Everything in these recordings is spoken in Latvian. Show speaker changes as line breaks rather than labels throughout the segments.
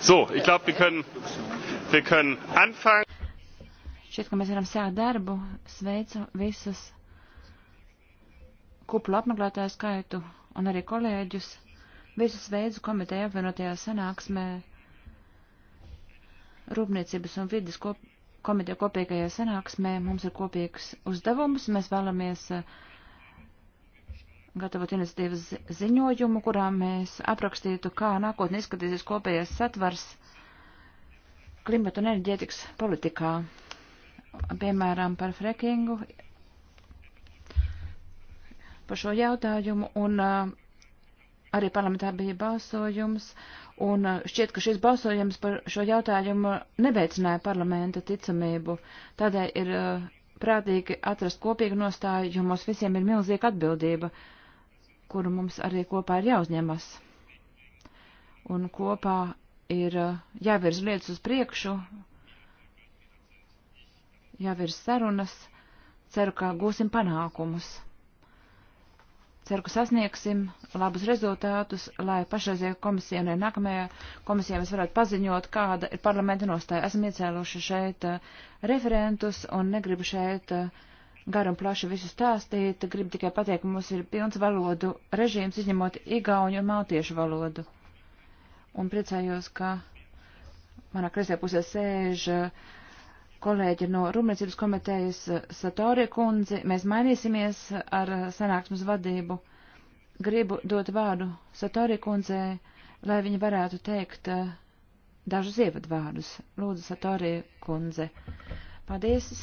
So, ich glaube, wir
können, wir können
anfangen. Šķiet, ka mēs varam sākt darbu. Sveicu visus kuplu apmeklētāju skaitu un arī kolēģus. Visus sveicu komiteja apvienotajā sanāksmē Rūpniecības un vidas kop komiteja kopīgajā sanāksmē. Mums ir kopīgs uzdevums. Mēs vēlamies uh, gatavot iniciatīvas ziņojumu, kurā mēs aprakstītu, kā nākotnē izskatīsies kopējais satvars klimata un enerģētikas politikā. Piemēram, par frekingu, par šo jautājumu, un uh, arī parlamentā bija balsojums, un uh, šķiet, ka šis balsojums par šo jautājumu neveicināja parlamenta ticamību. Tādēļ ir uh, prātīgi atrast kopīgu nostāju, jo mums visiem ir milzīga atbildība. Uh, kuru mums arī kopā ir jāuzņemas. Un kopā ir uh, jāvirz lietas uz priekšu, jāvirz sarunas, ceru, ka gūsim panākumus. Ceru, ka sasniegsim labus rezultātus, lai pašreizajā komisijā un nākamajā komisijā mēs varētu paziņot, kāda ir parlamenta nostāja. Esam iecēluši šeit uh, referentus un negribu šeit uh, garu un plaši visu stāstīt. Gribu tikai pateikt, ka mums ir pilns valodu režīms, izņemot igauņu un maltiešu valodu. Un priecājos, ka manā kreisajā pusē sēž uh, kolēģi no Rūpniecības komitejas uh, Satori kundzi. Mēs mainīsimies ar uh, sanāksmes vadību. Gribu dot vārdu Satori kundzei, lai viņa varētu teikt dažus ievadvārdus. Lūdzu, Satori kundze. Paldies!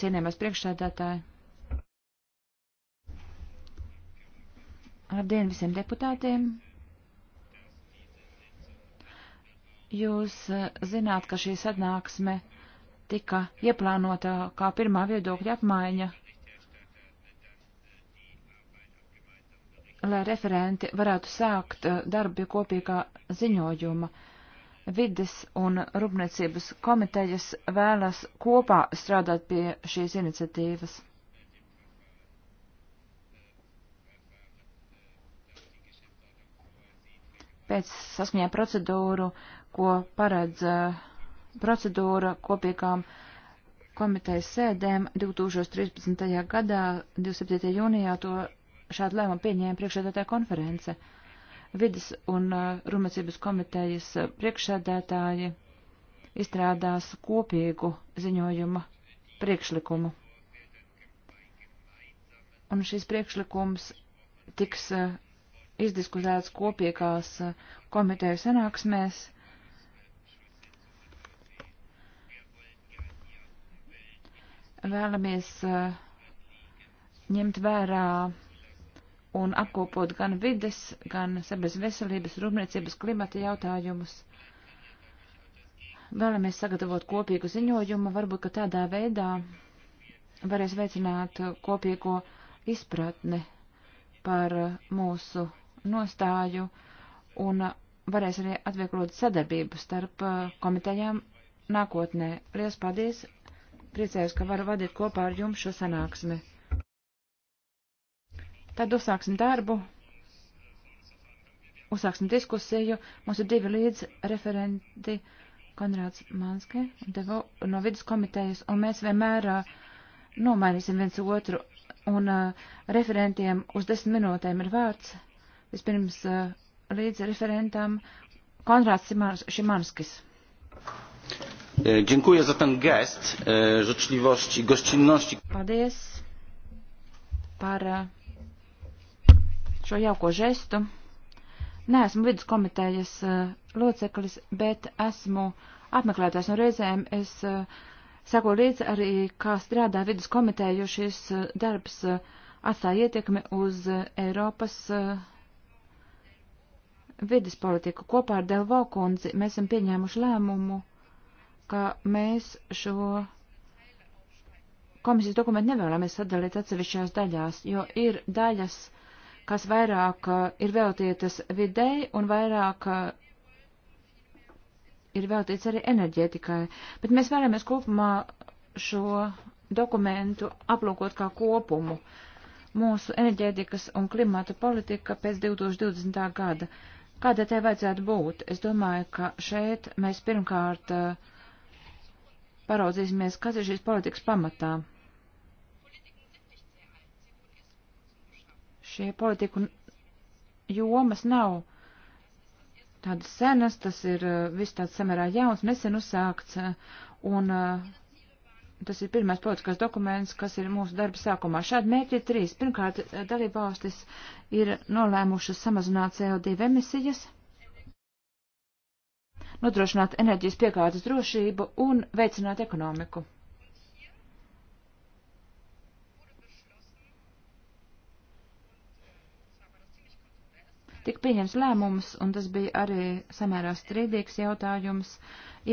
cienījamais priekšsēdētāji. Labdien visiem deputātiem! Jūs eh, zināt, ka šī sadnāksme tika ieplānota kā pirmā viedokļa apmaiņa, lai referenti varētu sākt eh, darbu pie kopīgā ziņojuma. Vides un Rūpniecības komitejas vēlas kopā strādāt pie šīs iniciatīvas. Pēc saskaņā procedūru, ko paredz eh, procedūra kopīgām komitejas sēdēm 2013. gadā, 27. jūnijā, to šādu lēmumu pieņēma priekšēdētāja konference. Uh, vidas un uh, rūpniecības komitejas uh, priekšsēdētāji izstrādās kopīgu ziņojumu priekšlikumu. Un šis priekšlikums tiks uh, izdiskutēts kopīgās komiteju sanāksmēs. Vēlamies ņemt vērā un apkopot gan vides, gan sabiedrības veselības, rūpniecības, klimata jautājumus. Vēlamies sagatavot kopīgu ziņojumu, varbūt, ka tādā veidā varēs veicināt kopīgo izpratni par mūsu nostāju un varēs arī atvieglot sadarbību starp komitejām nākotnē. Lielas paldies! Priecājos, ka varu vadīt kopā ar jums šo sanāksmi. Tad uzsāksim darbu, uzsāksim diskusiju. Mums ir divi līdzreferenti, Konrāds Manske devo, no vidas komitejas, un mēs vienmēr uh, nomainīsim viens otru, un uh, referentiem uz desmit minūtēm ir vārds. Vispirms uh, līdzreferentam Konrāds Šimanskis.
E, dziękuję za ten gest e, życzliwości, gościnności.
Paldies par šo jauko žestu. Neesmu viduskomitejas eh, loceklis, bet esmu apmeklētājs un reizēm es eh, sako līdzi arī, kā strādā viduskomiteja, jo šis eh, darbs atstāja ietekmi uz Eiropas vidas politiku. Kopā ar Delvo kundzi mēs esam pieņēmuši lēmumu, ka mēs šo komisijas dokumentu nevēlamies sadalīt atsevišķās daļās, jo ir daļas, uh, kas vairāk eh, ir veltītas videi un vairāk eh, ir veltīts arī enerģētikai. Bet mēs vēlamies kopumā šo dokumentu aplūkot kā kopumu. Mūsu enerģētikas un klimata politika pēc 2020. gada. Kāda tai vajadzētu būt? Es domāju, ka šeit mēs pirmkārt eh, paraudzīsimies, kas ir šīs politikas pamatā. šie politiku jomas nav tādas senas, tas ir uh, viss tāds samērā jauns, nesen uzsākts, uh, un uh, tas ir pirmais politiskais dokuments, kas ir mūsu darba sākumā. Šādi mērķi ir trīs. Pirmkārt, dalībvalstis ir nolēmušas samazināt CO2 emisijas, nodrošināt enerģijas piegādes drošību un veicināt ekonomiku. Tik pieņems lēmums, un tas bija arī samērā strīdīgs jautājums,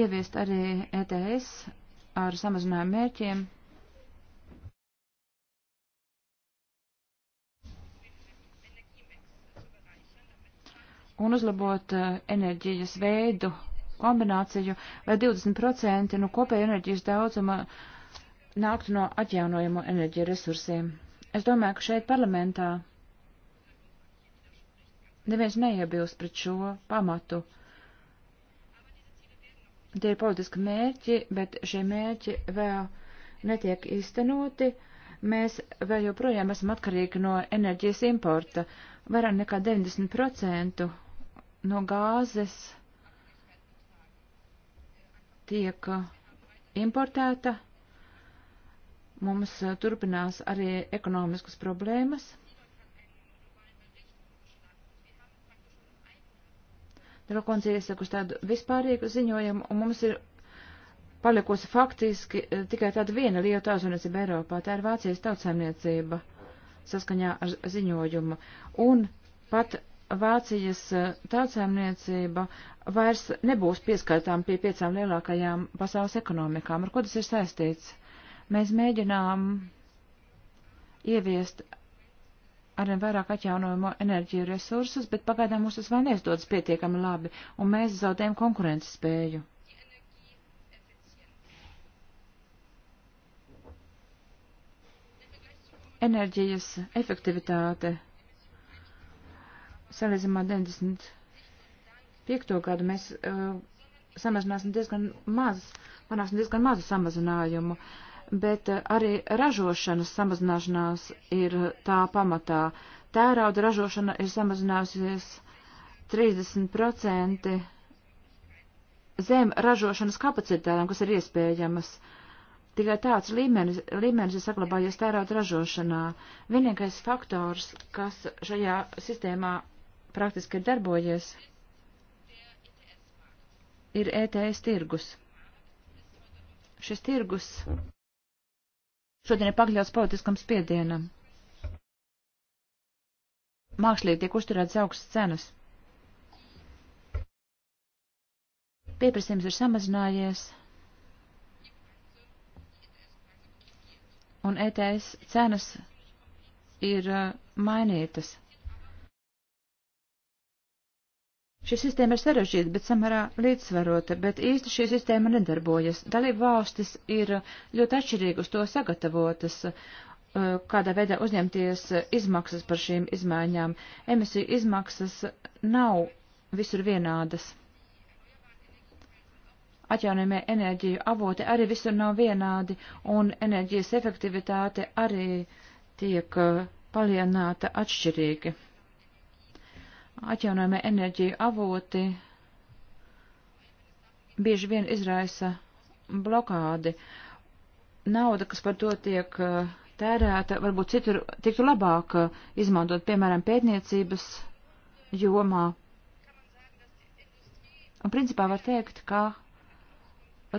ieviest arī ETS ar samazinājumu mērķiem. Un uzlabot eh, enerģijas veidu kombināciju, lai 20% no kopēja enerģijas daudzuma nāktu no atjaunojamo enerģija resursiem. Es domāju, ka šeit parlamentā Neviens neiebilst pret šo pamatu. Tie ir politiski mērķi, bet šie mērķi vēl netiek īstenoti. Mēs vēl joprojām esam atkarīgi no enerģijas importa. Vairāk nekā 90% no gāzes tiek uh, importēta. Mums uh, turpinās arī ekonomiskas problēmas. Rokons iesaka uz tādu vispārīgu ziņojumu, un mums ir palikusi faktiski e, tikai tāda viena liela tautsēmniecība Eiropā, tā ir Vācijas tautsēmniecība saskaņā ar ziņojumu. Un pat Vācijas e, tautsēmniecība vairs nebūs pieskaitām pie piecām lielākajām pasaules ekonomikām. Ar ko tas ir saistīts? Mēs mēģinām ieviest arvien vairāk atjaunojumu enerģiju resursus, bet pagaidām mums tas vēl neizdodas pietiekami labi, un mēs zaudējam konkurences spēju. Enerģijas efektivitāte salīdzinājumā 95. gadu mēs uh, samazināsim diezgan maz, panāksim diezgan mazu samazinājumu. Uh, bet eh, arī ražošanas samazināšanās ir eh, tā pamatā. Tērauda ražošana ir samazinājusies 30% zem ražošanas kapacitātām, kas ir iespējamas. Tikai tāds līmenis, līmenis ir saglabājies tērauda ražošanā. Vienīgais faktors, kas šajā sistēmā praktiski ir darbojies, ir ETS tirgus. Šis tirgus šodien ir pakļauts politiskam spiedienam. Mākslīgi tiek uzturēts augsts cenas. Pieprasījums ir samazinājies, un ETS cenas ir uh, mainītas. Šī sistēma ir sarežģīta, bet samērā līdzsvarota, bet īsti šī sistēma nedarbojas. Dalība valstis ir ļoti atšķirīgas to sagatavotas, uh, kādā veidā uzņemties izmaksas par šīm izmaiņām. Emisiju izmaksas nav visur vienādas. Atjaunojumie enerģiju avoti arī visur nav vienādi, un enerģijas efektivitāte arī tiek uh, palielināta atšķirīgi atjaunojumie enerģiju avoti bieži vien izraisa blokādi. Nauda, kas par to tiek eh, tērēta, varbūt citur tiktu labāk eh, izmantot, piemēram, pētniecības jomā. Un principā var teikt, ka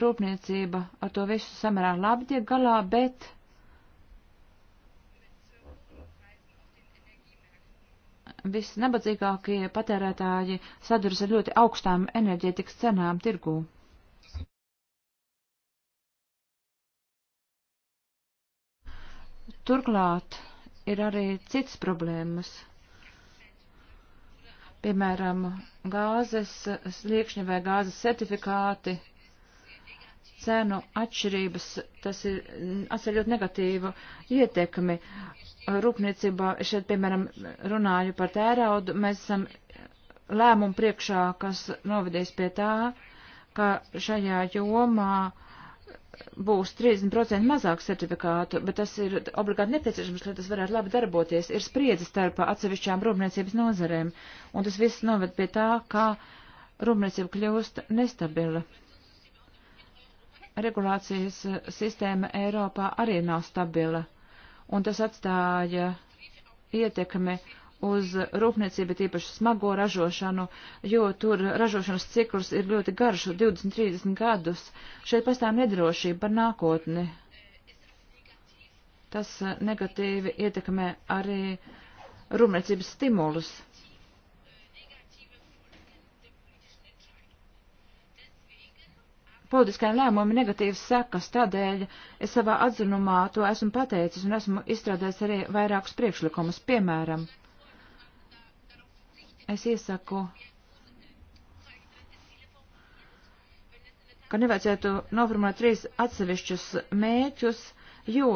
rūpniecība ar to visu samērā labi tiek galā, bet visnabadzīgākie patērētāji saduras ar ļoti augstām enerģētikas cenām tirgū. Turklāt ir arī citas problēmas. Piemēram, gāzes sliekšņi vai gāzes certifikāti, cenu atšķirības, tas ir, tas ir ļoti negatīvu ietekmi rūpniecībā, šeit, piemēram, runāju par tēraudu, mēs esam lēmumu priekšā, kas novedīs pie tā, ka šajā jomā būs 30% mazāk certifikātu, bet tas ir obligāti nepieciešams, lai tas varētu labi darboties. Ir spriedzi starp atsevišķām rūpniecības nozarēm, un tas viss noved pie tā, ka rūpniecība kļūst nestabila. Regulācijas eh, sistēma Eiropā arī nav stabila. Uh, un tas atstāja ietekmi uz rūpniecību, tīpaši smago ražošanu, jo tur ražošanas cikls ir ļoti garš, 20-30 gadus. Šeit pastāv nedrošība par nākotni. Tas negatīvi ietekmē arī rūpniecības stimulus. politiskajiem lēmumiem negatīvas sekas, tādēļ es savā atzinumā to esmu pateicis un esmu izstrādājis arī vairākus priekšlikumus. Piemēram, es iesaku, ka nevajadzētu noformulēt trīs atsevišķus mēķus, jo,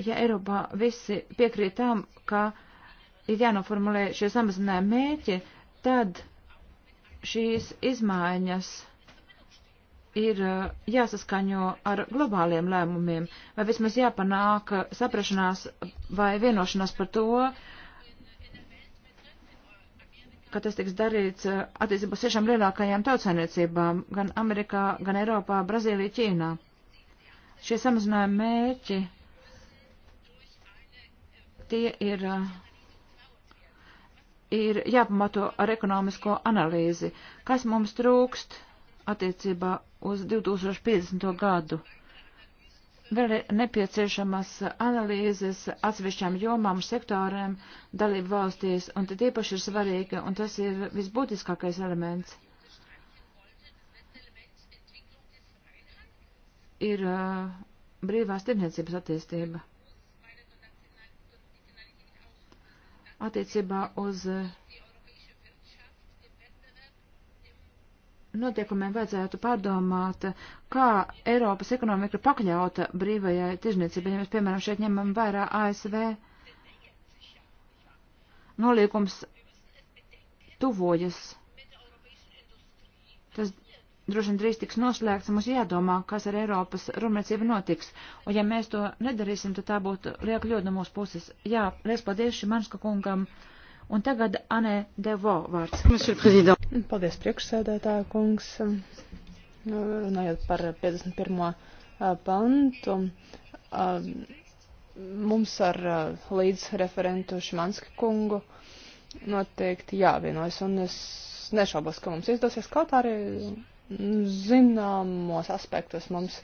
ja Eiropā visi piekrīt tam, ka ir jānoformulē šie samazinājumi mēķi, tad šīs izmaiņas ir eh, jāsaskaņo ar globāliem lēmumiem, vai vismaz jāpanāk eh, saprašanās vai vienošanās par to, ka tas tiks darīts eh, attiecībā uz sešām lielākajām tautsainiecībām - gan Amerikā, gan Eiropā, Brazīlijā, Ķīnā. Šie samazinājumi mērķi, tie ir, ir jāpamato ar ekonomisko analīzi. Kas mums trūkst? attiecībā uz 2050. gadu. Vēl ir nepieciešamas analīzes atsevišķām jomām un sektoriem dalību valstīs, un tad īpaši ir svarīgi, un tas ir visbūtiskākais elements. Ir uh, brīvās tirniecības attīstība. Attiecībā uz uh, notiekumiem vajadzētu pārdomāt, kā Eiropas ekonomika ir pakļauta brīvajai tirzniecībai, ja mēs, piemēram, šeit ņemam vērā ASV nolīkums tuvojas. Tas droši vien drīz tiks noslēgts, mums jādomā, kas ar Eiropas rūpniecību notiks. Un ja mēs to nedarīsim, tad tā būtu lieka ļoti no mūsu puses. Jā, liels paldies Šimanska kungam. Uh, Un tagad Anē Devo vārds.
Paldies, priekšsēdētāja kungs. Runājot par 51. pantu, mums ar līdzreferentu Šimanski kungu noteikti jāvienojas, un es nešaubos, ka mums izdosies kaut arī zināmos aspektos mums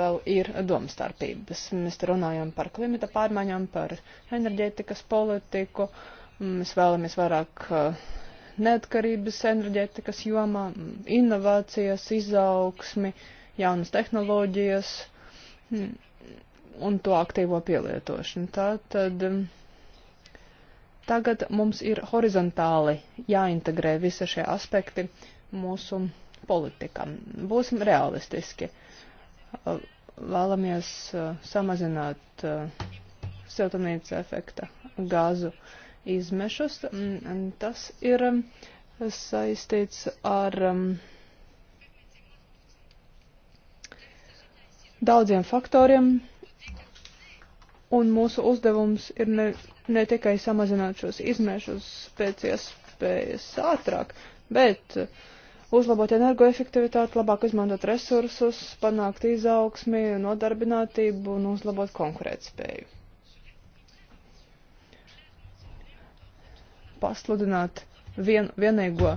vēl ir domstarpības. Mēs runājam par klimata pārmaiņām, par enerģētikas politiku. Uh, Mēs vēlamies vairāk eh, neatkarības enerģētikas jomā, inovācijas, izaugsmi, jaunas tehnoloģijas mm, un to aktīvo pielietošanu. Tā tad mm, tagad mums ir horizontāli jāintegrē visi šie aspekti mūsu politikam. Būsim realistiski. Vēlamies eh, samazināt eh, siltumnīca efekta gāzu uh, izmešus. Mm, tas ir um, saistīts ar um, daudziem faktoriem, un mūsu uzdevums ir ne, ne tikai samazināt šos izmešus pēc iespējas ātrāk, bet uh, uzlabot energoefektivitāti, labāk izmantot resursus, panākt izaugsmi, nodarbinātību un uzlabot konkurētspēju. pasludināt vien, vienīgo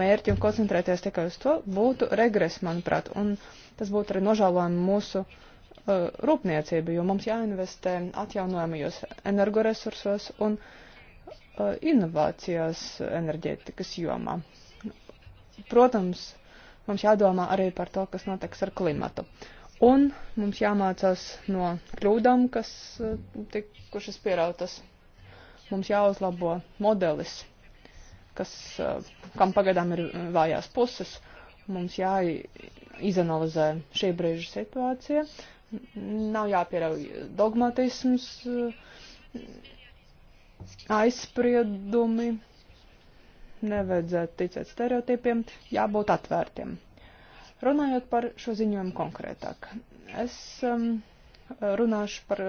mērķi un koncentrēties tikai uz to, būtu regres, manuprāt. Un tas būtu arī nožēlojami mūsu uh, rūpniecību, jo mums jāinvestē atjaunojamajos energoresursos un uh, inovācijās enerģētikas jomā. Protams, mums jādomā arī par to, kas notiks ar klimatu. Un mums jāmācās no kļūdām, kas uh, tikušas pierautas Mums jāuzlabo modelis, kas, kam pagaidām ir vājās puses. Mums jāizanalizē šī brīža situācija. Nav jāpierauj dogmatisms, aizspriedumi, nevajadzētu ticēt stereotipiem, jābūt atvērtiem. Runājot par šo ziņojumu konkrētāk, es um, runāšu par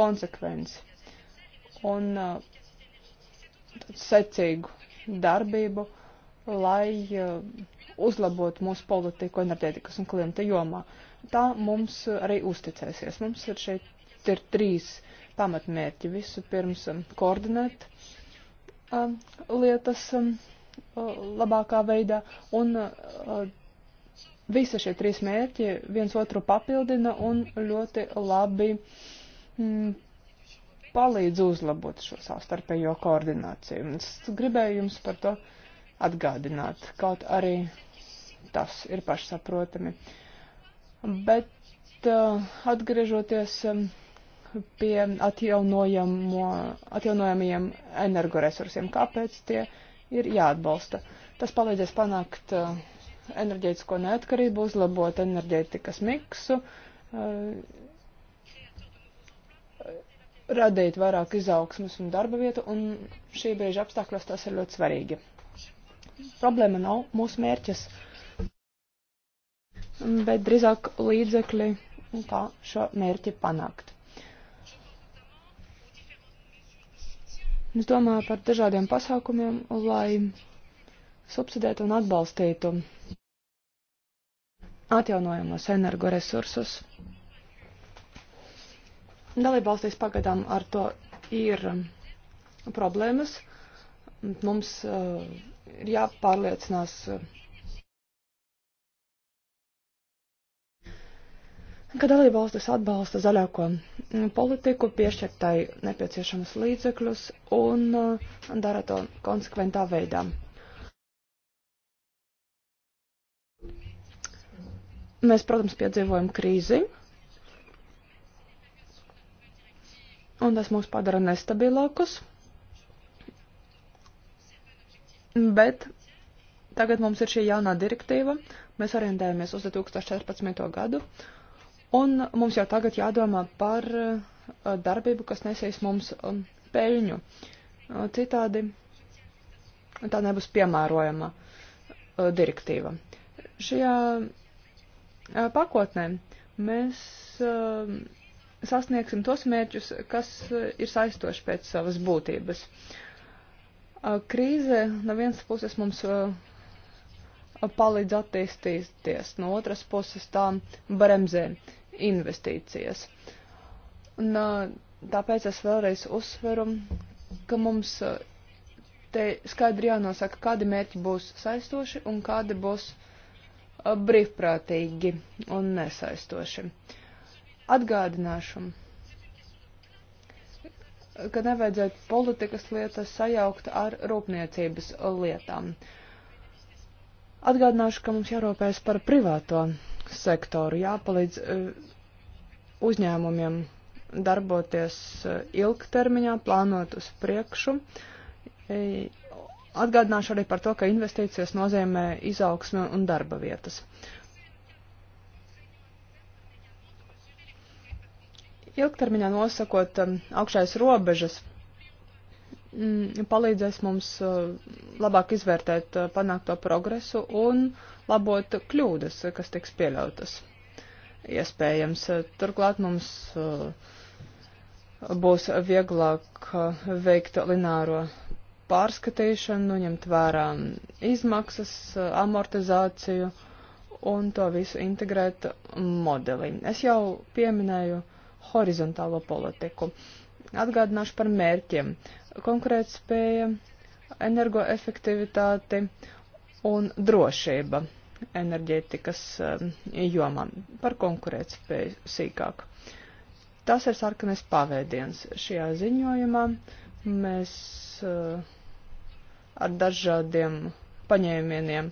konsekvenci un uh, secīgu darbību, lai uh, uzlabotu mūsu politiku enerģētikas un klienta jomā. Tā mums arī uzticēsies. Mums ir šeit ir trīs pamatmērķi. Visu pirms um, koordinēt um, lietas um, uh, labākā veidā un visi šie trīs mērķi viens otru papildina un ļoti labi mm, palīdz uzlabot šo savstarpējo koordināciju. Es gribēju jums par to atgādināt, kaut arī tas ir pašsaprotami. Bet uh, atgriežoties um, pie atjaunojamajiem energoresursiem, kāpēc tie ir jāatbalsta? Tas palīdzēs panākt uh, enerģētisko neatkarību, uzlabot enerģētikas miksu, uh, radīt vairāk izaugsmas un darba vietu, un šī brīža apstākļos tas ir ļoti svarīgi. Problēma nav mūsu mērķis, bet drīzāk līdzekļi, kā šo mērķi panākt. Es domāju par dažādiem pasākumiem, lai subsidētu un atbalstītu atjaunojamos energoresursus. Dalībvalstīs pagaidām ar to ir um, problēmas. Mums uh, ir jāpārliecinās. Uh, ka dalībvalstis atbalsta zaļāko mm, politiku, piešķir tai nepieciešamus līdzekļus un uh, dara to konsekventā veidā. Mēs, protams, piedzīvojam krīzi, un tas mūs padara nestabilākus. Bet tagad mums ir šī jaunā direktīva, mēs orientējamies uz 2014. gadu, un mums jau tagad jādomā par uh, darbību, kas nesīs mums um, peļņu. Uh, citādi tā nebūs piemērojama uh, direktīva. Šajā pakotnē mēs um, sasniegsim tos mērķus, kas eh, ir saistoši pēc savas būtības. Krīze no vienas puses mums palīdz attīstīties, no otras puses tā bremzē investīcijas. Un, tāpēc es vēlreiz uzsveru, ka mums te skaidri jānosaka, kādi mērķi būs saistoši un kādi būs brīvprātīgi un nesaistoši. Uh, Atgādināšu, ka nevajadzētu politikas lietas sajaukt ar rūpniecības lietām. Atgādināšu, ka mums jārūpējas par privāto sektoru, jāpalīdz eh, uzņēmumiem darboties eh, ilgtermiņā, plānot uz priekšu. Eh, atgādināšu arī par to, ka investīcijas nozīmē izaugsmi un darba vietas. Ilgtermiņā nosakot um, augšais robežas mm, palīdzēs mums uh, labāk izvērtēt uh, panākto progresu un labot kļūdas, uh, kas tiks pieļautas. Iespējams, turklāt mums būs vieglāk veikt lināro pārskatīšanu, ņemt vērā um, izmaksas, amortizāciju un to visu integrēt modelī. Es jau pieminēju uh, horizontālo politiku. Atgādināšu par mērķiem - konkurētspēja, energoefektivitāti un drošība enerģētikas um, jomā. Par konkurētspēju sīkāk. Tas ir sarkanais pavēdiens. Šajā ziņojumā mēs uh, ar dažādiem paņēmieniem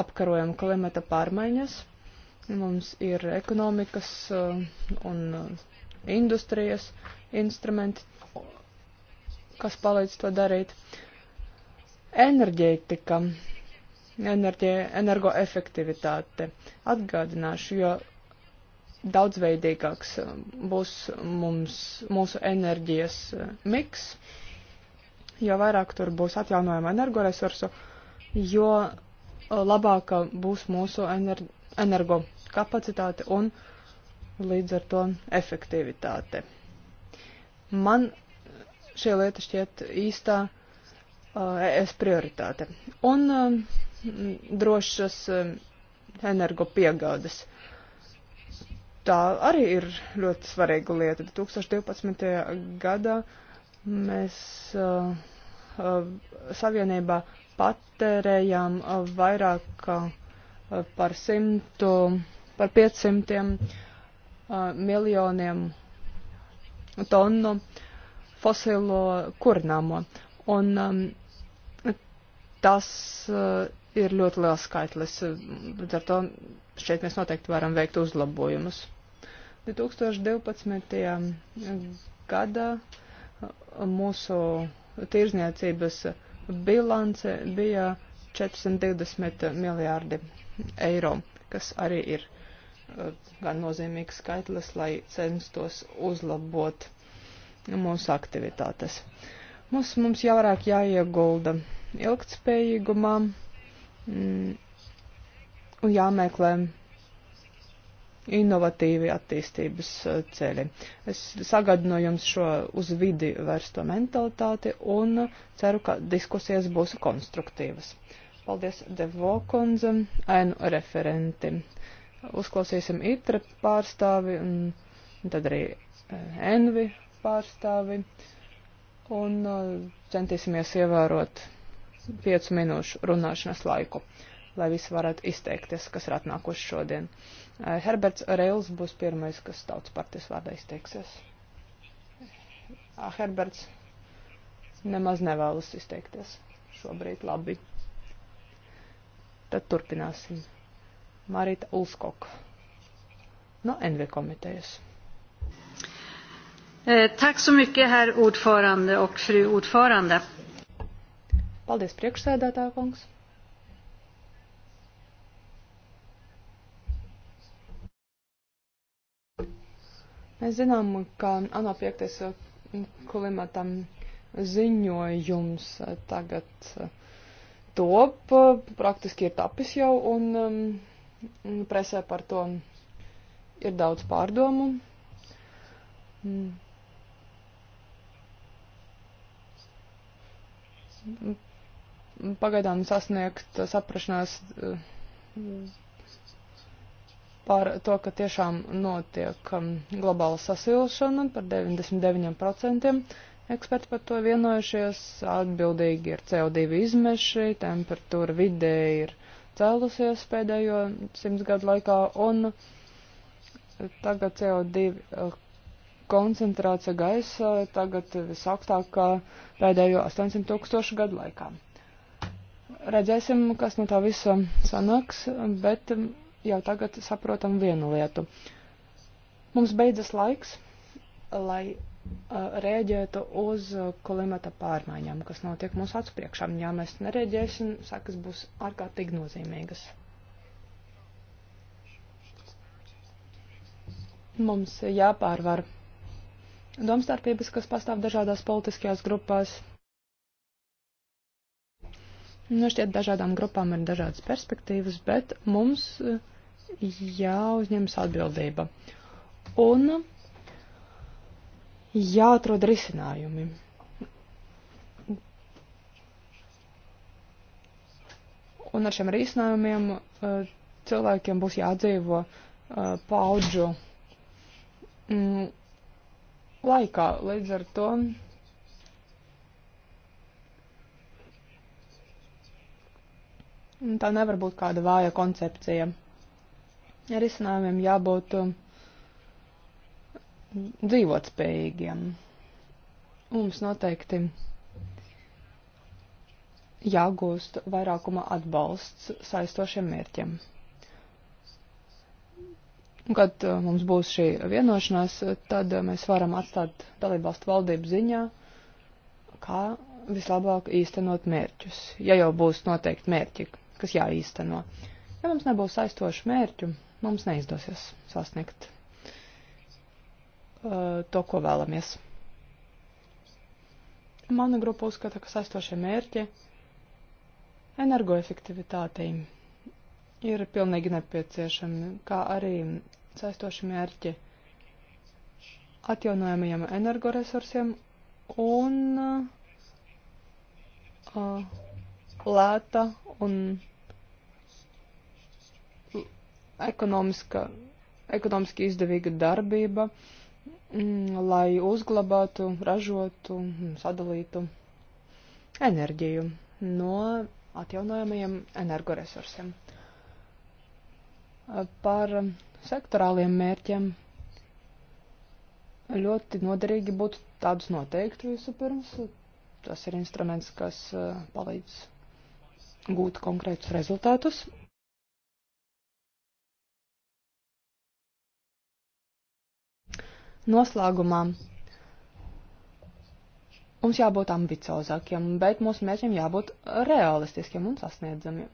apkarojam klimata pārmaiņas Mums ir ekonomikas uh, un uh, industrijas instrumenti, kas palīdz to darīt. Enerģētika, enerģē, energoefektivitāte. Atgādināšu, jo daudzveidīgāks uh, būs mums, mūsu enerģijas miks, jo vairāk tur būs atjaunojama energoresursu, jo labāka būs mūsu ener energo kapacitāte un līdz ar to efektivitāte. Man šie lieta šķiet īstā uh, ES prioritāte. Un uh, drošas uh, energopiegādes. Tā arī ir ļoti svarīga lieta. 2012. gadā mēs uh, uh, savienībā patērējām uh, vairāk uh, par simtu. 100 par 500 miljoniem tonu fosilo kurnāmo. Un um, tas uh, ir ļoti liels skaitlis. Līdz ar to šeit mēs noteikti varam veikt uzlabojumus. 2012. gada mūsu tirzniecības bilance bija 420 miljārdi eiro, kas arī ir gan nozīmīgs skaitlis, lai censtos uzlabot mūsu aktivitātes. Mums, mums jau vairāk jāiegulda ilgtspējīgumā mm, un jāmeklē inovatīvi attīstības eh, ceļi. Es sagadu no jums šo uz vidi vērsto mentalitāti un ceru, ka diskusijas būs konstruktīvas. Paldies Devo kundze, ainu referenti uzklausīsim ITRE pārstāvi un, un tad arī ENVI eh, pārstāvi un uh, centīsimies ievērot piecu minūšu runāšanas laiku, lai visi varētu izteikties, kas ir atnākuši šodien. Uh, Herberts Reils būs pirmais, kas tautas partijas vārdā izteiksies. Uh, Herberts nemaz nevēlas izteikties šobrīd labi. Tad turpināsim. Marita Ulskok no NV komitejas.
Eh, tack så mycket, herr ordförande och fru ordförande. Paldies, priekšsēdētāja
kungs. Mēs zinām, ka ANO piektais eh, klimatam ziņojums eh, tagad top, praktiski ir tapis jau, un um, Nu, presē par to ir daudz pārdomu. Mm. Mm, pagaidām sasniegt uh, saprašanās uh, par to, ka tiešām notiek um, globāla sasilšana par 99%. Eksperti par to vienojušies, atbildīgi ir CO2 izmeši, temperatūra vidē ir cēlusies pēdējo simts gadu laikā, un tagad CO2 koncentrācija gaisa tagad visaugstākā pēdējo 800 tūkstošu gadu laikā. Redzēsim, kas no tā visa sanāks, bet jau tagad saprotam vienu lietu. Mums beidzas laiks, lai rēģētu uz klimata pārmaiņām, kas notiek mūsu acu priekšā. Ja mēs nereaģēsim, sakas būs ārkārtīgi nozīmīgas. Mums jāpārvar domstarpības, kas pastāv dažādās politiskajās grupās. Nu, šķiet, dažādām grupām ir dažādas perspektīvas, bet mums jāuzņemas atbildība. Un jāatrod risinājumi. Un ar šiem risinājumiem uh, cilvēkiem būs jādzīvo uh, paudžu mm, laikā. Līdz ar to tā nevar būt kāda vāja koncepcija. Risinājumiem jābūt. Uh, dzīvot spējīgiem. Mums noteikti jāgūst vairākuma atbalsts saistošiem mērķiem. Kad uh, mums būs šī vienošanās, tad uh, mēs varam atstāt dalībvalstu valdību ziņā, kā vislabāk īstenot mērķus, ja jau būs noteikti mērķi, kas jāīsteno. Ja mums nebūs saistošu mērķu, mums neizdosies sasniegt Uh, to, ko vēlamies. Mana grupa uzskata, ka sastošie mērķi energoefektivitātei ir pilnīgi nepieciešami, kā arī saistoši mērķi atjaunojamajiem energoresursiem un uh, lēta un ekonomiska, ekonomiski izdevīga darbība uh, Mm, lai uzglabātu, ražotu, mm, sadalītu enerģiju no atjaunojamajiem energoresursiem. Eh, par sektorāliem mērķiem ļoti noderīgi būtu tādus noteikt vispirms. Tas ir instruments, kas eh, palīdz gūt konkrētus rezultātus. Noslēgumā mums jābūt ambiciozākiem, bet mūsu mērķiem jābūt realistiskiem un sasniedzamiem.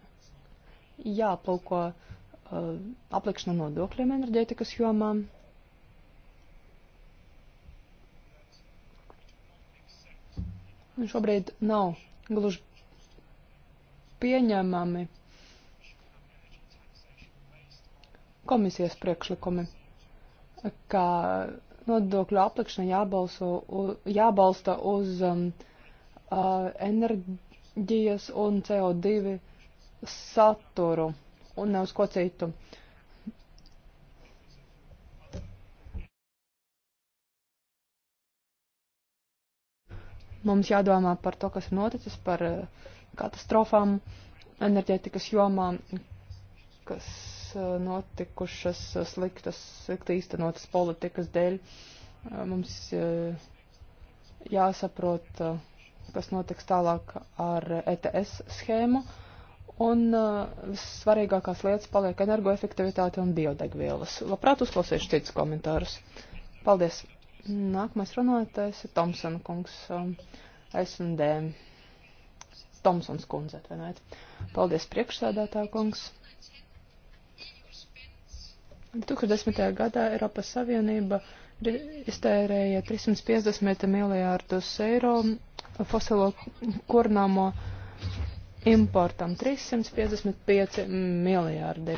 Jāplūko uh, aplikšana nodokļiem enerģētikas jomā. Un šobrīd nav gluži pieņemami komisijas priekšlikumi, kā nodokļu aplikšana jābalso, jābalsta uz um, uh, enerģijas un CO2 saturu un ne uz ko citu. Mums jādomā par to, kas ir noticis, par uh, katastrofām enerģētikas jomā, kas notikušas sliktas, slikti īstenotas politikas dēļ. Mums eh, jāsaprot, eh, kas notiks tālāk ar ETS schēmu. Un eh, vissvarīgākās lietas paliek energoefektivitāte un biodegvielas. Labprāt uzklausīšu citus komentārus. Paldies! Nākamais runātājs ir Tomsona kungs, S&D. Tomsons kundze, atvainojiet. Paldies priekšsēdētā kungs. 2010. gadā Eiropas Savienība iztērēja 350 miljārdus eiro fosilo kurnamo importam 355 miljārdi.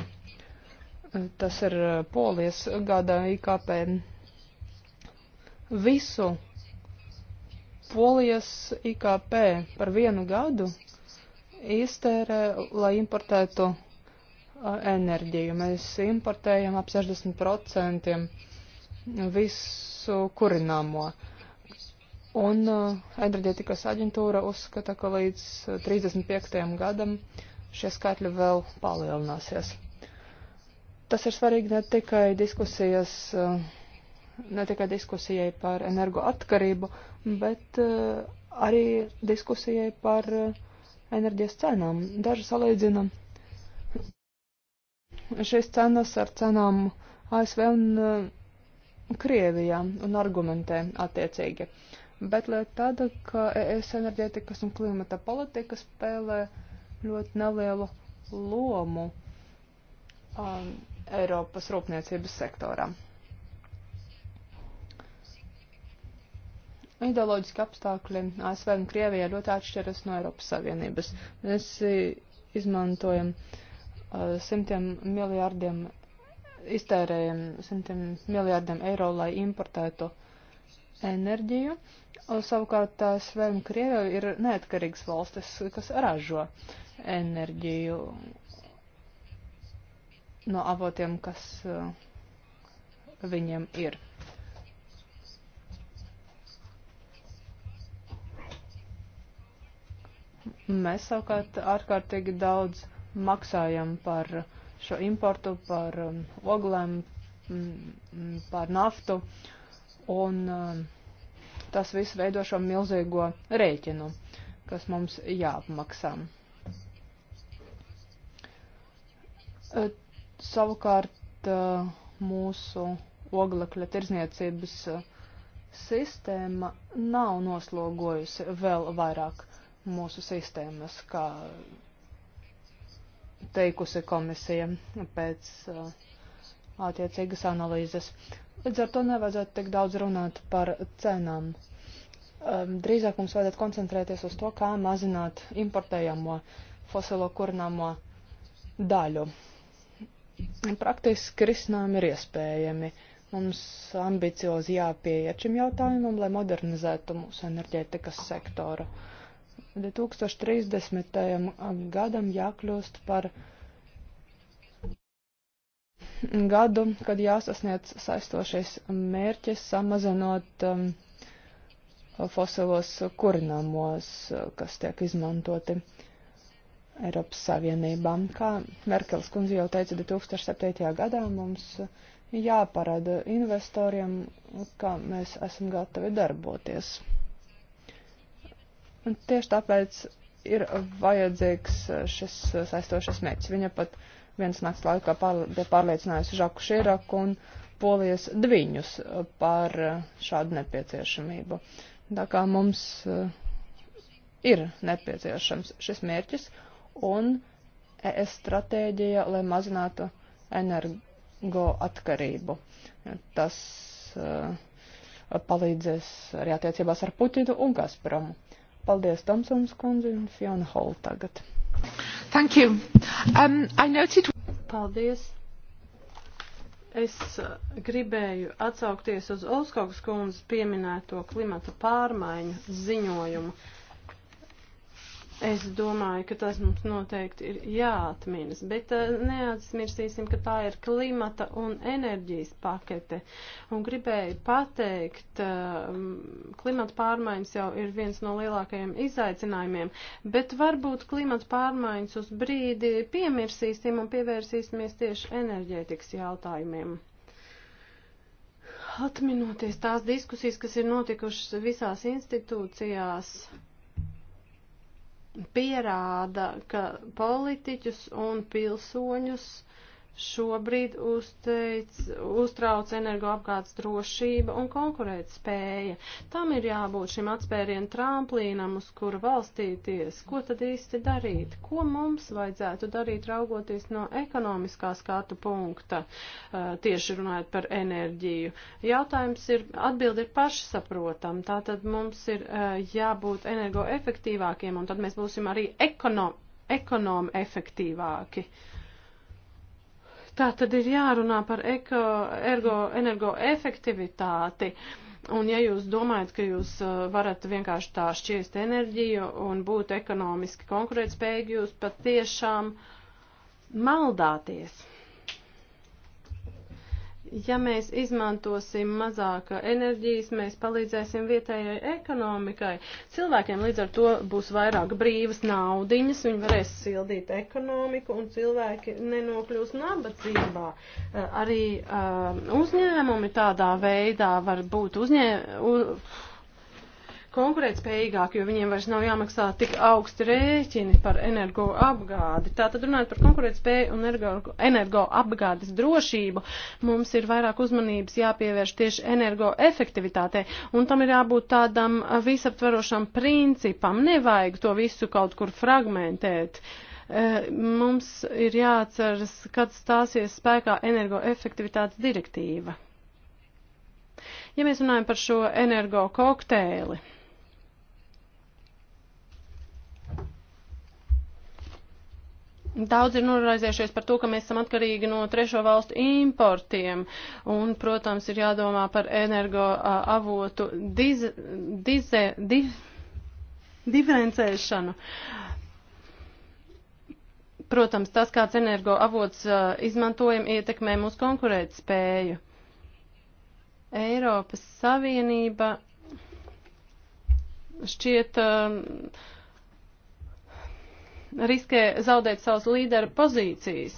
Tas ir eh, polijas gada IKP. Visu polijas IKP par vienu gadu iztērē, lai importētu enerģiju. Mēs importējam ap 60% visu kurināmo. Un enerģētikas aģentūra uzskata, ka līdz 35. gadam šie skaitļi vēl palielināsies. Tas ir svarīgi ne tikai diskusijas, ne tikai diskusijai par energoatkarību, bet arī diskusijai par enerģijas cenām. Daži salīdzina šīs cenas ar cenām ASV un uh, Krievijā un argumentē attiecīgi. Bet lieta tāda, ka ES enerģētikas un klimata politika spēlē ļoti nelielu lomu um, Eiropas rūpniecības sektorā. Ideoloģiski apstākļi ASV un Krievijā ļoti atšķiras no Eiropas Savienības. Mēs eh, izmantojam uh, simtiem miljārdiem, iztērējam simtiem miljārdiem eiro, lai importētu enerģiju. Savukārt tās vēl Krievija ir neatkarīgas valstis, kas ražo enerģiju no avotiem, kas uh, viņiem ir. Mēs savukārt ārkārtīgi daudz maksājam par šo importu, par um, oglēm, mm, mm, par naftu, un um, tas viss veido šo milzīgo rēķinu, kas mums jāapmaksā. Uh, savukārt uh, mūsu oglekļa tirzniecības uh, sistēma nav noslogojusi vēl vairāk mūsu sistēmas, kā teikusi komisija pēc uh, attiecīgas analīzes. Līdz ar to nevajadzētu tik daudz runāt par cenām. Um, drīzāk mums vajadzētu koncentrēties uz to, kā mazināt importējamo fosilo kurināmo daļu. Praktiski risinājumi ir iespējami. Mums ambiciozi jāpieiet šim jautājumam, lai modernizētu mūsu enerģētikas sektoru. Uh, 2030. gadam jākļūst par gadu, kad jāsasniedz saistošais mērķis samazinot um, fosilos kurināmos, kas tiek izmantoti Eiropas Savienībā. Kā Merkels kundze jau teica, 2007. gadā mums jāparāda investoriem, kā mēs esam gatavi darboties. Un tieši tāpēc ir vajadzīgs uh, šis uh, saistošais mērķis. Viņa pat viens nakts laikā bija pārliecinājusi Žaku Širaku un polijas dviņus uh, par šādu nepieciešamību. Tā kā mums ir nepieciešams šis mērķis un ES stratēģija, lai mazinātu energo atkarību. Tas palīdzēs arī attiecībās ar Putinu un Gazpromu. Paldies Tomsons kundzi un Fiona Hall tagad.
Thank you. Um, I noted... Paldies. Es
uh, gribēju atsaukties uz Olskogas kundzes pieminēto klimata pārmaiņu ziņojumu. Uh, Es domāju, ka tas mums noteikti ir jāatminas, bet eh, neatsmirsīsim, ka tā ir klimata un enerģijas pakete. Un gribēju pateikt, eh, klimata pārmaiņas jau ir viens no lielākajiem izaicinājumiem, bet varbūt klimata pārmaiņas uz brīdi piemirsīsim un pievērsīsimies tieši enerģētikas jautājumiem atminoties tās diskusijas, kas ir notikušas visās institūcijās, pierāda, ka politiķus un pilsoņus šobrīd uzteic, uztrauc energoapgādes drošība un konkurēt spēja. Tam ir jābūt šim atspērienu tramplīnam, uz kuru valstīties. Ko tad īsti darīt? Ko mums vajadzētu darīt raugoties no ekonomiskā skatu punkta, uh, tieši runājot par enerģiju? Jautājums ir, atbildi ir pašsaprotam. Tātad mums ir uh, jābūt energoefektīvākiem un tad mēs būsim arī ekonom, ekonom efektīvāki. Uh, Tā tad ir jārunā par eko, ergo, energoefektivitāti. Un ja jūs domājat, ka jūs uh, varat vienkārši tā šķiest enerģiju un būt ekonomiski konkurētspējīgi, jūs patiešām maldāties. Ja mēs izmantosim mazāk enerģijas, mēs palīdzēsim vietējai ekonomikai. Cilvēkiem līdz ar to būs vairāk brīvas naudiņas, viņi varēs sildīt ekonomiku un cilvēki nenokļūs nabadzībā. Eh, arī uh, uzņēmumi tādā veidā var būt uzņēmumi. Uh, konkurētspējīgāki, jo viņiem vairs nav jāmaksā tik augsti rēķini par energoapgādi. Tātad runājot par konkurētspēju un energoapgādes energo drošību, mums ir vairāk uzmanības jāpievērš tieši energoefektivitātei, un tam ir jābūt tādam visaptverošam principam. Nevajag to visu kaut kur fragmentēt. E, mums ir jāatceras, kad stāsies spēkā energoefektivitātes direktīva. Ja mēs runājam par šo energo kokteili, Daudz ir noraizējušies par to, ka mēs esam atkarīgi no trešo valstu importiem, un, protams, ir jādomā par energo avotu diz, dize, di, diferencēšanu. Protams, tas, kāds energo avots izmantojam, ietekmē mūsu konkurētspēju. Eiropas Savienība šķiet. Uh, riskē zaudēt savas līdera pozīcijas.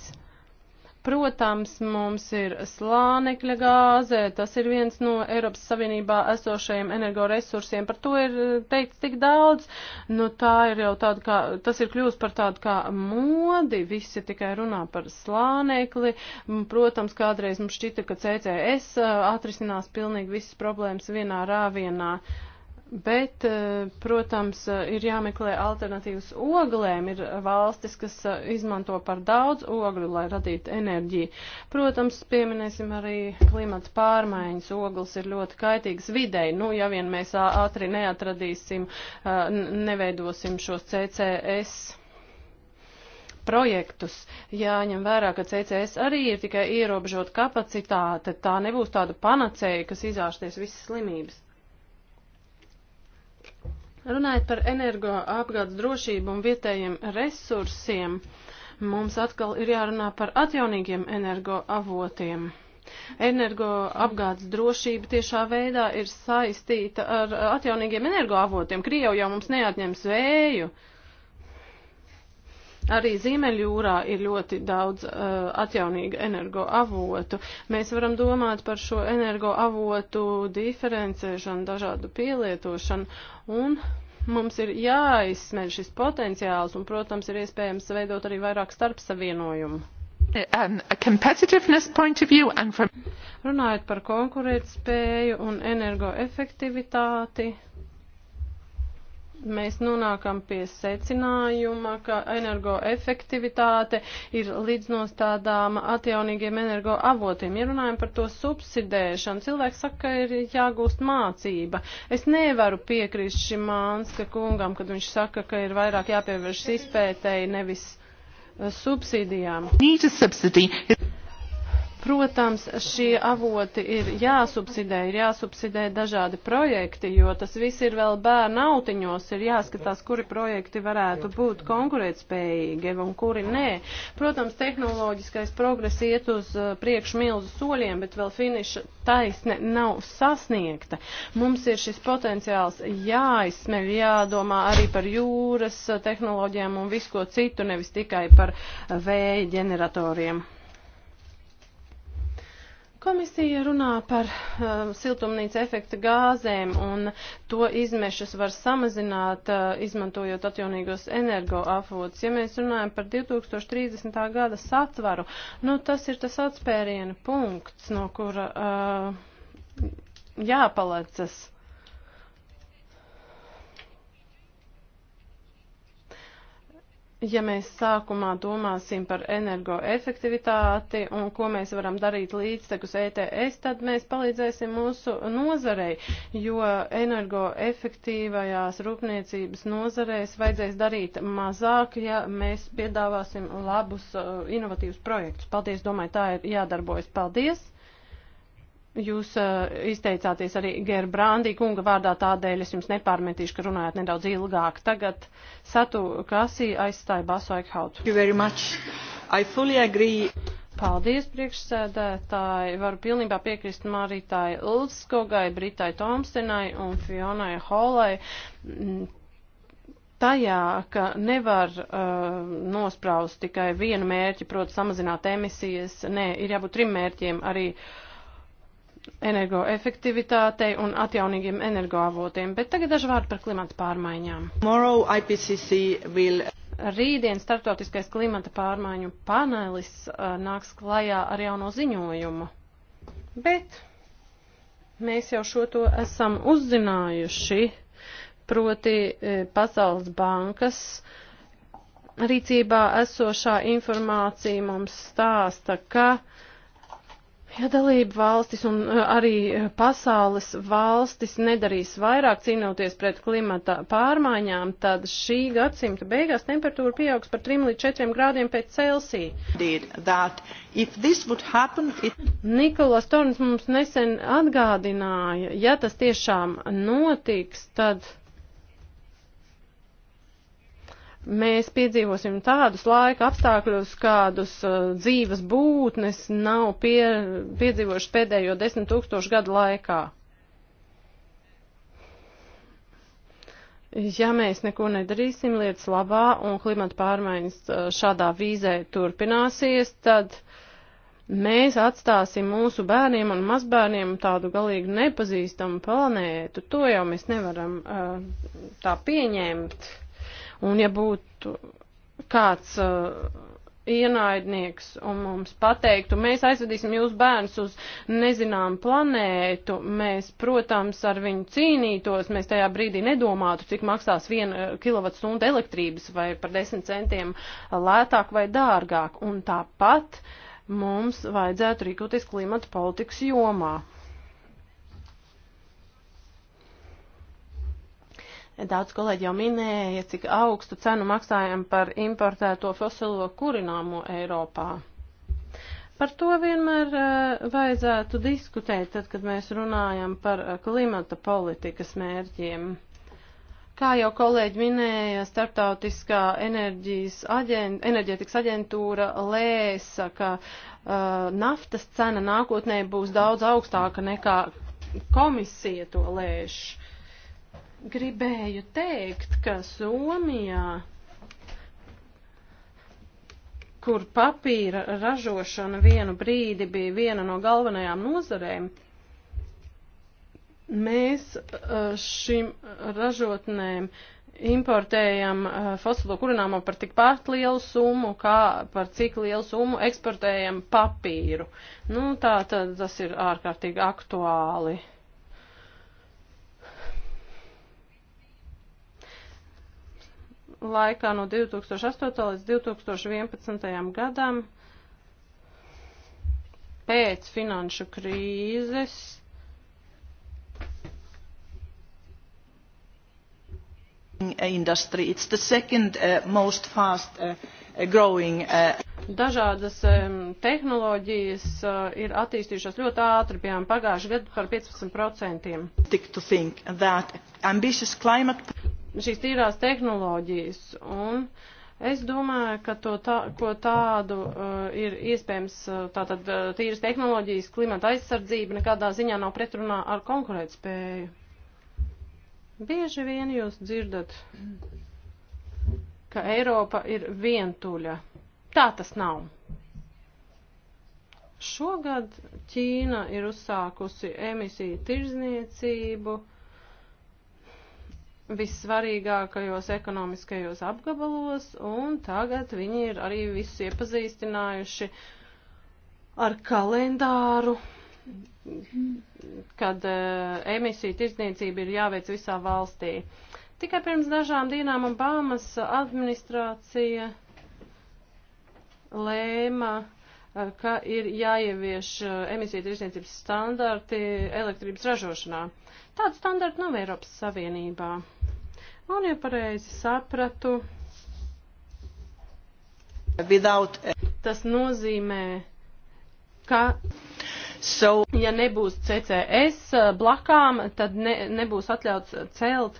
Protams, mums ir slānekļa gāze, tas ir viens no Eiropas Savienībā esošajiem energoresursiem, par to ir teikts tik daudz, nu tā ir jau tāda kā, tas ir kļūst par tādu kā modi, visi tikai runā par slānekli, protams, kādreiz mums šķita, ka CCS atrisinās pilnīgi visas problēmas vienā rāvienā. Uh, Bet, eh, protams, eh, ir jāmeklē alternatīvas oglēm. Ir valstis, kas eh, izmanto par daudz ogļu, lai radītu enerģiju. Protams, pieminēsim arī klimata pārmaiņas. Ogles ir ļoti kaitīgas videi. Nu, ja vien mēs ātri neatradīsim, neveidosim šos CCS projektus. Jāņem vērā, ka CCS arī ir tikai ierobežota kapacitāte. Tā nebūs tāda panacēja, kas izārsties visas slimības. Runājot par energoapgādes drošību un vietējiem resursiem, mums atkal ir jārunā par atjaunīgiem energoavotiem. Energoapgādes drošība tiešā veidā ir saistīta ar atjaunīgiem energoavotiem. Krievi jau mums neatņems vēju. Uh, Arī Ziemeļjūrā ir ļoti daudz uh, atjaunīgu energoavotu. Mēs varam domāt par šo energoavotu diferencēšanu, dažādu pielietošanu un mums ir jāizsmeļ šis potenciāls un, protams, ir iespējams veidot arī vairāk starpsavienojumu.
Eh, um, view, from...
Runājot par konkurētspēju un energoefektivitāti, mēs nonākam pie secinājuma, ka energoefektivitāte ir līdznostādāma atjaunīgiem energoavotiem. Ja runājam par to subsidēšanu, cilvēks saka, ka ir jāgūst mācība. Es nevaru piekrist šim Mānska kungam, kad viņš saka, ka ir vairāk jāpievēršas izpētēji nevis subsīdijām. Protams, šie avoti ir jāsubsidē, ir jāsubsidē dažādi projekti, jo tas viss ir vēl bērnu autiņos, ir jāskatās, kuri projekti varētu būt konkurētspējīgi un kuri nē. Protams, tehnoloģiskais progress iet uz uh, priekšu milzu soļiem, bet vēl finiša taisne nav sasniegta. Mums ir šis potenciāls jāizsmeļ, jādomā arī par jūras uh, tehnoloģijām un visko citu, nevis tikai par uh, vēja ģeneratoriem. Komisija runā par uh, siltumnīca efekta gāzēm un to izmešas var samazināt, uh, izmantojot atjaunīgos energoavotus. Ja mēs runājam par 2030. gada satvaru, nu tas ir tas atspēriena punkts, no kura uh, jāpalecas. ja mēs sākumā domāsim par energoefektivitāti un ko mēs varam darīt līdztekus ETS, tad mēs palīdzēsim mūsu nozarei, jo energoefektīvajās rūpniecības nozarēs vajadzēs darīt mazāk, ja mēs piedāvāsim labus, uh, inovatīvus projektus. Paldies, domāju, tā ir jādarbojas. Paldies! Jūs uh, izteicāties arī Gerbrandī kunga vārdā, tādēļ es jums nepārmetīšu, ka runājat nedaudz ilgāk. Tagad Satu Kasī aizstāja Baso Eikhautu. Paldies, priekšsēdētāji. Varu pilnībā piekrist Maritai Ulfskogai, Britai Tomstenai un Fionai Holai mm, tajā, ka nevar uh, nospraust tikai vienu mērķi, proti samazināt emisijas. Nē, ir jābūt trim mērķiem arī. Uh, energoefektivitātei un atjaunīgiem energoavotiem, bet tagad daži vārdi par klimata pārmaiņām. Will... Rītdien startautiskais klimata pārmaiņu panelis uh, nāks klajā ar jauno ziņojumu, bet mēs jau šo to esam uzzinājuši, proti uh, Pasaules bankas rīcībā esošā informācija mums stāsta, ka uh, Ja dalība valstis un eh, arī eh, pasaules valstis nedarīs vairāk cīnoties pret klimata pārmaiņām, tad šī gadsimta beigās temperatūra pieaugs par 3 līdz 4 grādiem pēc Celsija. It... Nikolas Torns mums nesen atgādināja, ja tas tiešām notiks, tad mēs piedzīvosim tādus laika apstākļus, kādus uh, dzīves būtnes nav pie, piedzīvojuši pēdējo desmit tūkstošu gadu laikā. Ja mēs neko nedarīsim lietas labā un klimata pārmaiņas uh, šādā vīzē turpināsies, tad mēs atstāsim mūsu bērniem un mazbērniem tādu galīgi nepazīstamu planētu. To jau mēs nevaram uh, tā pieņemt. Un ja būtu kāds uh, ienaidnieks un mums pateiktu, mēs aizvedīsim jūs bērns uz nezinām planētu, mēs, protams, ar viņu cīnītos, mēs tajā brīdī nedomātu, cik maksās viena uh, kilovatstunda elektrības vai par desmit centiem lētāk vai dārgāk. Un tāpat mums vajadzētu rīkoties klimata politikas jomā. Daudz kolēģi jau minēja, cik augstu cenu maksājam par importēto fosilo kurināmo Eiropā. Par to vienmēr eh, vajadzētu diskutēt, tad, kad mēs runājam par eh, klimata politikas mērķiem. Kā jau kolēģi minēja, Startautiskā enerģijas aģent, enerģētikas aģentūra lēsa, ka uh, naftas cena nākotnē būs daudz augstāka nekā komisija to lēš gribēju teikt, ka Somijā, kur papīra ražošana vienu brīdi bija viena no galvenajām nozarēm, mēs eh, šim ražotnēm importējam eh, fosilo kurināmo par tik pat lielu summu, kā par cik lielu summu eksportējam papīru. Nu, tā tad tas ir ārkārtīgi aktuāli. laikā no 2008. līdz 2011. gadam pēc finanšu
krīzes industry. It's the second uh, most fast uh, growing. Uh,
Dažādas um, tehnoloģijas uh, ir attīstījušās ļoti ātri, piemēram, pagājušajā gadā par 15%.
Think to think that ambitious
climate šīs tīrās tehnoloģijas. Un es domāju, ka to tā, ko tādu uh, ir iespējams, uh, tātad uh, tīras tehnoloģijas, klimata aizsardzība nekādā ziņā nav pretrunā ar konkurētspēju. Bieži vien jūs dzirdat, ka Eiropa ir vientuļa. Tā tas nav. Šogad Ķīna ir uzsākusi emisiju tirzniecību. Uh, vissvarīgākajos ekonomiskajos apgabalos, un tagad viņi ir arī visus iepazīstinājuši ar kalendāru, kad uh, emisiju tirdzniecība ir jāveic visā valstī. Tikai pirms dažām dienām Obamas administrācija lēma, uh, ka ir jāievieš uh, emisiju tirdzniecības standarti elektrības ražošanā. Tāda standarta nav Eiropas Savienībā. Un, ja pareizi sapratu, tas nozīmē, ka So, ja nebūs CCS uh, blakām, tad ne, nebūs atļauts celt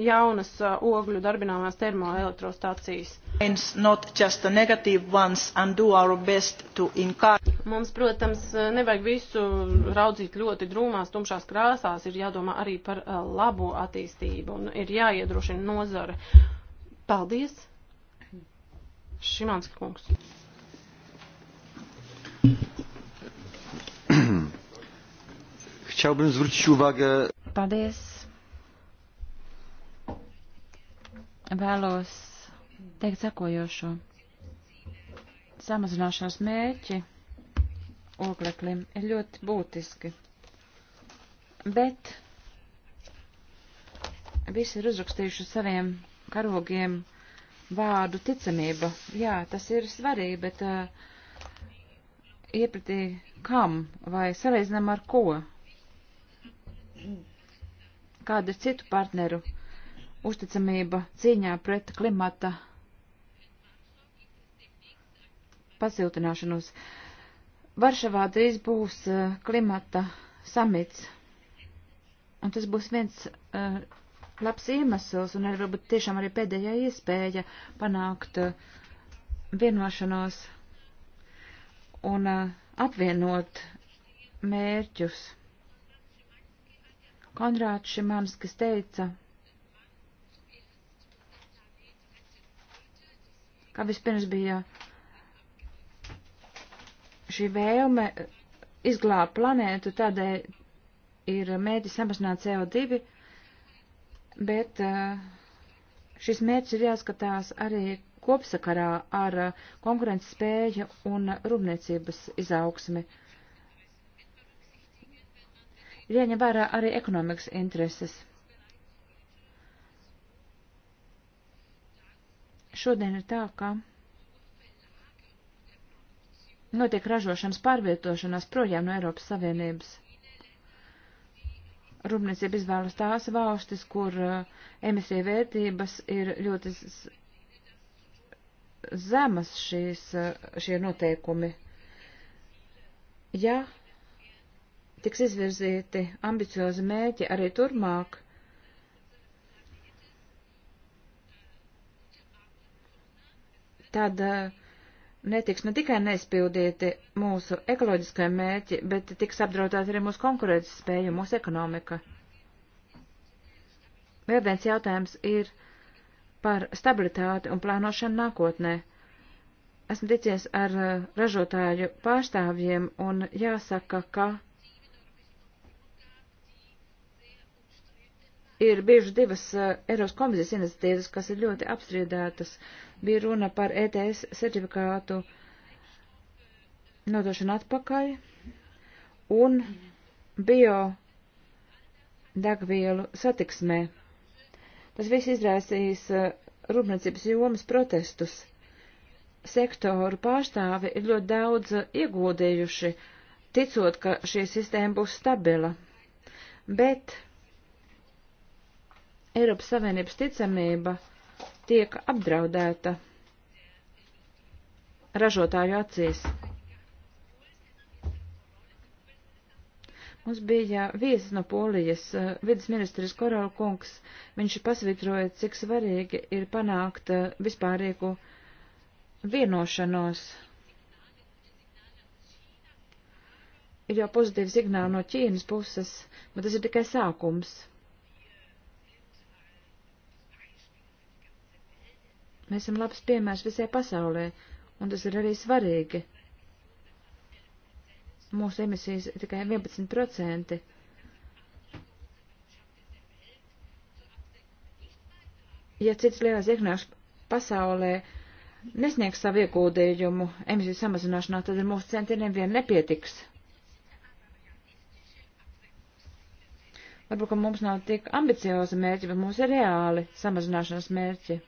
jaunas uh, ogļu darbināmās termoelektrostācijas. Mums, protams, uh, nevajag visu raudzīt ļoti drūmās, tumšās krāsās, ir jādomā arī par labo attīstību un ir jāiedrošina nozara. Paldies! Šimanska kungs.
Chciałbym zwrócić uwagę. Paldies. Vēlos teikt sakojošo. Samazināšanas mērķi ogleklim ir ļoti būtiski. Bet visi ir uzrakstījuši saviem karogiem vārdu ticamība. Jā, tas ir svarīgi, bet uh, iepratī kam vai salīdzinām ar ko? kāda ir citu partneru uzticamība cīņā pret klimata pasiltināšanos. Varšavā drīz būs uh, klimata samits, un tas būs viens uh, labs iemesls, un arī varbūt tiešām arī pēdējā iespēja panākt uh, vienošanos un uh, apvienot mērķus. Konrāds Šimans, kas teica, ka vispirms bija šī vēlme izglābt planētu, tādēļ ir mērķis samazināt CO2, bet eh, šis mērķis ir jāskatās arī kopsakarā ar konkurences spēju un rūpniecības izaugsmi ir jāņem vērā arī ekonomikas intereses. Šodien ir tā, ka notiek ražošanas pārvietošanās projām no Eiropas Savienības. Rūpniecība izvēlas tās valstis, kur eh, emisija vērtības ir ļoti zemas šīs, eh, šie noteikumi. Ja tiks izvirzīti ambiciozi mēķi arī turmāk, tad eh, netiks ne tikai neizpildīti mūsu ekoloģiskie mērķi, bet tiks apdraudēta arī mūsu konkurētas spēja, mūsu ekonomika. Vēl viens jautājums ir par stabilitāti un plānošanu nākotnē. Esmu ticies ar eh, ražotāju pārstāvjiem un jāsaka, ka ir bieži divas eh, Eiropas komisijas iniciatīvas, kas ir ļoti apstrīdētas. Bija runa par ETS certifikātu nodošanu atpakaļ un bio degvielu satiksmē. Tas viss izraisīs eh, rūpniecības jomas protestus. Sektoru pārstāvi ir ļoti daudz eh, ieguldījuši, ticot, ka šī sistēma būs stabila. Bet Eiropas Savienības ticamība tiek apdraudēta ražotāju acīs. Mums bija viesis no Polijas, eh, vidas ministrs Korāla kungs. Viņš pasvitroja, cik svarīgi ir panākt eh, vispārīgu vienošanos. Ir jau pozitīvi signāli no Ķīnas puses, bet tas ir tikai sākums. Mēs esam labs piemērs visai pasaulē, un tas ir arī svarīgi. Mūsu emisijas ir tikai 11%. Ja cits lielais iekļāvs pasaulē nesniegs savu ieguldījumu emisiju samazināšanā, tad ar mūsu centieniem vien nepietiks. Varbūt, ka mums nav tik ambicioza mērķi, bet mums ir reāli samazināšanas mērķi.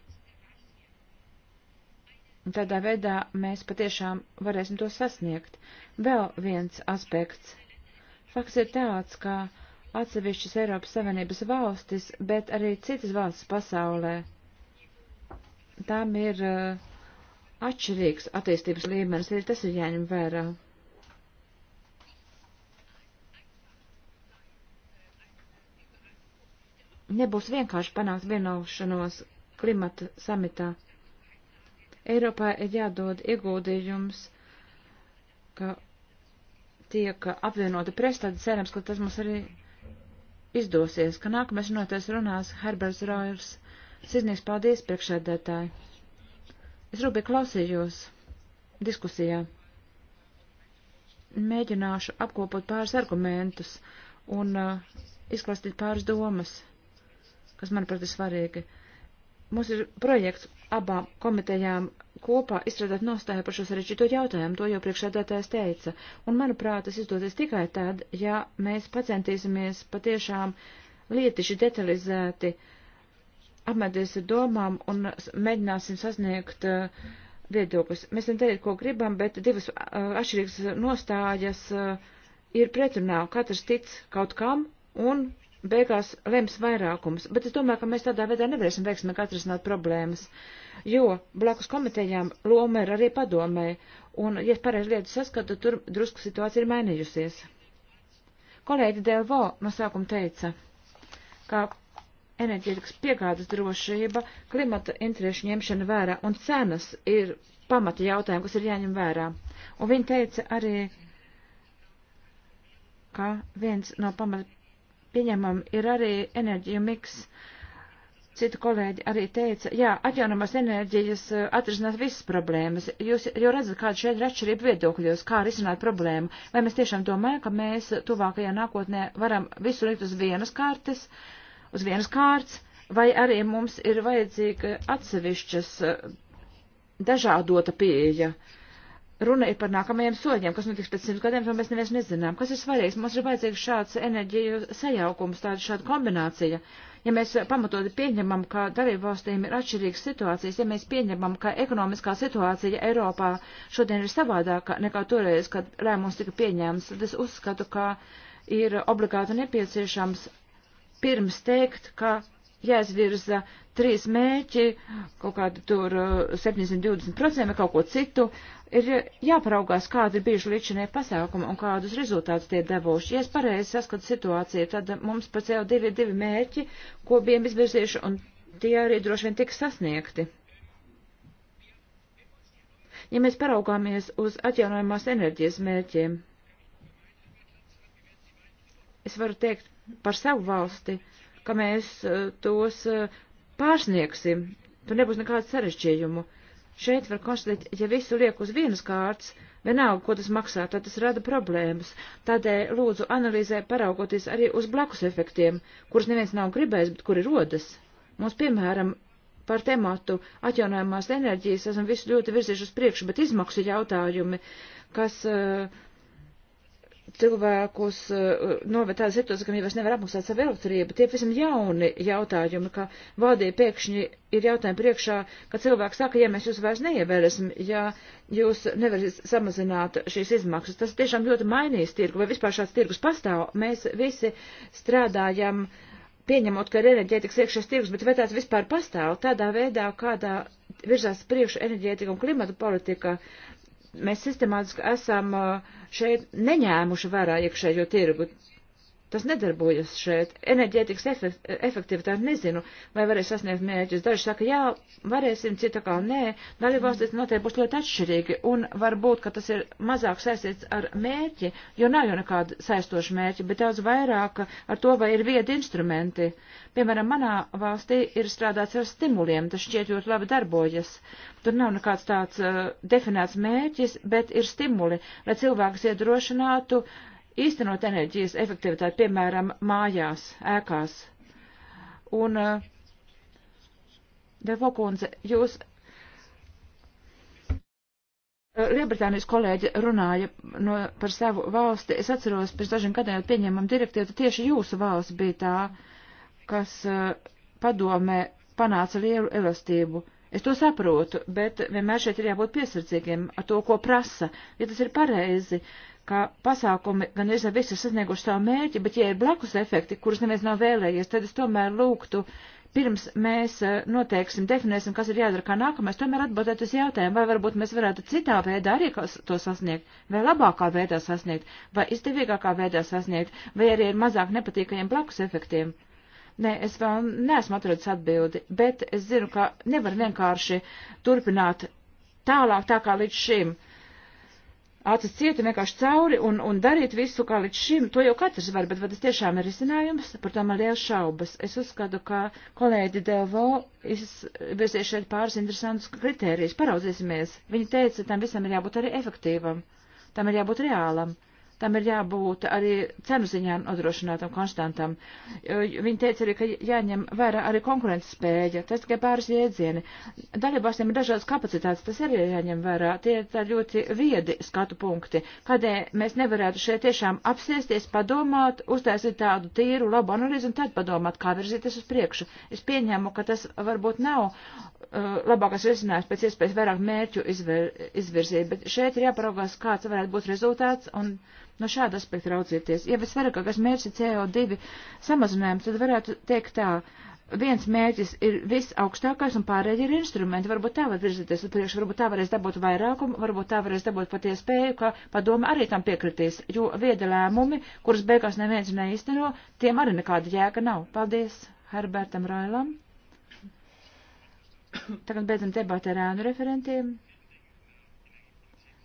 Tādā veidā mēs patiešām varēsim to sasniegt. Vēl viens aspekts. Fakts ir tāds, ka atsevišķas Eiropas Savienības valstis, bet arī citas valstis pasaulē, tām ir uh, atšķirīgs attīstības līmenis, arī tas ir jāņem vērā. Nebūs vienkārši panākt vienošanos klimata samitā. Eiropā ir jādod ieguldījums, ka tiek apvienota presa, tad cerams, ka tas mums arī izdosies, ka nākamais runātais runās Herberts Rājers. Sirdnieks paldies priekšēdētāji. Es rūpīgi klausījos diskusijā. Mēģināšu apkopot pāris argumentus un uh, izklāstīt pāris domas, kas manuprāt ir svarīgi. Uh, Mums ir projekts abām komitejām kopā izstrādāt nostāju par šo sarežģīto jautājumu, to jau priekšādātājs teica. Un, manuprāt, tas izdosies tikai tad, ja mēs pacentīsimies patiešām lietiši detalizēti apmēties ar domām un mēģināsim sasniegt uh, viedokļus. Mēs varam teikt, ko gribam, bet divas uh, atšķirīgas nostājas uh, ir pretrunā. Katrs tic kaut kam un beigās lems vairākums, bet es domāju, ka mēs tādā veidā nevarēsim veiksmīgi atrisināt problēmas, jo blakus komitejām loma ir arī padomē, un, ja pareizi lietu saskatu, tur drusku situācija ir mainījusies. Kolēģi Delvo no sākuma teica, ka enerģētikas piegādes drošība, klimata interešu ņemšana vērā un cenas ir pamata jautājumi, kas ir jāņem vērā. Un viņa teica arī, ka viens no pamata pieņemam, ir arī enerģija miks. Citu kolēģi arī teica, jā, atjaunamās enerģijas eh, atrisinās visas problēmas. Jūs jau redzat, kāda šeit ir atšķirība viedokļos, kā risināt problēmu. Vai mēs tiešām domājam, ka mēs tuvākajā nākotnē varam visu likt uz vienas kārtas, uz vienas kārtas, vai arī mums ir vajadzīga atsevišķas eh, dažādota pieeja? Uh, runa ir par nākamajiem soļiem, kas notiks pēc simts gadiem, to mēs neviens nezinām. Kas ir svarīgs? Mums ir vajadzīgs šāds enerģiju sajaukums, tāda šāda kombinācija. Ja mēs pamatoti pieņemam, ka dalību valstīm ir atšķirīgas situācijas, ja mēs pieņemam, ka ekonomiskā situācija Eiropā šodien ir savādāka nekā toreiz, kad lēmums tika pieņēmts, tad es uzskatu, ka ir obligāti nepieciešams pirms teikt, ka jāizvirza trīs mēķi, kaut kādu tur 720% eh, vai kaut ko citu, ir jāparaugās, kāda ir bijuši līdšanai pasākuma un kādus rezultātus tie devuši. Ja es pareizi saskatu situāciju, tad mums pa CO2 ir divi mērķi, ko bijām izvirzījuši, un tie arī droši vien tiks sasniegti. Ja mēs paraugāmies uz atjaunojumās enerģijas mērķiem, es varu teikt par savu valsti, uh, ka mēs eh, tos eh, pārsniegsim. Tur nebūs nekādu sarežģījumu. Šeit var konstatēt, ja visu liek uz vienas kārtas, vienalga, ko tas maksā, tad tas rada problēmas. Tādēļ lūdzu analīzē paraugoties arī uz blakus efektiem, kurus neviens nav gribējis, bet kuri rodas. Mums, piemēram, par tematu atjaunojumās enerģijas esam visu ļoti virzījuši uz priekšu, bet izmaksu jautājumi, kas uh, cilvēkus eh, noved tādā situācijā, ka viņi vairs nevar apmaksāt savu elektrību. Tie visam jauni jautājumi, ka valdība pēkšņi ir jautājumi priekšā, ka cilvēks saka, ja mēs jūs vairs neievērsim, ja jūs nevarat samazināt šīs izmaksas. Tas tiešām ļoti mainīs tirgu, vai vispār šāds tirgus pastāv. Mēs visi strādājam, pieņemot, ka ir enerģētikas iekšējais tirgus, bet vai tāds vispār pastāv tādā veidā, kādā virzās priekšu enerģētika un klimata politika. Uh, mēs sistemātiski esam uh, šeit neņēmuši vērā iekšējo tirgu. Tas nedarbojas šeit. Enerģētikas efekt, efektivitāte nezinu, vai varēs sasniegt mērķus. Daži saka, jā, varēsim, cita kā nē. Dalībvalstis noteikti būs ļoti atšķirīgi, un varbūt, ka tas ir mazāk saistīts ar mērķi, jo nav jau nekāda saistoša mērķa, bet daudz vairāk ar to, vai ir viedi instrumenti. Piemēram, manā valstī ir strādāts ar stimuliem, tas šķiet ļoti labi darbojas. Tur nav nekāds tāds uh, definēts mērķis, bet ir stimuli, lai cilvēks iedrošinātu uh, īstenot enerģijas efektivitāti, piemēram, mājās, ēkās. Un, eh, Devokundze, jūs eh, Lielbritānijas kolēģi runāja no, par savu valsti. Es atceros, pirms dažiem gadiem, kad pieņēmām direktīvu, tad tieši jūsu valsts bija tā, kas eh, padomē panāca lielu elastību. Es to saprotu, bet vienmēr šeit ir jābūt piesardzīgiem ar to, ko prasa. Ja tas ir pareizi, ka pasākumi gan ir visi sasnieguši savu mērķi, bet ja ir blakus efekti, kurus neviens nav vēlējies, tad es tomēr lūgtu, pirms mēs eh, noteiksim, definēsim, kas ir jādara kā nākamais, tomēr atbildēt uz jautājumu, vai varbūt mēs varētu citā veidā arī to sasniegt, vai labākā veidā sasniegt, vai izdevīgākā veidā sasniegt, vai arī ir mazāk nepatīkajiem blakus efektiem. Nē, es vēl neesmu atradis atbildi, bet es zinu, ka nevar vienkārši turpināt tālāk tā kā līdz šim. Uh, acis cieti vienkārši cauri un, un darīt visu kā līdz šim. To jau katrs var, bet vai tas tiešām ir risinājums, par to man liels šaubas. Es uzskatu, ka kolēģi Delvo izvirzīja šeit pāris interesantus kritērijus. Paraudzīsimies. Viņa teica, tam visam ir jābūt arī efektīvam. Tam ir jābūt reālam. Uh, tam ir jābūt arī cenu ziņā nodrošinātam konstantam. Viņa teica arī, ka jāņem vērā arī konkurences spēja. Tas tikai pāris jēdzieni. Dalībvalstīm ir dažādas kapacitātes, tas arī jāņem vērā. Tie ir ļoti viedi skatu punkti. Kādēļ mēs nevarētu šeit tiešām apsēsties, padomāt, uztaisīt tādu tīru, labu analīzi un tad padomāt, kā virzīties uz priekšu. Es pieņēmu, ka tas varbūt nav uh, labākais risinājums pēc iespējas vairāk mērķu izver, izvirzīt, bet šeit ir jāparaugās, kāds varētu būt rezultāts un no šāda aspekta raudzieties. Ja es varu, ka kas mērķis ir CO2 samazinājums, tad varētu teikt tā, viens mērķis ir viss augstākais un pārējie ir instrumenti. Varbūt tā var virzīties uz priekšu, varbūt tā varēs dabūt vairākumu, varbūt tā varēs dabūt paties spēju, ka padome arī tam piekritīs, jo vieda lēmumi, kuras beigās neviens neizteno, tiem arī nekāda jēga nav. Paldies Herbertam Roilam. Tagad beidzam debāt ar ēnu referentiem.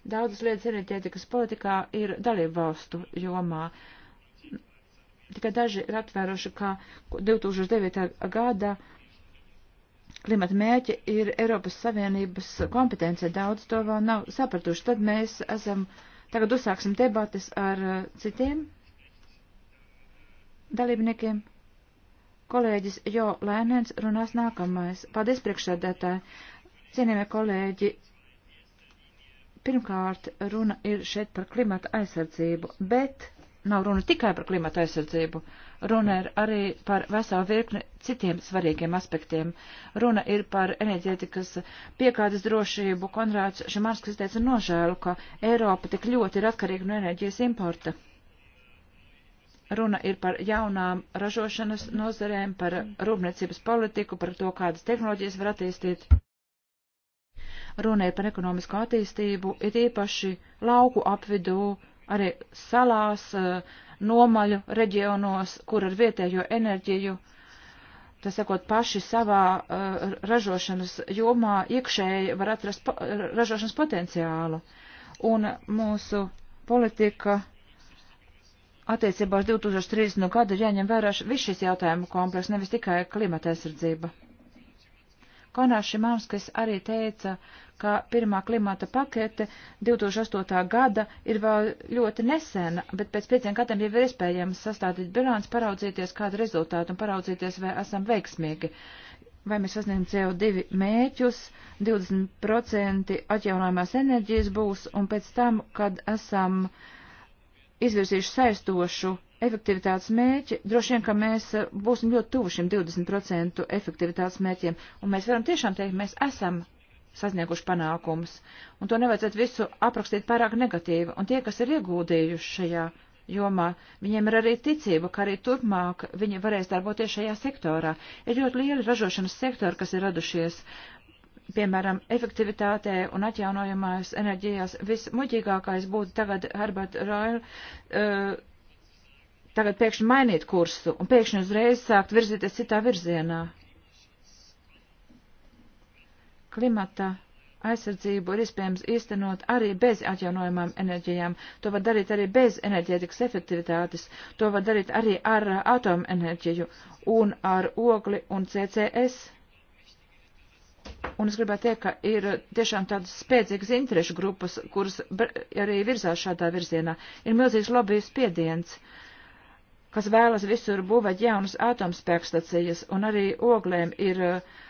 Daudzas lietas enerģētikas politikā ir dalību valstu jomā. Tikai daži ir aptvēruši, ka 2009. gada klimata mērķi ir Eiropas Savienības kompetence. Daudz to vēl nav sapratuši. Tad mēs esam, tagad uzsāksim debates ar uh, citiem dalībniekiem. Kolēģis Jo Lēnens runās nākamais. Paldies priekšsēdētāji. Cienījamie kolēģi, Pirmkārt, runa ir šeit par klimata aizsardzību, bet nav runa tikai par klimata aizsardzību. Runa ir arī par veselu virkni citiem svarīgiem aspektiem. Runa ir par enerģētikas piekādes drošību. Konrāds Šimanskis teica nožēlu, ka Eiropa tik ļoti ir atkarīga no enerģijas importa. Runa ir par jaunām ražošanas nozarēm, par rūpniecības politiku, par to, kādas tehnoloģijas var attīstīt runēja par ekonomisko attīstību, ir īpaši lauku apvidū, arī salās, eh, nomaļu reģionos, kur ar vietējo enerģiju, tas sakot, paši savā uh, ražošanas jomā iekšēji var atrast po ražošanas potenciālu. Un mūsu politika attiecībā uz 2030. gadu ir jāņem vērā viss šis jautājumu kompleks, nevis tikai klimata aizsardzība. Konāši Māmskis arī teica, ka pirmā klimata pakete 2008. gada ir vēl ļoti nesena, bet pēc pieciem gadiem jau ir iespējams sastādīt bilants, paraudzīties kādu rezultātu un paraudzīties, vai esam veiksmīgi. Vai mēs sasniegsim CO2 mēķus, 20% atjaunojumās enerģijas būs, un pēc tam, kad esam izvirzījuši saistošu efektivitātes mērķi, droši vien, ka mēs eh, būsim ļoti tuvu šim 20% efektivitātes mērķiem, un mēs varam tiešām teikt, mēs esam sasnieguši panākumus, un to nevajadzētu visu aprakstīt pārāk negatīvi, un tie, kas ir ieguldījuši šajā jomā, viņiem ir arī ticība, ka arī turpmāk viņi varēs darboties šajā sektorā. Ir ļoti lieli ražošanas sektori, kas ir radušies, piemēram, efektivitātē un atjaunojamās enerģijās vismuļķīgākais būtu tagad Herbert Royal uh, eh, tagad pēkšņi mainīt kursu un pēkšņi uzreiz sākt virzīties citā virzienā. Klimata aizsardzību ir iespējams īstenot arī bez atjaunojumām enerģijām. To var darīt arī bez enerģētikas efektivitātes. To var darīt arī ar atomenerģiju un ar ogli un CCS. Un es gribētu teikt, ka ir tiešām tādas spēcīgas interešu grupas, kuras arī virzās šādā virzienā. Ir milzīgs lobby spiediens. Uh, kas vēlas visur būvēt jaunas atomspēkstacijas, un arī oglēm ir uh,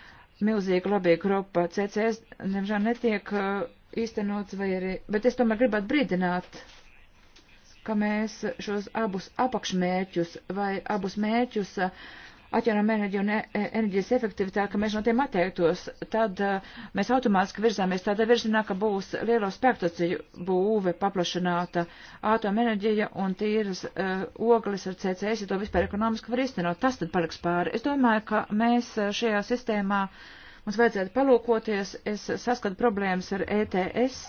milzīga lobby grupa. CCS, nemžēl, netiek uh, īstenots vai arī, bet es tomēr gribētu brīdināt, ka mēs šos abus apakšmērķus vai abus mērķus uh, atjaunam enerģiju un e, e, enerģijas efektivitāti, ka mēs no tiem atteiktos, tad e, mēs automātiski virzāmies tādā virzienā, ka būs lielo spēktaciju būve paplašināta atomenerģija un tīras uh, ogles ar CCS, ja to vispār ekonomiski var iztenot. Tas tad paliks pāri. Es domāju, ka mēs šajā sistēmā mums vajadzētu palūkoties. Es saskatu problēmas ar ETS.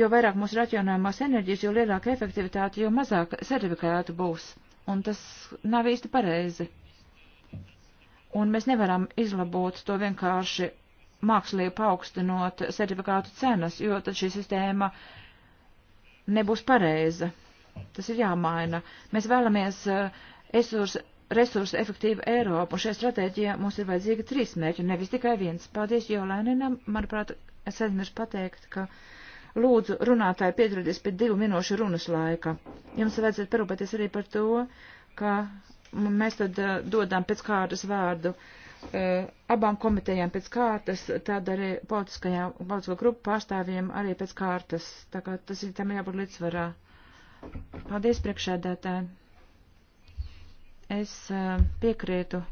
Jo vairāk mums ir atjaunojamās enerģijas, jo lielāka efektivitāte, jo mazāk certifikātu būs. Un tas nav īsti pareizi un mēs nevaram izlabot to vienkārši mākslīgi paaugstinot certifikātu cenas, jo tad šī sistēma nebūs pareiza. Tas ir jāmaina. Mēs vēlamies resursu, eh, resursu efektīvu Eiropu, un šajā stratēģijā mums ir vajadzīga trīs mērķi, nevis tikai viens. Paldies Jolēninam, manuprāt, es aizmirsu pateikt, ka lūdzu runātāji pieturieties pie divu minūšu runas laika. Jums vajadzētu parūpēties arī par to, ka Mēs tad uh, dodām pēc kārtas vārdu uh, abām komitejām pēc kārtas, tad arī politiskajām, politisko grupu pārstāvjiem arī pēc kārtas. Tā kā tas ir tam jābūt līdzsvarā. Paldies priekšēdētāji. Es uh, piekrītu.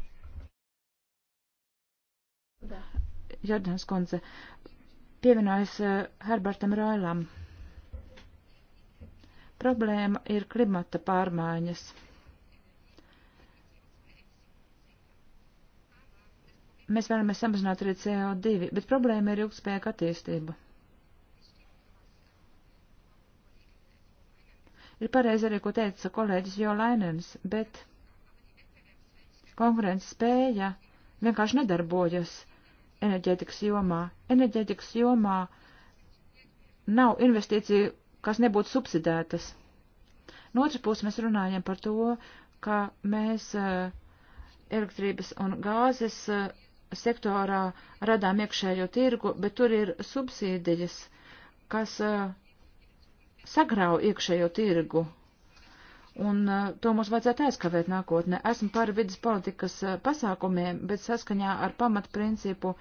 Jordāns kundze pievienojas Herbertam Roilam. Problēma ir klimata pārmaiņas. mēs vēlamies samazināt arī CO2, bet problēma ir ilgspējīga attīstība. Ir pareizi arī, ko teica kolēģis Jolainens, bet konkurences spēja vienkārši nedarbojas enerģētikas jomā. Enerģētikas jomā nav investīciju, kas nebūtu subsidētas. No otras puses mēs runājam par to, ka mēs eh, elektrības un gāzes uh, sektorā radām iekšējo tirgu, bet tur ir subsīdijas, kas uh, eh, sagrau iekšējo tirgu. Un uh, to mums vajadzētu aizkavēt nākotnē. Esmu par vidas politikas uh, pasākumiem, bet saskaņā ar pamatprincipu,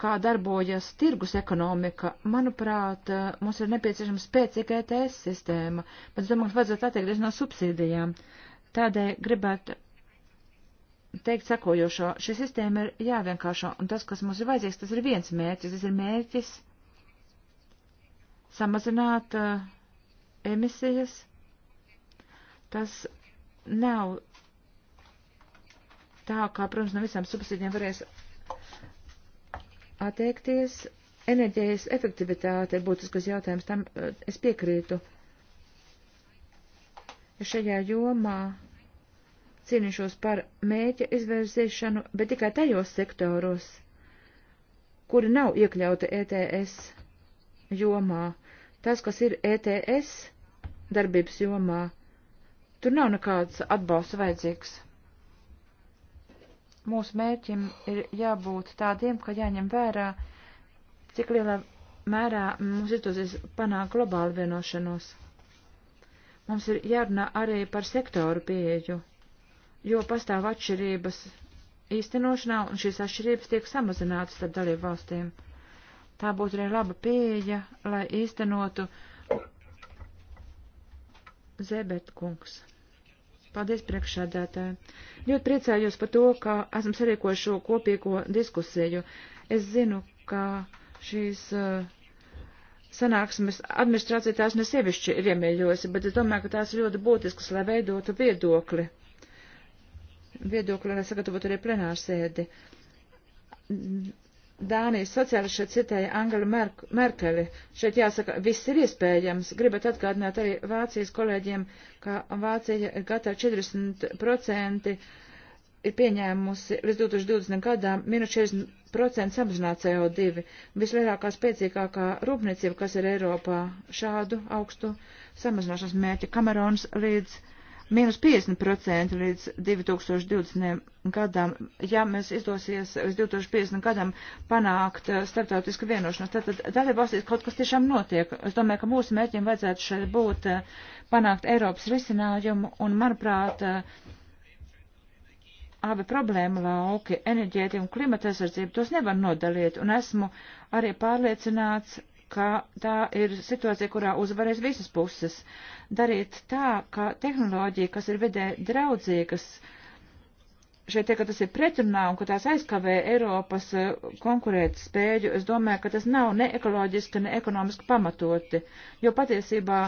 kā darbojas tirgus ekonomika, manuprāt, mums ir nepieciešama spēcīga ETS sistēma, bet es domāju, ka vajadzētu attiekties no subsīdijām. Tādēļ gribētu teikt sakojošo. Šī sistēma ir jāvienkāršo, un tas, kas mums ir vajadzīgs, tas ir viens mērķis. Tas ir mērķis samazināt uh, emisijas. Tas nav tā, kā, protams, no visām subsīdiem varēs attiekties. Enerģijas efektivitāte ir būtiskas jautājums, tam uh, es piekrītu. Ja šajā jomā cīnīšos par mēķa izvērsīšanu, bet tikai tajos sektoros, kuri nav iekļauti ETS jomā. Tas, kas ir ETS darbības jomā, tur nav nekāds atbalsts vajadzīgs. Mūsu mērķim ir jābūt tādiem, ka jāņem vērā, cik lielā mērā mums izdosies panākt globālu vienošanos. Mums ir jārunā arī par sektoru pieeju jo pastāv atšķirības īstenošanā, un šīs atšķirības tiek samazinātas starp dalību valstīm. Tā būtu arī laba pieeja, lai īstenotu Zebetkungs. Paldies priekšādātāji. Ļoti priecājos par to, ka esam sarīkojuši šo kopīgo diskusiju. Es zinu, ka šīs uh, sanāksmes administrācija tās nesievišķi ir iemīļojusi, bet es domāju, ka tās ir ļoti būtiskas, lai veidotu viedokli viedokli, lai sagatavotu arī plenārsēdi. Dānijas sociāliši citēja Angela Merk Merkeli. Šeit jāsaka, viss ir iespējams. Gribat atgādināt arī Vācijas kolēģiem, ka Vācija ir gatava 40% ir pieņēmusi līdz 2020 gadām minus 40% samazināt CO2. Vislielākā spēcīgākā rūpniecība, kas ir Eiropā, šādu augstu samazināšanas mērķi Kamerons līdz 2020 mīnus 50% līdz 2020. gadam, ja mēs izdosies līdz 2050. gadam panākt uh, starptautisku vienošanos. Tātad dalībvalstīs kaut kas tiešām notiek. Es domāju, ka mūsu mērķiem vajadzētu šeit būt uh, panākt Eiropas risinājumu un, manuprāt, uh, abi problēma lauki, enerģēti un klimata aizsardzība, tos nevar nodalīt, un esmu arī pārliecināts, ka tā ir situācija, kurā uzvarēs visas puses. Darīt tā, ka tehnoloģija, kas ir vidē draudzīgas, šeit tiek, ka tas ir pretrunā un ka tās aizkavē Eiropas eh, konkurēt spēju, es domāju, ka tas nav ne ekoloģiski, ne ekonomiski pamatoti, jo patiesībā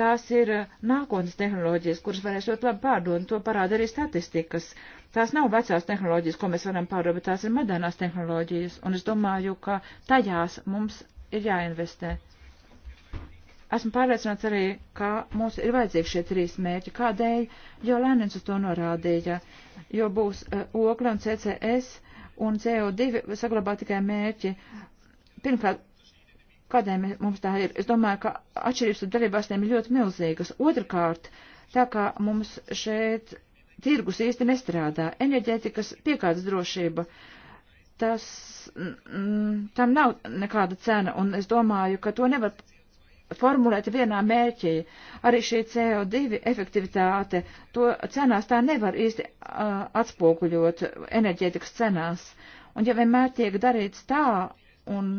tās ir eh, nākotnes tehnoloģijas, kuras varēs ļoti labi pārdot, un to parāda arī statistikas. Tās nav vecās tehnoloģijas, ko mēs varam pārdot, bet tās ir modernās tehnoloģijas, un es domāju, ka tajās mums ir jāinvestē. Esmu pārliecināts arī, ka mums ir vajadzīgi šie trīs mērķi. Kādēļ? Jo Lēnins uz to norādīja, jo būs uh, eh, ogļa un CCS un CO2 saglabā tikai mērķi. Pirmkārt, kādēļ mums tā ir? Es domāju, ka atšķirības ar dalībvalstīm ir ļoti milzīgas. Otrakārt, tā kā mums šeit tirgus īsti nestrādā, enerģētikas piekādas drošība. Uh, tas, mm, tam nav nekāda cena, un es domāju, ka to nevar formulēt vienā mērķī. Arī šī CO2 efektivitāte, to cenās tā nevar īsti uh, atspoguļot enerģētikas cenās. Un ja vienmēr tiek darīts tā, un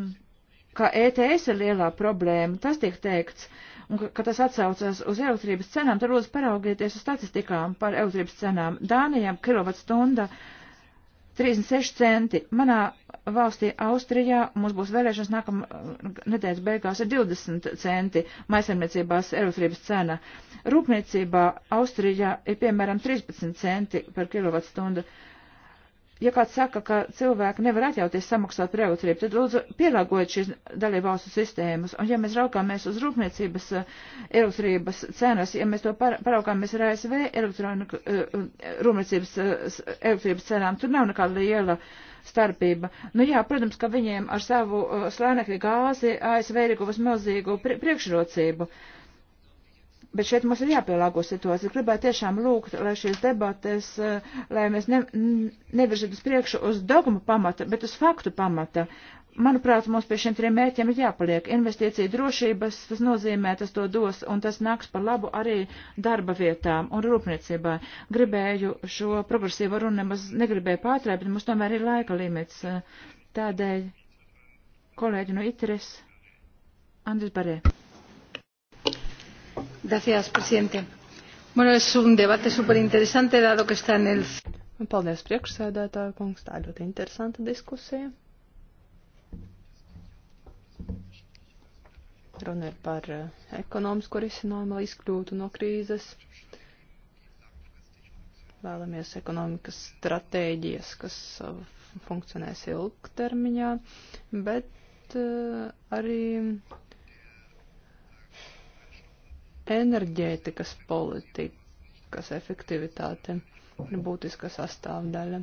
ka ETS ir lielā problēma, tas tiek teikts, un ka, ka tas atsaucas uz elektrības cenām, tad lūdzu paraugieties uz statistikām par elektrības cenām. Dānijām kilovatstunda stunda 36 centi. Manā valstī Austrijā mums būs vēlēšanas nākamā uh, nedēļas beigās ir 20 centi maisaimniecībās elektrības cena. Rūpniecībā Austrijā ir piemēram 13 centi par kilovatstundu. stundu Ja kāds saka, ka cilvēki nevar atļauties samaksāt par elektrību, tad lūdzu pielāgojiet šīs dalībvalstu sistēmas. Un ja mēs raukāmies uz rūpniecības eh, elektrības cenas, ja mēs to paraukāmies ar ASV eh, rūpniecības eh, elektrības cenām, tur nav nekāda liela starpība. Nu jā, protams, ka viņiem ar savu slēnekļa gāzi ASV ir guvis milzīgu priekšrocību. Uh, Bet šeit mums ir jāpielāgo situācija. Es gribētu tiešām lūgt, lai šīs debates, eh, lai mēs ne, nevirzīt uz priekšu uz dogmu pamata, bet uz faktu pamata. Manuprāt, mums pie šiem trim mērķiem ir jāpaliek. Investīcija drošības, tas nozīmē, tas to dos, un tas nāks par labu arī darba vietām un rūpniecībai. Gribēju šo progresīvo runu nemaz negribēju pārtraukt, bet mums tomēr ir laika limits. Tādēļ kolēģi no Itres, Andris Barē. Gracias, presidente. Bueno, es un debate súper interesante,
dado que está en el. Paldies, priekšsēdētāja kungs. Tā ļoti interesanta diskusija. Runa ir par eh, ekonomisku risinājumu, lai izkļūtu no krīzes. Vēlamies ekonomikas stratēģijas, kas eh, funkcionēs ilgtermiņā, bet eh, arī enerģētikas politikas efektivitāte ir būtiska sastāvdaļa.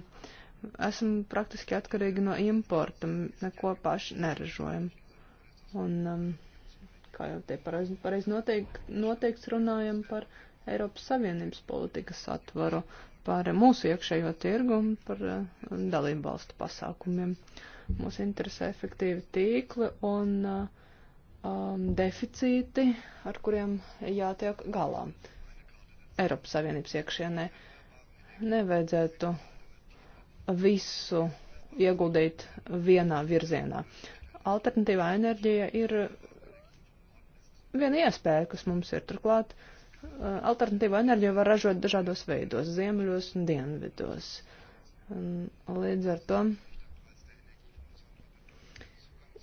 Esam praktiski atkarīgi no importa, neko paši neražojam. Un, um, kā jau te pareizi pareiz noteikti, noteikti runājam par Eiropas Savienības politikas atvaru, par mūsu iekšējo tirgu un par uh, dalību valstu pasākumiem. Mūs interesē efektīvi tīkli un uh, um, deficīti, ar kuriem jātiek galā Eiropas Savienības iekšienē. Nevajadzētu visu ieguldīt vienā virzienā. Alternatīvā enerģija ir viena iespēja, kas mums ir turklāt. Uh, alternatīvā enerģija var ražot dažādos veidos, ziemeļos un dienvidos. Līdz ar to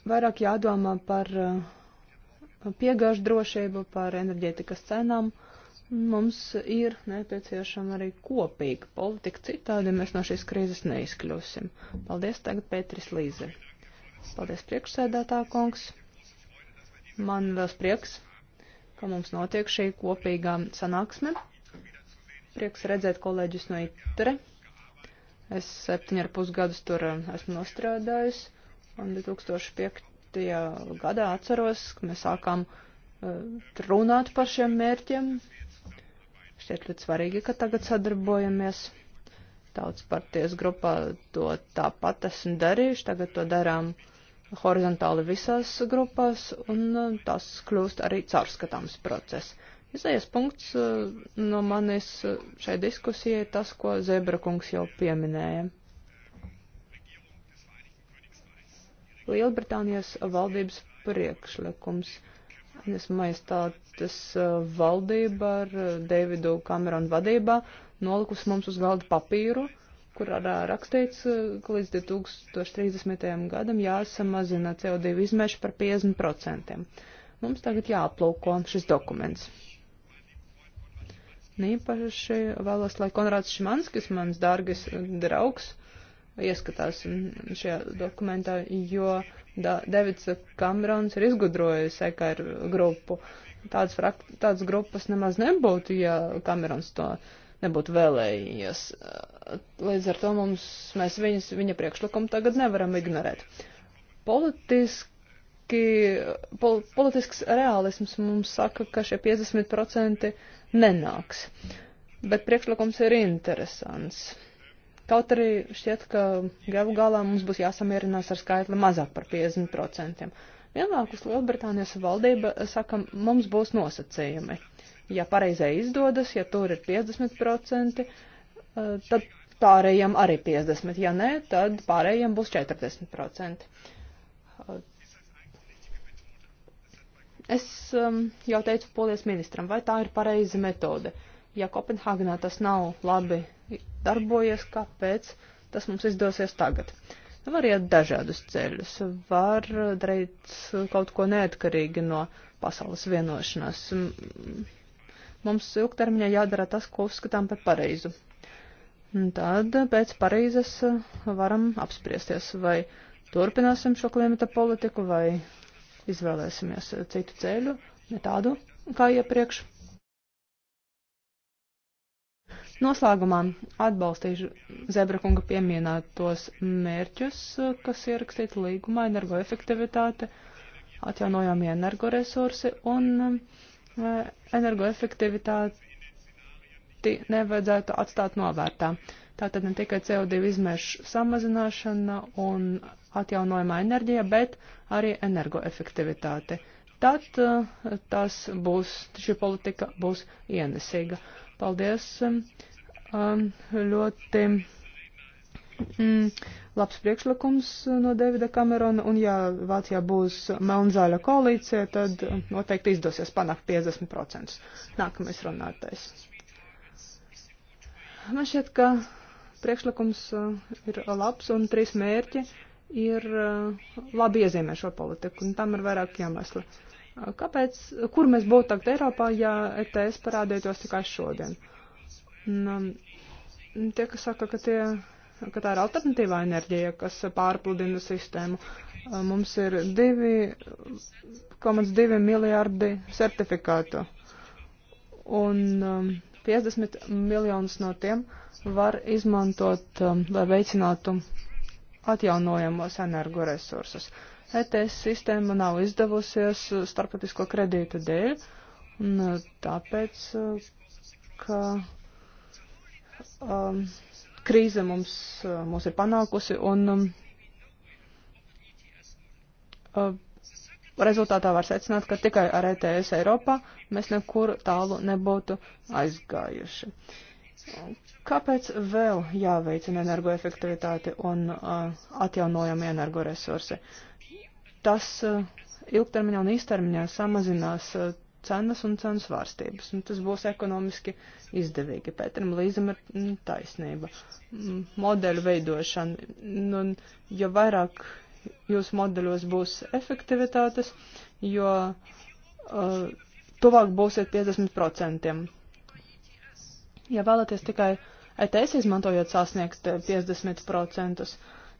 vairāk jādomā par uh, piegāžu drošību, par enerģētikas cenām. Mums ir nepieciešama arī kopīga politika, citādi mēs no šīs krīzes neizkļūsim. Paldies tagad Pētris Līze. Paldies priekšsēdētā kungs. Man liels prieks, ka mums notiek šī kopīgā sanāksme. Prieks redzēt kolēģus no ITRE. Es septiņu ar pusgadus tur eh, esmu nostrādājusi un 2005 2009. gadā atceros, ka mēs sākām eh, runāt par šiem mērķiem. Šķiet ļoti svarīgi, ka tagad sadarbojamies. Tautas partijas grupā to tāpat esmu darījuši, tagad to darām horizontāli visās grupās, un eh, tas kļūst arī caurskatāms process. Izējas punkts eh, no manis šai diskusijai tas, ko Zebra kungs jau pieminēja. Lielbritānijas valdības priekšlikums. Esmu aizstātas uh, valdība ar uh, Davidu Kameronu vadībā nolikus mums uz galda papīru, kurā rakstīts, uh, ka līdz 2030. gadam jāsamazina CO2 izmeši par 50%. Mums tagad jāaplūko šis dokuments. Nīpaši vēlos, lai Konrāds Šimanskis, mans dārgais draugs, uh, ieskatās šajā dokumentā, jo da, Davids Kamerons ir izgudrojis EKR grupu. Tāds, frak, tāds grupas nemaz nebūtu, ja Kamerons to nebūtu vēlējies. Līdz ar to mums, mēs viņas, viņa priekšlikumu tagad nevaram ignorēt. Politiski, pol, politisks realisms mums saka, ka šie 50% nenāks. Bet priekšlikums ir interesants Kaut arī šķiet, ka galu galā mums būs jāsamierinās ar skaitli mazāk par 50%. Vienlākus Lielbritānijas valdība saka, mums būs nosacījumi. Ja pareizai izdodas, ja tur ir 50%, eh, tad pārējiem arī 50%, ja nē, tad pārējiem būs 40%. Es um, jau teicu polijas ministram, vai tā ir pareiza metode. Uh, Ja Kopenhāgenā tas nav labi darbojies, kāpēc tas mums izdosies tagad? Nu, var iet dažādus ceļus, var darīt kaut ko neatkarīgi no pasaules vienošanās. Mums ilgtermiņā jādara tas, ko uzskatām par pareizu. Un tad pēc Parīzes varam apspriesties, vai turpināsim šo klimata politiku, vai izvēlēsimies citu ceļu, ne tādu kā iepriekš. Noslēgumā atbalstīšu Zebra kunga pieminētos mērķus, kas ierakstīti līgumā - energoefektivitāte, atjaunojamie energoresursi un eh, energoefektivitāti nevajadzētu atstāt novērtā. Tātad ne tikai CO2 izmešu samazināšana un atjaunojamā enerģija, bet arī energoefektivitāte. Tad eh, tās būs, šī politika būs ienesīga. Uh, Paldies. Um, um, ļoti mm, labs priekšlikums no Davida Kamerona, un ja Vācijā būs melnzāļa koalīcija, tad noteikti izdosies panākt 50%. Nākamais runātais. Man šķiet, ka priekšlikums uh, ir labs, un trīs mērķi ir uh, labi iezīmē šo politiku, un tam ir vairāk jāmesli. Uh, Kāpēc, kur mēs būtu tagad Eiropā, ja ETS parādītos tikai šodien? Un, nu, tie, kas saka, ka, tie, ka tā ir alternatīvā enerģija, kas pārpludina sistēmu, mums ir 2,2 miljārdi certifikātu. Un 50 um, miljonus no tiem var izmantot, um, lai veicinātu atjaunojamos energoresursus. resursus ETS sistēma nav izdevusies starptautisko kredītu dēļ, un e, tāpēc, e, ka um, krīze mums, e, mums ir panākusi, un um, rezultātā var secināt, ka tikai ar ETS Eiropā mēs nekur tālu nebūtu aizgājuši. Kāpēc vēl jāveicina energoefektivitāte un uh, atjaunojami energoresursi? tas eh, ilgtermiņā un īstermiņā samazinās eh, cenas un cenu svārstības, un tas būs ekonomiski izdevīgi. Pēteram Līzam ir mm, taisnība. Mm, modeļu veidošana, un nu, jo vairāk jūsu modeļos būs efektivitātes, jo uh, tuvāk būsiet 50%. Ja vēlaties tikai ETS izmantojot sasniegt 50%,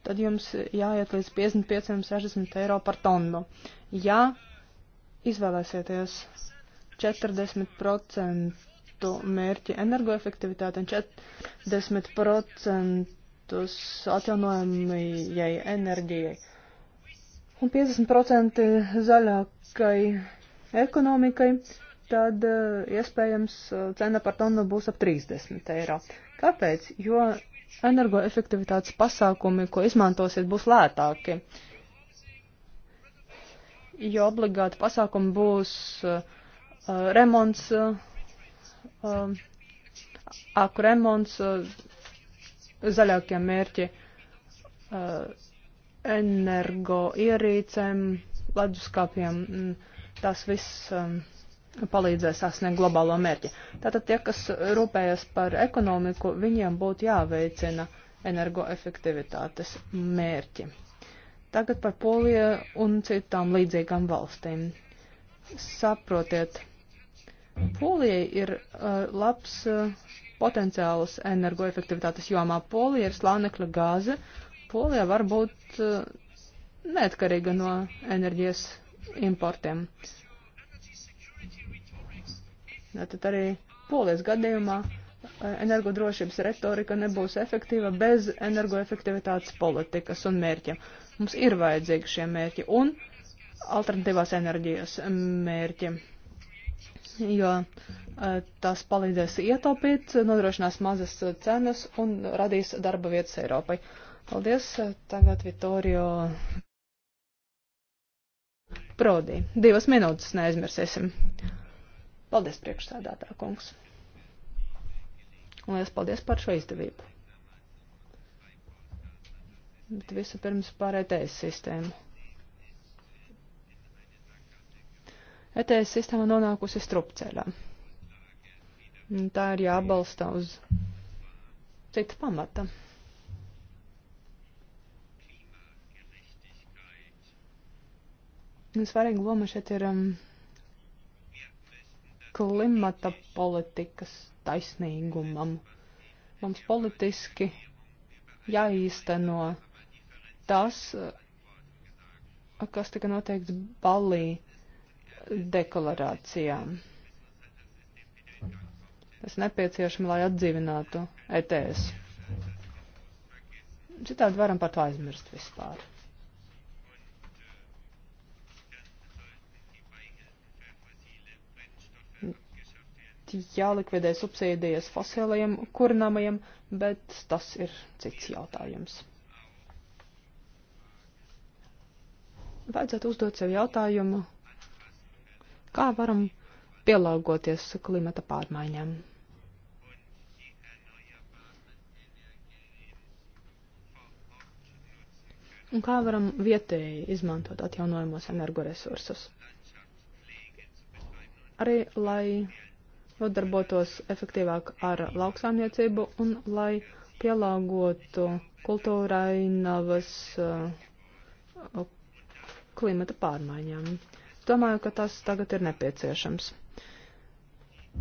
tad jums jāiet līdz 55-60 eiro par tonu. Ja izvēlēsieties 40% mērķi energoefektivitāte un 40% atjaunojamajai enerģijai un 50% zaļākai ekonomikai, tad eh, iespējams cena par tonu būs ap 30 eiro. Kāpēc? Jo energoefektivitātes pasākumi, ko izmantosiet, būs lētāki. Jo obligāti pasākumi būs uh, uh remonts, uh, aku um, remonts, uh, zaļākie mērķi uh, energo ierīcēm, leduskapiem. Mm, tas viss. Um, palīdzēs sasniegt globālo mērķi. Tātad tie, kas rūpējas par ekonomiku, viņiem būtu jāveicina energoefektivitātes mērķi. Tagad par Poliju un citām līdzīgām valstīm. Saprotiet, Polija ir uh, labs uh, potenciāls energoefektivitātes jomā. Polija ir slānekļa gāze. Polija var būt uh, neatkarīga no enerģijas importiem. Uh, Tad arī polijas gadījumā eh, energodrošības retorika nebūs efektīva bez energoefektivitātes politikas un mērķa. Mums ir vajadzīgi šie mērķi un alternatīvās enerģijas mērķi, jo eh, tas palīdzēs ietaupīt, nodrošinās mazas cenas un radīs darba vietas Eiropai. Paldies, eh, tagad Vitorio Prodi. Divas minūtes neaizmirsīsim. Paldies, priekšsēdētā kungs. Un liels paldies par šo izdevību. Bet visu pirms pār ETS sistēmu. ETS sistēma nonākusi strupceļā. Tā ir jābalsta uz cita pamata. Svarīga loma šeit ir um, klimata politikas taisnīgumam. Mums politiski jāīsteno tas, kas tika noteikts Balī deklarācijā. Tas nepieciešams, lai atdzīvinātu ETS. Citādi varam par to aizmirst vispār. jālikvidē subsīdijas fosilajiem kurināmajiem, bet tas ir cits jautājums. Vajadzētu uzdot sev jautājumu, kā varam pielāgoties klimata pārmaiņām. Un kā varam vietēji izmantot atjaunojamos energoresursus? Arī, lai nodarbotos efektīvāk ar lauksāniecību un lai pielāgotu kultūrainavas uh, klimata pārmaiņām. Domāju, ka tas tagad ir nepieciešams.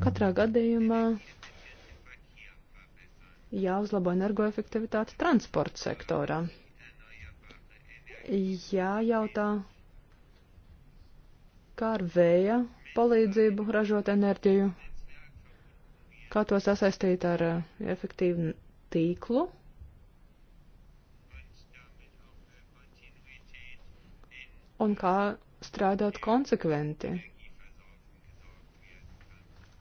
Katrā gadījumā jāuzlabo energoefektivitāte transporta sektorā. Jājautā, kā ar vēja palīdzību ražot enerģiju Kā to sasaistīt ar eh, efektīvu tīklu? Un kā strādāt konsekventi?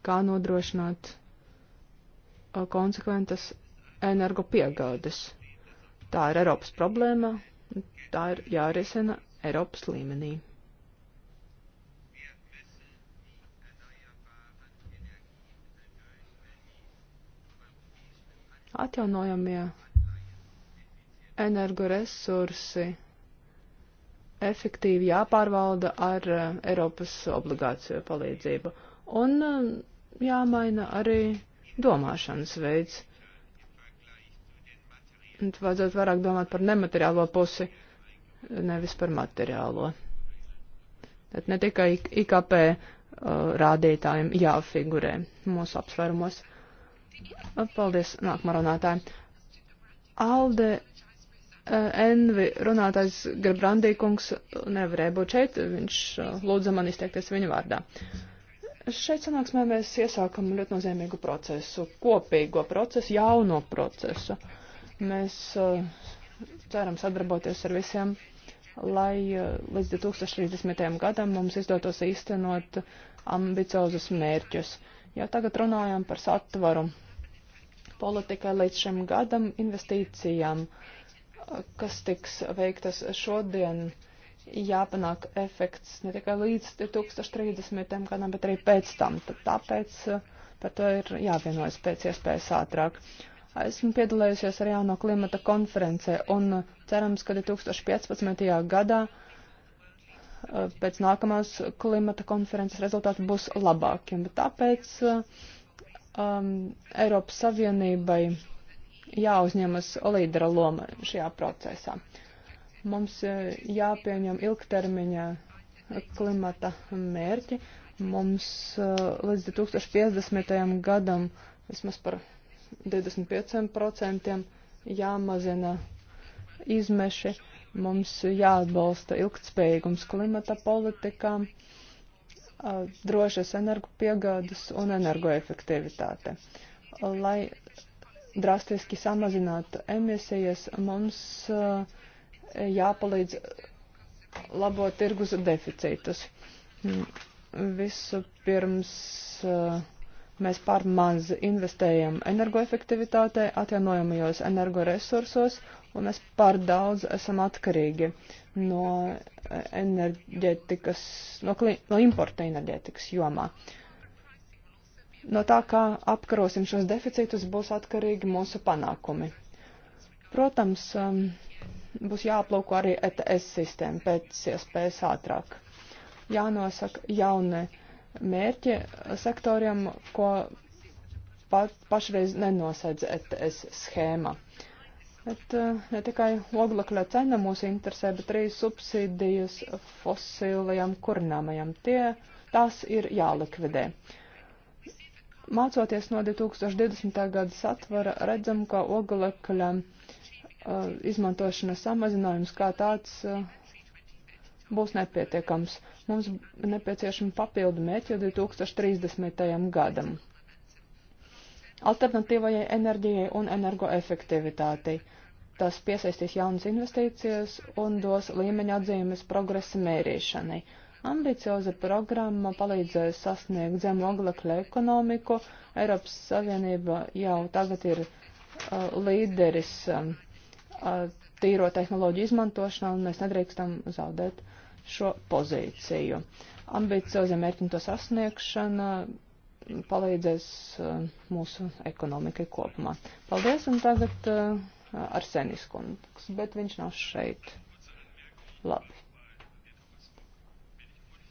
Kā nodrošināt eh, konsekventas energopiegādes? Tā ir Eiropas problēma, tā ir jārisina Eiropas līmenī. Atjaunojamie energoresursi efektīvi jāpārvalda ar eh, Eiropas obligāciju palīdzību. Un eh, jāmaina arī domāšanas veids. Un vajadzētu vairāk domāt par nemateriālo pusi, nevis par materiālo. Tad ne tikai IKP uh, eh, rādītājiem jāfigurē mūsu apsvērumos. Paldies, nākamā runātāja. Alde Envi runātājs Grabrandīkungs nevarēja būt šeit, viņš lūdza man izteikties viņa vārdā. Šeit sanāksmē mēs iesākam ļoti nozīmīgu procesu, kopīgo procesu, jauno procesu. Mēs ceram sadarboties ar visiem, lai līdz 2030. gadam mums izdotos īstenot ambiciozus mērķus. Ja tagad runājam par satvaru politikai līdz šim gadam investīcijām, kas tiks veiktas šodien. Jāpanāk efekts ne tikai līdz 2030. gadam, bet arī pēc tam. Tad tāpēc par to ir jāvienojas pēc iespējas ātrāk. Esmu piedalījusies arī jauno klimata konferencē un cerams, ka 2015. gadā pēc nākamās klimata konferences rezultāti būs labāki. Bet tāpēc uh, um, Eiropas Savienībai jāuzņemas līdera loma šajā procesā. Mums uh, jāpieņem ilgtermiņa klimata mērķi. Mums uh, līdz 2050. gadam vismaz par 25% jāmazina izmeši. Mums jāatbalsta ilgtspējīgums klimata politikām. Uh, Uh, drošas energopiegādes un energoefektivitāte. Lai drastiski samazinātu emisijas, mums uh, jāpalīdz labot tirgus deficītus. Mm, visu pirms uh, mēs par maz investējam energoefektivitātē, atjaunojamajos energoresursos, un mēs par daudz esam atkarīgi no enerģētikas, no, kli, no importa enerģētikas jomā. No tā, kā apkarosim šos deficītus, būs atkarīgi mūsu panākumi. Protams, um, būs jāaplūko arī ETS sistēma pēc iespējas ātrāk. Jānosaka jauni mērķi sektoriem, ko pa, pašreiz nenosedz ETS schēma. Uh, Bet eh, ne tikai oglekļa cena mūs interesē, bet arī subsīdijas fosilajām kurināmajām. Tie, tās ir jālikvidē. Mācoties no 2020. gada satvara, redzam, ka oglekļa uh, eh, izmantošanas samazinājums kā tāds uh, būs nepietiekams. Mums nepieciešami papildu mērķi 2030. gadam alternatīvajai enerģijai un energoefektivitātei. Tas piesaistīs jaunas investīcijas un dos līmeņa atzīmes progresa mērīšanai. Ambicioza programma palīdzēs sasniegt zem oglekļa ekonomiku. Eiropas Savienība jau tagad ir uh, līderis um, uh, tīro tehnoloģiju izmantošanā, un mēs nedrīkstam zaudēt šo pozīciju. Ambicioza mērķi to sasniegšana palīdzēs eh, mūsu ekonomikai kopumā. Paldies, un tagad eh, Arsenis kungs, bet viņš nav šeit. Labi.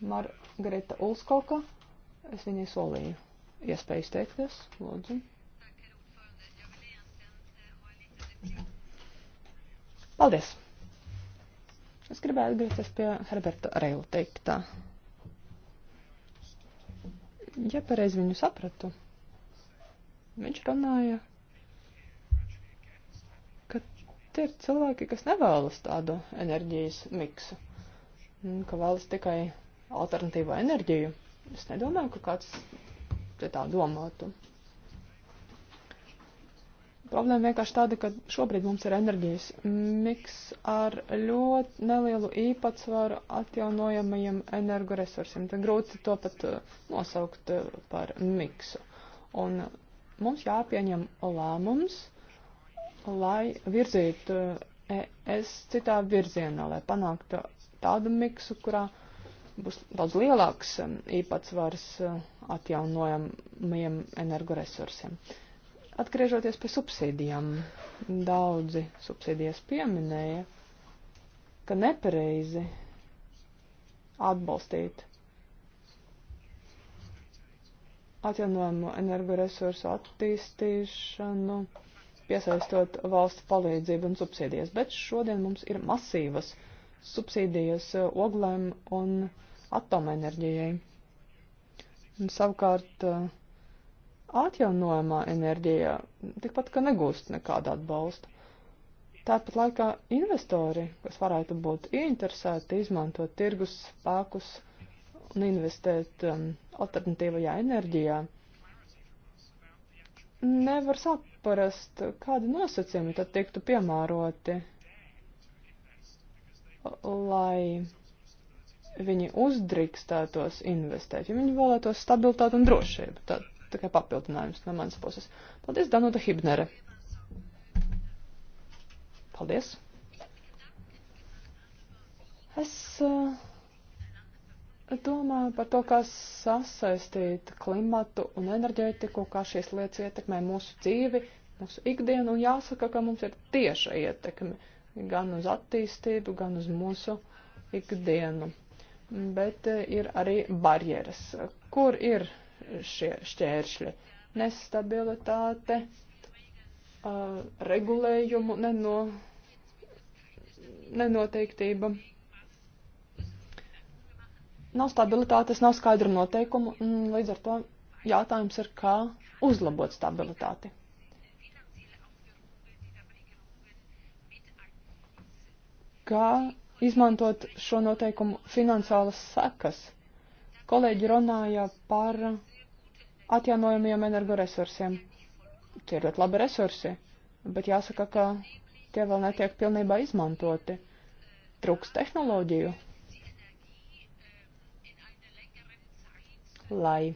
Margarita Ulskoka, es viņai solīju iespēju izteikties, lūdzu. Paldies! Es gribētu atgriezties pie Herberta Reila teiktā. Ja pareizi viņu sapratu, viņš runāja, ka tie ir cilvēki, kas nevēlas tādu enerģijas miksu, ka vēlas tikai alternatīvo enerģiju. Es nedomāju, ka kāds te tā domātu. Problēma vienkārši tāda, ka šobrīd mums ir enerģijas miks ar ļoti nelielu īpatsvaru atjaunojamajiem energoresursiem. Tad grūti to pat eh, nosaukt eh, par miksu. Un eh, mums jāpieņem lēmums, lai virzītu es citā virzienā, lai panāktu tādu miksu, kurā būs daudz lielāks īpatsvars atjaunojamajiem energoresursiem. Uh, Atgriežoties pie subsīdijām, daudzi subsīdijas pieminēja, ka nepareizi atbalstīt atjaunojumu energoresursu attīstīšanu, piesaistot valsts palīdzību un subsīdijas. Bet šodien mums ir masīvas subsīdijas oglēm un atomenerģijai. Un savukārt uh, atjaunojamā enerģija tikpat kā negūst nekādu atbalstu. Tāpat laikā investori, kas varētu būt interesēti izmantot tirgus spēkus un investēt um, alternatīvajā enerģijā, nevar saprast, kādi nosacījumi tad tiktu piemēroti, lai viņi uzdrīkstētos investēt, ja viņi vēlētos stabilitāti un drošību. Tad tikai papildinājums no manas puses. Paldies, Danuta Hibnere. Paldies. Es uh, domāju par to, kā sasaistīt klimatu un enerģētiku, kā šīs lietas ietekmē mūsu dzīvi, mūsu ikdienu, un jāsaka, ka mums ir tieša ietekme gan uz attīstību, gan uz mūsu ikdienu. Bet eh, ir arī barjeras, kur ir šie šķēršļi. Nestabilitāte, uh, regulējumu neno, nenoteiktība. Nav stabilitātes, nav skaidru noteikumu, un līdz ar to jautājums ir, kā uzlabot stabilitāti. Kā izmantot šo noteikumu finansiālas sekas? Kolēģi runāja par uh, atjaunojumiem energoresursiem. Tie ir ļoti labi resursi, bet jāsaka, ka tie vēl netiek pilnībā izmantoti. Trūks tehnoloģiju, lai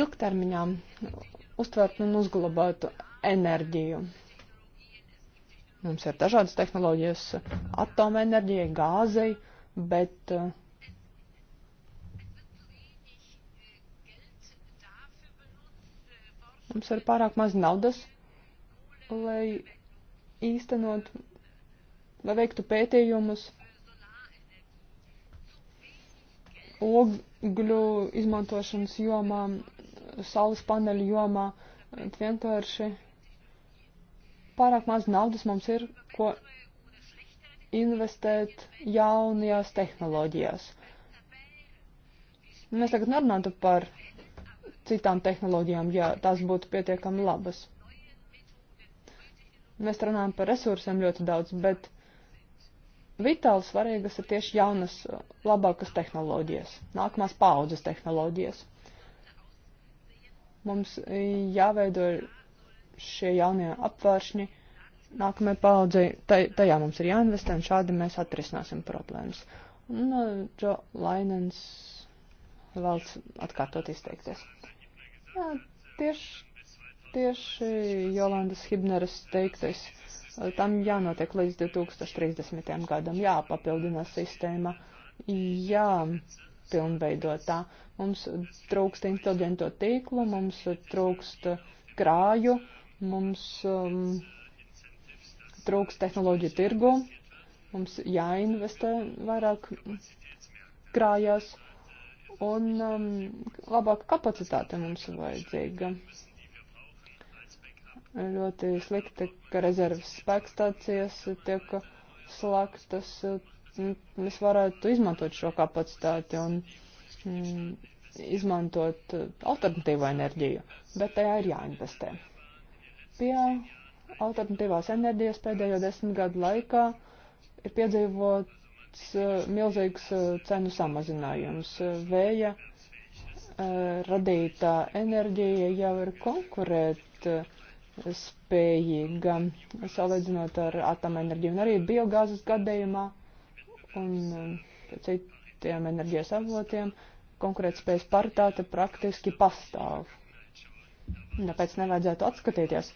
ilgtermiņā uztvērtu un uzglabātu enerģiju. Mums ir dažādas tehnoloģijas, atomenerģija, gāzei, bet uh, Mums ir pārāk maz naudas, lai īstenot, lai veiktu pētījumus ogļu izmantošanas jomā, saules paneļu jomā. Vienkārši pārāk maz naudas mums ir, ko investēt jaunajās tehnoloģijās. Mēs tagad nerunātu par citām tehnoloģijām, ja tās būtu pietiekami labas. Mēs runājam par resursiem ļoti daudz, bet vitāli svarīgas ir tieši jaunas, labākas tehnoloģijas, nākamās paaudzes tehnoloģijas. Mums jāveido šie jaunie apvēršņi nākamajai paaudzei, tajā mums ir jāinvestē, un šādi mēs atrisināsim problēmas. Un uh, Džo Lainens vēlas atkārtot izteikties. Jā, tieši, tieši Jolandas Hibneras teiktais, tam jānotiek līdz 2030. gadam, jāpapildina sistēma, jāpilnveidotā. Mums trūkst inteliģento tīklu, mums trūkst krāju, mums um, trūkst tehnoloģiju tirgu, mums jāinvestē vairāk krājās. Uh, Un um, labāka kapacitāte mums vajadzīga. Ļoti slikti, ka rezerves spēkstācijas tiek slēgtas. Mēs varētu izmantot šo kapacitāti un mm, izmantot alternatīvo enerģiju, bet tajā ir jāinvestē. Pie alternatīvās enerģijas pēdējo desmit gadu laikā ir piedzīvot Eh, milzīgs eh, cenu samazinājums. Eh, vēja radītā enerģija jau ir konkurēt spējīga salīdzinot ar atomenerģiju un arī biogāzes gadījumā un citiem enerģijas avotiem konkurētspējas paritāte praktiski pastāv. Tāpēc nevajadzētu atskatīties.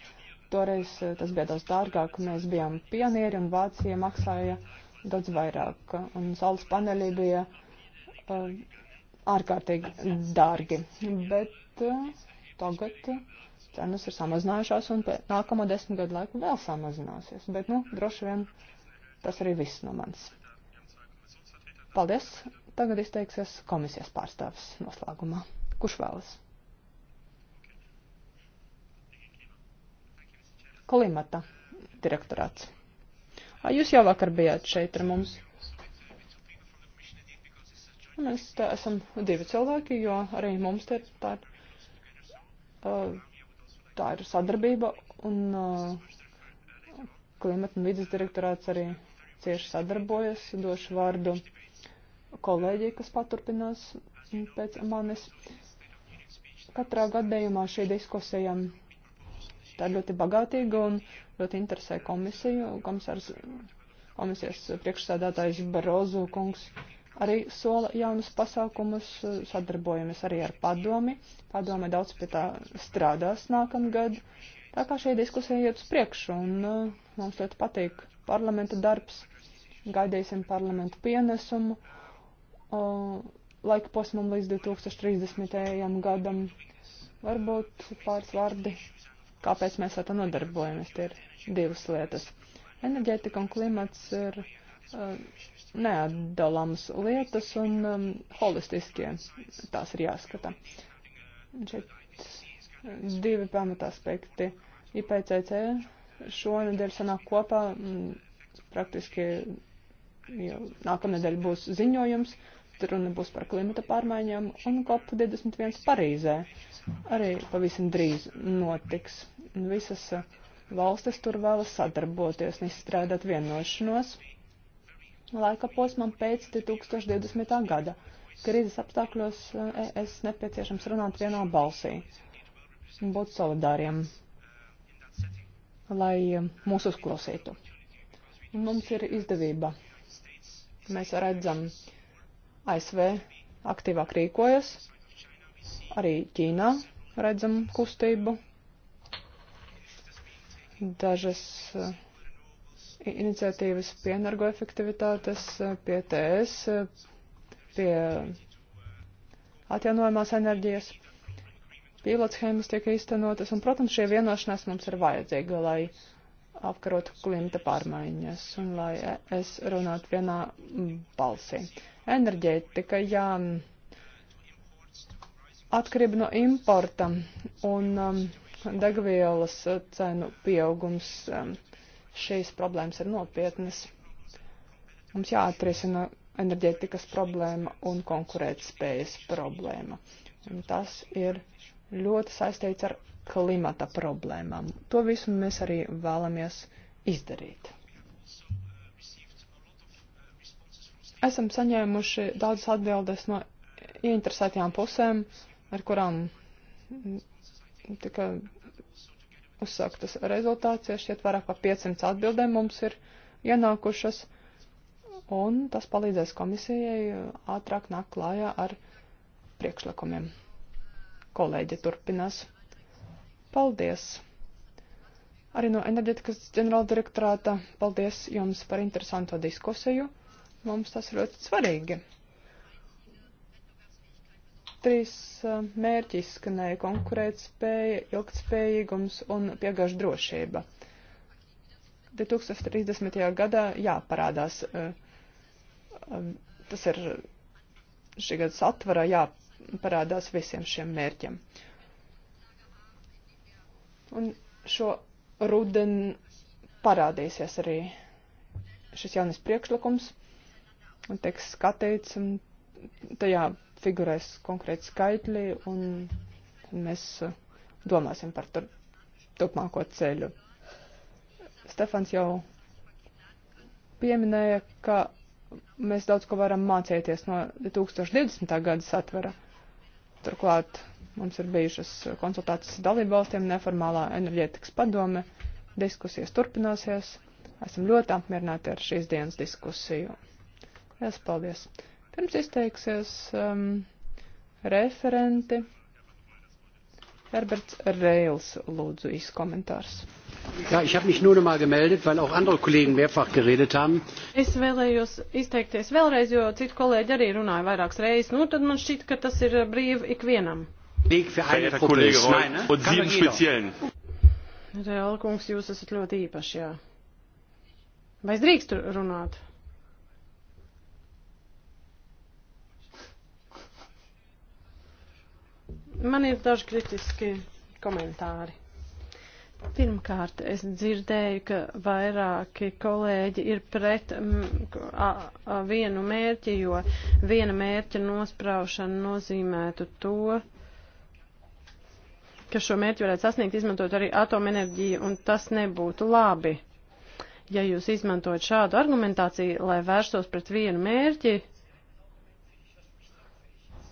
Toreiz tas bija daudz dārgāk, mēs bijām pionieri un Vācija maksāja uh, daudz vairāk, un saules paneļi bija uh, ārkārtīgi dārgi. Bet uh, tagad cenas ir samazinājušās, un nākamo desmit gadu laiku vēl samazināsies. Bet, nu, droši vien tas arī viss no manis. Paldies! Tagad izteiksies komisijas pārstāvis noslēgumā. Kurš vēlas? Kolimata direktorāts. Jūs jau vakar bijāt šeit ar mums. Mēs te esam divi cilvēki, jo arī mums te ir tā, tā ir sadarbība un klimata un vidas direktorāts arī cieši sadarbojas. Došu vārdu kolēģi, kas paturpinās pēc manis. Katrā gadījumā šī diskusija Tā ir ļoti bagātīga un ļoti interesē komisiju. Komisārs, komisijas priekšsēdētājs Barozu kungs arī sola jaunus pasākumus, sadarbojamies arī ar padomi. Padome daudz pie tā strādās nākamgad. Tā kā šī diskusija iet uz priekšu un uh, mums ļoti patīk parlamenta darbs, gaidīsim parlamentu pienesumu. Uh, laika posmam līdz 2030. gadam varbūt pāris vārdi kāpēc mēs ar to nodarbojamies. Tie ir divas lietas. Enerģētika un klimats ir uh, neatdalāmas lietas un um, holistiskie tās ir jāskata. Šeit divi pamataspekti. IPCC šonadēļ sanāk kopā, m, praktiski jau nākamnedēļ būs ziņojums, uh, runa būs par klimata pārmaiņām, un COP21 Parīzē arī pavisam drīz notiks. Visas uh, valstis tur vēlas sadarboties un izstrādāt vienošanos laika posmam pēc 2020. gada. Krīzes apstākļos uh, es nepieciešams runāt vienā balsī un būt solidāriem, lai uh, mūs uzklausītu. Mums ir izdevība. Mēs redzam, uh, ASV aktīvāk rīkojas, arī Ķīnā redzam kustību. Dažas eh, iniciatīvas pie energoefektivitātes, eh, pie TS, eh, pie atjaunojamās enerģijas pilotschēmas tiek īstenotas, un, protams, šie vienošanās mums ir vajadzīga, lai apkarot klimata pārmaiņas un lai es runātu vienā balsī. Enerģētika, jā, atkarība no importa un um, degvielas cenu pieaugums, um, šīs problēmas ir nopietnas. Mums jāatrisina enerģētikas problēma un konkurētspējas problēma. Un tas ir ļoti saistīts ar klimata problēmām. To visu mēs arī vēlamies izdarīt. Esam saņēmuši daudzas atbildes no ieinteresētajām pusēm, ar kurām tika uzsāktas rezultācijas, šķiet vairāk par 500 atbildēm mums ir ienākušas, un tas palīdzēs komisijai ātrāk nāk klājā ar priekšlikumiem. Kolēģi turpinās. Paldies! Arī no enerģetikas ģenerāldirektorāta paldies jums par interesanto diskusiju. Mums tas ļoti svarīgi. Trīs uh, mērķi izskanēja konkurētspēja, ilgtspējīgums un piegažu drošība. 2030. gadā jāparādās, uh, um, tas ir šī gada satvarā jāparādās visiem šiem mērķiem. Uh, Un šo rudenu parādīsies arī šis jaunas priekšlikums un tiks skatīts, un tajā figurēs konkrēti skaitļi, un mēs uh, domāsim par tur, turpmāko ceļu. Stefans jau pieminēja, ka mēs daudz ko varam mācīties no 2020. gada satvera. Turklāt Mums ir bijušas konsultācijas dalību valstiem, neformālā enerģētikas padome, diskusijas turpināsies. Esam ļoti apmierināti ar šīs dienas diskusiju. Es paldies. Pirms izteiksies um, referenti. Herberts Reils, lūdzu, īsts komentārs.
Ja, ich habe mich nur noch mal gemeldet, weil auch andere Kollegen mehrfach geredet haben.
Es vēlējos
izteikties vēlreiz, jo citi kolēģi arī runāja vairākas reizes. Nu, tad man šķiet, ka tas ir brīvi ikvienam. Verehrter Kollege Reul, un sieben speziellen. Reāla kungs, jūs esat ļoti īpaši, jā. Vai es drīkstu runāt? Man ir daži kritiski komentāri. Pirmkārt, es dzirdēju, ka vairāki kolēģi ir pret a, a, vienu mērķi, jo viena mērķa nospraušana nozīmētu to, ka šo mērķi varētu sasniegt, izmantot arī atomenerģiju, un tas nebūtu labi. Ja jūs izmantojat šādu argumentāciju, lai vērstos pret vienu mērķi,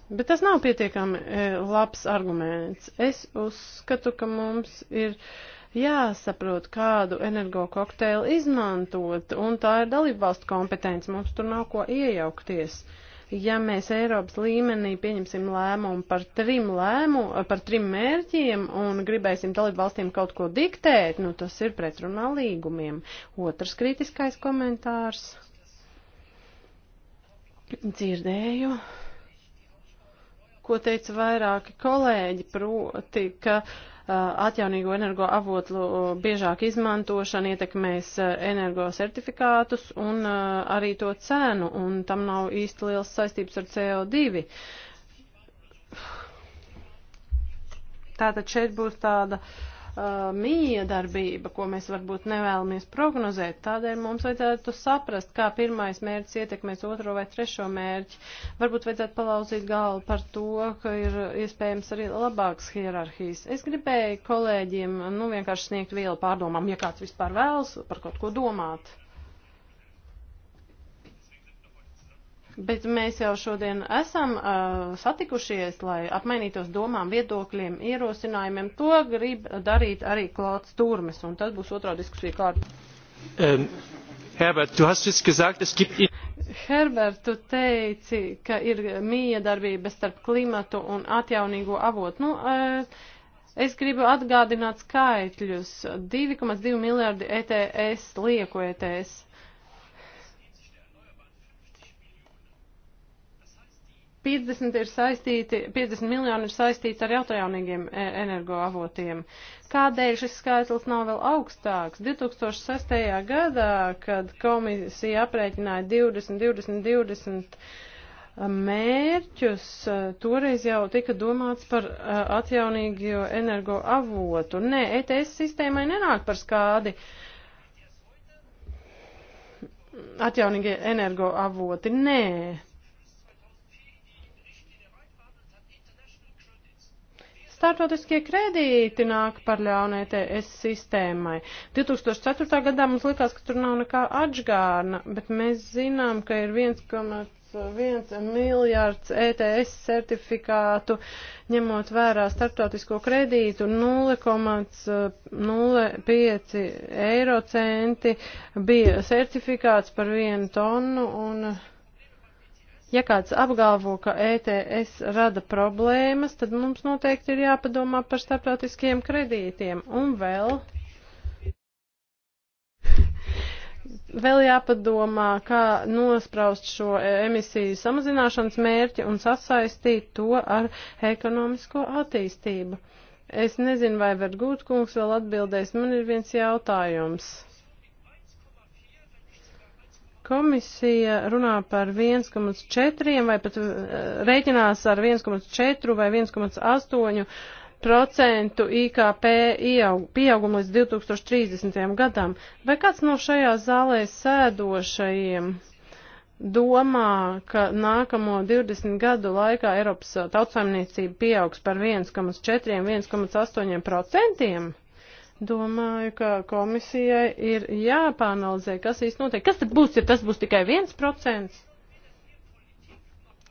Bet tas nav pietiekami e, labs arguments. Es uzskatu, ka mums ir jāsaprot, kādu energo kokteili izmantot, un tā ir dalībvalstu kompetence. Mums tur nav ko iejaukties. Uh, ja mēs Eiropas līmenī pieņemsim lēmumu par trim lēmu, par trim mērķiem un gribēsim dalību valstīm kaut ko diktēt, nu tas ir pretrunā līgumiem. Otrs kritiskais komentārs. Dzirdēju ko teica vairāki kolēģi, proti, ka uh, Eh, atjaunīgo energoavotu eh, biežāk izmantošana ietekmēs eh, energosertifikātus un arī to cenu, un tam nav īsti liels saistības ar CO2. Tātad šeit būs tāda uh, uh, miedarbība, ko mēs varbūt nevēlamies prognozēt. Tādēļ mums vajadzētu saprast, kā pirmais mērķis ietekmēs otro vai trešo mērķi. Varbūt vajadzētu palauzīt galvu par to, ka ir iespējams arī labāks hierarhijas. Es gribēju kolēģiem, nu, vienkārši sniegt vielu pārdomām, ja kāds vispār vēlas par kaut ko domāt. Bet mēs jau šodien esam uh, satikušies, lai apmainītos domām, viedokļiem, ierosinājumiem. To grib darīt arī klāts turmes, un tad būs otrā diskusija kārta. Um, Herbert, tu hast jetzt gesagt, es gibt... Herbert, tu teici, ka ir miedarbība starp klimatu un atjaunīgo avotu. Nu, uh, Es gribu atgādināt skaitļus. 2,2 miljardi ETS lieko ETS. 50, ir saistīti, 50 miljoni ir saistīti ar jautājumīgiem e, energoavotiem. Kādēļ šis skaitlis nav vēl augstāks? 2006. gadā, kad komisija aprēķināja 20, 20, 20 mērķus, e, toreiz jau tika domāts par e, atjaunīgo energoavotu. Nē, ETS sistēmai nenāk par skādi atjaunīgie energoavoti. Nē. starptautiskie kredīti nāk par ļaunu ETS sistēmai. 2004. gadā mums likās, ka tur nav nekā atžgārna, bet mēs zinām, ka ir 1,5 viens miljards ETS certifikātu, ņemot vērā startautisko kredītu 0,05 eiro centi bija certifikāts par vienu tonu un Ja kāds apgalvo, ka ETS rada problēmas, tad mums noteikti ir jāpadomā par starptautiskiem kredītiem. Un vēl, vēl jāpadomā, kā nospraust šo emisiju samazināšanas mērķi un sasaistīt to ar ekonomisko attīstību. Es nezinu, vai Vergūtkungs vēl atbildēs, man ir viens jautājums. Komisija runā par 1,4 vai pat eh, rēķinās ar 1,4 vai 1,8 procentu IKP ieaug, pieaugumu līdz 2030. gadam. Vai kāds no šajā zālē sēdošajiem domā, ka nākamo 20 gadu laikā Eiropas tautsaimniecība pieaugs par 1,4-1,8%? Domāju, ka komisijai ir jāpanalizē, kas īsti notiek. Kas tad būs, ja tas būs tikai viens procents?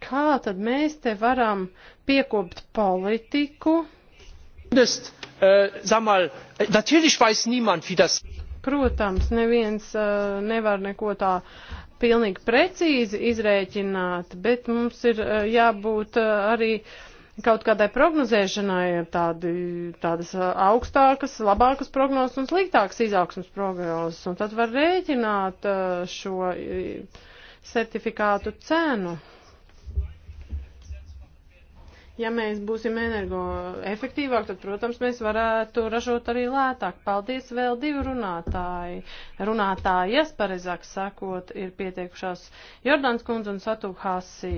Kā tad mēs te varam piekopt politiku? Just, uh, äh, samal, äh, natürlich weiß niemand, wie das. Protams, neviens uh, nevar neko tā pilnīgi precīzi izrēķināt, bet mums ir uh, jābūt uh, arī uh, kaut kādai prognozēšanai ir tādi, tādas augstākas, labākas prognozes un sliktākas izaugsmas prognozes, un tad var rēķināt šo certifikātu cenu. Ja mēs būsim energoefektīvāk, tad, protams, mēs varētu ražot arī lētāk. Paldies vēl divi runātāji. Runātājas, pareizāk sakot, ir pietiekušās Jordāns kundze un Satūk Hasī.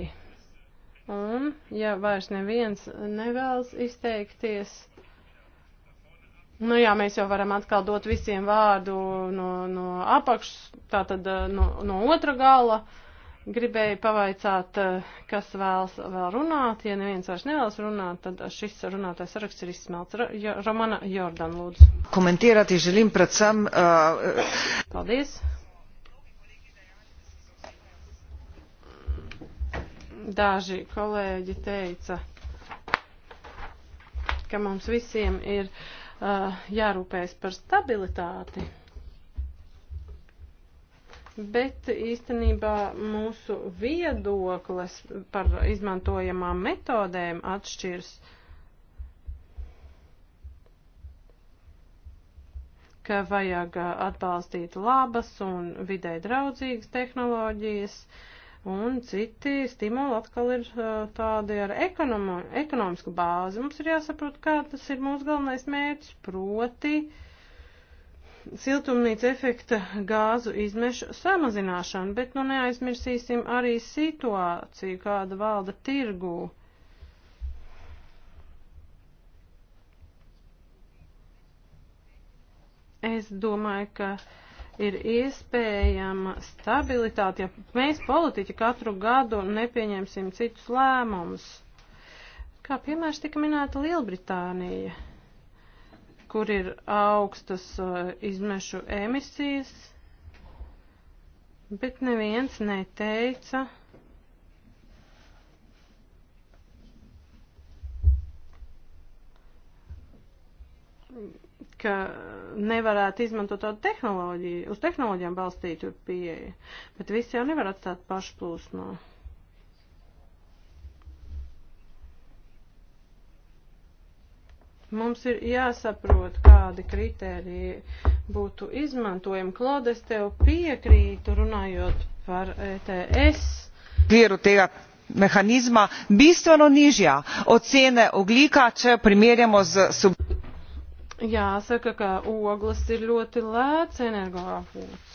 Un, ja vairs neviens nevēlas izteikties, nu jā, mēs jau varam atkal dot visiem vārdu no, no apakšas, tātad eh, no, no otra gala. Gribēju pavaicāt, eh, kas vēlas vēl runāt. Ja neviens vairs nevēlas runāt, tad šis runātais saraksts ir izsmelts. Romana Jordan, lūdzu.
Komentierāt, ja želim, pret sam. Uh... Paldies.
Daži kolēģi teica, ka mums visiem ir uh, jārūpējas par stabilitāti. Bet īstenībā mūsu viedoklis par izmantojamām metodēm atšķirs. ka vajag uh, atbalstīt labas un vidē draudzīgas tehnoloģijas, uh, Un citi stimuli atkal ir tādi ar ekonomu, ekonomisku bāzi. Mums ir jāsaprot, kā tas ir mūsu galvenais mērķis, proti siltumnīca efekta gāzu izmešu samazināšanu, bet nu neaizmirsīsim arī situāciju, kāda valda tirgū. Es domāju, ka ir iespējama stabilitāte, ja mēs politiķi katru gadu nepieņemsim citus lēmumus. Kā piemērs tika minēta Lielbritānija, kur ir augstas uh, izmešu emisijas, bet neviens neteica, Thank you ka nevarētu izmantot tādu tehnoloģiju, uz tehnoloģijām balstītu pieeju, bet visi jau nevar atstāt pašu plūsmā. Mums ir jāsaprot, kādi kriteriji būtu izmantojami. Klod, es tev piekrītu runājot par ETS.
Vieru tega mehanizma bistveno nižja od cene oglika, če jo primerjamo z subvencijami
Jāsaka, ka ogles ir ļoti lēts energoavots.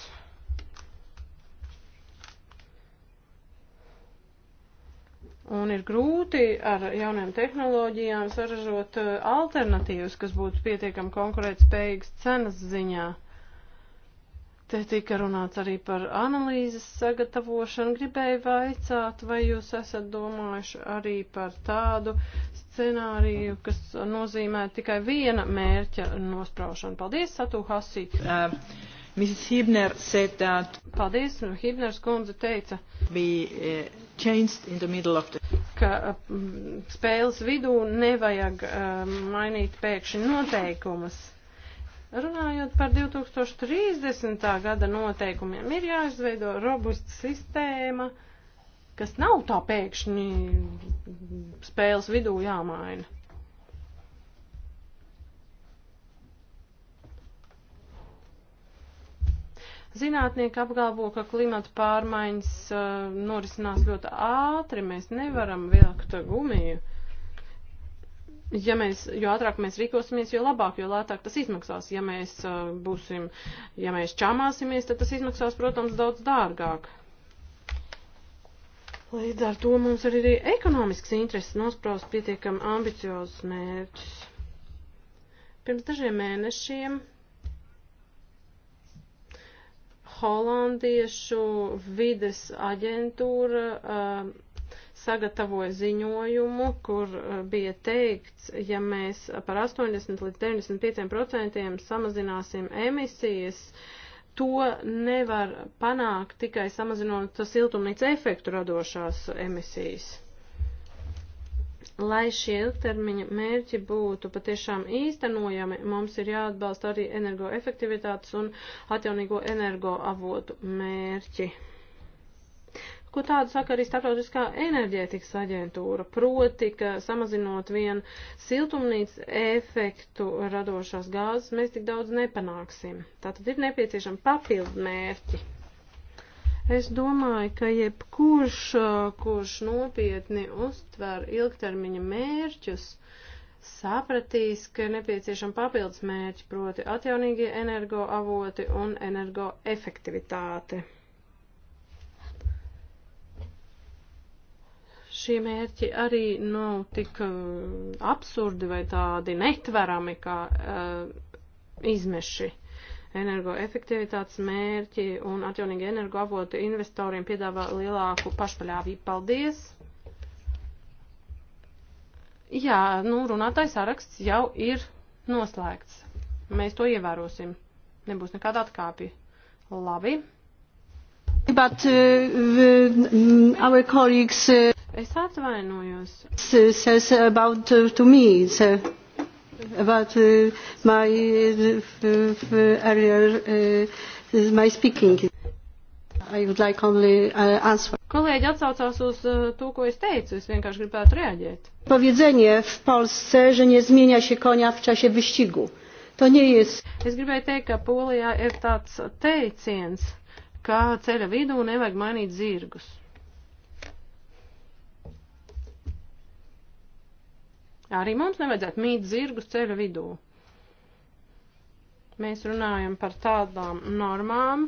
Un ir grūti ar jauniem tehnoloģijām saražot uh, alternatīvas, kas būtu pietiekami konkurētspējīgas cenas ziņā. Uh, Te tika runāts arī par analīzes sagatavošanu. Gribēju vaicāt, vai jūs esat domājuši arī par tādu scenāriju, kas nozīmē tikai viena mērķa nospraušanu. Paldies, Satu Hasi! Uh, Mrs. Hibner said that Paldies, nu, Hibners kundze teica, be, uh, changed in the middle of the... ka uh, spēles vidū nevajag uh, mainīt pēkšņi noteikumus Runājot par 2030. gada noteikumiem, ir jāizveido robusta sistēma, kas nav tā pēkšņi spēles vidū jāmaina. Zinātnieki apgalvo, ka klimata pārmaiņas uh, norisinās ļoti ātri, mēs nevaram vilkt gumiju. Uh, ja mēs, jo ātrāk mēs rīkosimies, jo labāk, jo lētāk tas izmaksās. Ja mēs uh, būsim, ja mēs čamāsimies, tad tas izmaksās, protams, daudz dārgāk. Līdz ar to mums ir arī ekonomisks intereses nospraust pietiekam ambiciozus mērķus. Pirms dažiem mēnešiem holandiešu vides aģentūra uh, sagatavoja ziņojumu, kur eh, bija teikts, ja mēs par 80 līdz 95% samazināsim emisijas, to nevar panākt tikai samazinot siltumnīca efektu radošās emisijas. Lai šie ilgtermiņa mērķi būtu patiešām īstenojami, mums ir jāatbalsta arī energoefektivitātes un atjaunīgo energoavotu mērķi ko tādu saka arī Startautiskā enerģētikas aģentūra, proti, ka samazinot vien siltumnīca efektu radošās gāzes, mēs tik daudz nepanāksim. Tātad ir nepieciešami papildu mērķi. Es domāju, ka jebkurš, kurš nopietni uztver ilgtermiņa mērķus, sapratīs, ka ir nepieciešama papildus mērķi, proti atjaunīgie energoavoti un energoefektivitāte. šie mērķi arī nav nu, tik uh, absurdi vai tādi netverami kā uh, izmeši. Energoefektivitātes mērķi un atjaunīgi energoavotu investoriem piedāvā lielāku pašpaļāvību. Paldies! Jā, nu runātājs saraksts jau ir noslēgts. Mēs to ievērosim. Nebūs nekāda atkāpja. Labi. But uh, the, um, our colleagues uh... Es atvainojos. Says about uh, to me, so about uh, my uh, uh, earlier uh, my speaking. I would like only uh, answer. Kolēģi atsaucās uz uh, to, ko es teicu, es vienkārši gribētu reaģēt. Powiedzenie w Polsce, że nie zmienia się konia w czasie wyścigu. To nie jest. Es gribēju teikt, ka Polijā ir tāds teiciens, ka ceļa vidū nevajag mainīt zirgus. Arī mums nevajadzētu mīt zirgus ceļa vidū. Mēs runājam par tādām normām,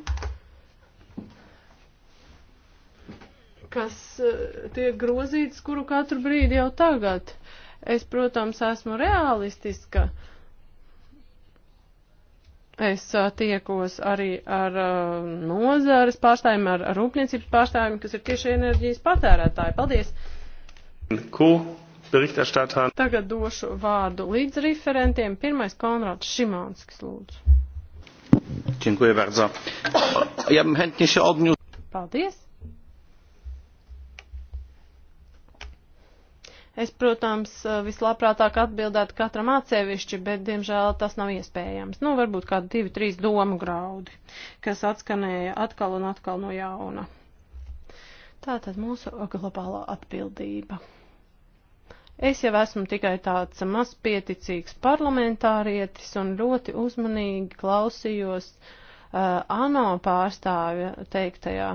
kas eh, tiek grozītas, kuru katru brīdi jau tagad. Es, protams, esmu realistiska. Es eh, tiekos arī ar eh, nozares pārstāvjiem, ar rūpniecības pārstāvjiem, kas ir tieši enerģijas patērētāji. Paldies! Cool. Berichterstattern. Tagad došu vārdu līdz referentiem. Pirmais Konrads Šimanskis, lūdzu. Dziękuję bardzo. Ja bym chętnie się odniósł. Paldies. Es, protams, vislabprātāk atbildētu katram atsevišķi, bet, diemžēl, tas nav iespējams. Nu, varbūt kādi divi, trīs domu graudi, kas atskanēja atkal un atkal no jauna. Tātad mūsu globālā atbildība. Es jau esmu tikai tāds mazpieticīgs parlamentārietis un ļoti uzmanīgi klausījos uh, ANO pārstāvja teiktajā.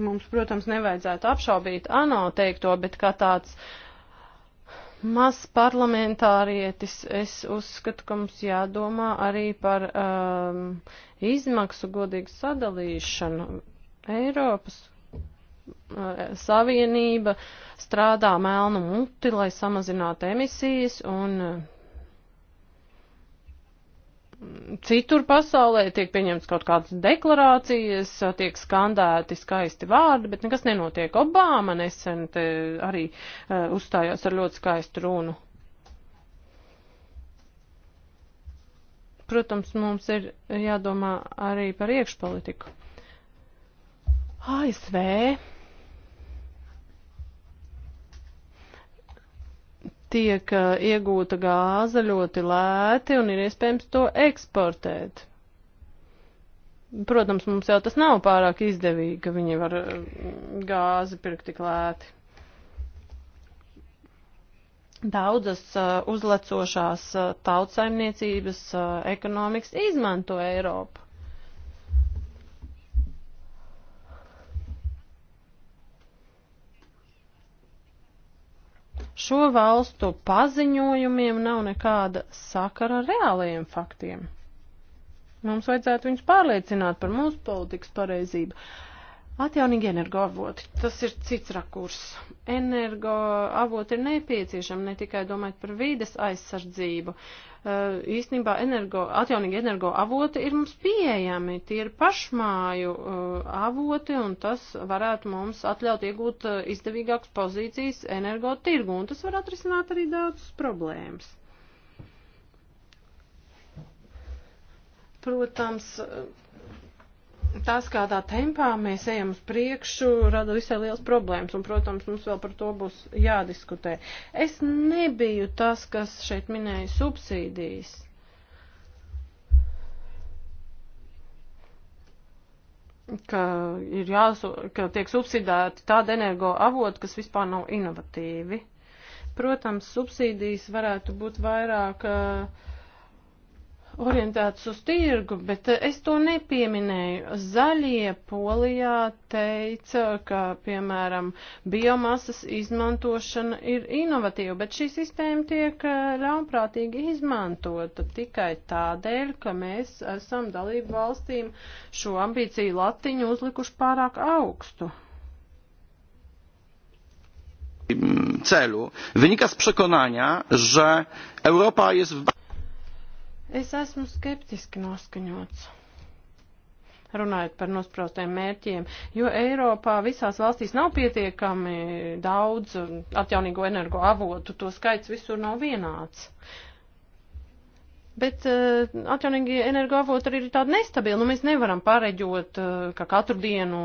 Mums, protams, nevajadzētu apšaubīt ANO teikto, bet kā tāds mazs parlamentārietis, es uzskatu, ka mums jādomā arī par um, izmaksu godīgu sadalīšanu Eiropas uh, Savienība strādā melnu muti, lai samazinātu emisijas, un uh, citur pasaulē tiek pieņemts kaut kādas deklarācijas, uh, tiek skandēti skaisti vārdi, bet nekas nenotiek. Obama nesen te arī uzstājās ar ļoti skaistu runu. Protams, mums ir jādomā arī par iekšpolitiku. ASV tiek uh, iegūta gāze ļoti lēti un ir iespējams to eksportēt. Protams, mums jau tas nav pārāk izdevīgi, ka viņi var uh, gāzi pirkt tik lēti. Daudzas uh, uzlecošās tautsaimniecības ekonomikas izmanto Eiropu. Šo valstu paziņojumiem nav nekāda sakara ar reālajiem faktiem. Mums vajadzētu viņus pārliecināt par mūsu politikas pareizību. Atjaunīgi energoavoti, tas ir cits rakurs. Energoavoti ir nepieciešami ne tikai domājot par vīdes aizsardzību, uh, Eh, īstenībā energo, atjaunīgi energo avoti ir mums pieejami, tie ir pašmāju eh, avoti, un tas varētu mums atļaut iegūt eh, izdevīgākas pozīcijas energo tirgu, un tas var atrisināt arī daudzas problēmas. Protams, tas, kādā tempā mēs ejam uz priekšu, rada visai liels problēmas, un, protams, mums vēl par to būs jādiskutē. Es nebiju tas, kas šeit minēja subsīdijas. ka ir jāso, ka tiek subsidēti tāda energo avota, kas vispār nav inovatīvi. Protams, subsīdijas varētu būt vairāk uh, orientēts uz tirgu, bet eh, es to nepieminēju. Zaļie polijā teica, ka, piemēram, biomasas izmantošana ir inovatīva, bet šī sistēma tiek eh, ļaunprātīgi izmantota tikai tādēļ, ka mēs esam dalību valstīm šo ambīciju latiņu uzlikuši pārāk augstu celu wynika z przekonania że
europa jest w
Es esmu skeptiski noskaņots runājot par nospraustiem mērķiem, jo Eiropā visās valstīs nav pietiekami daudz atjaunīgo energo avotu, to skaits visur nav vienāds. Bet uh, eh, atjaunīgi energoavoti arī ir tādi nestabili. Nu, mēs nevaram pareģot, uh, ka katru dienu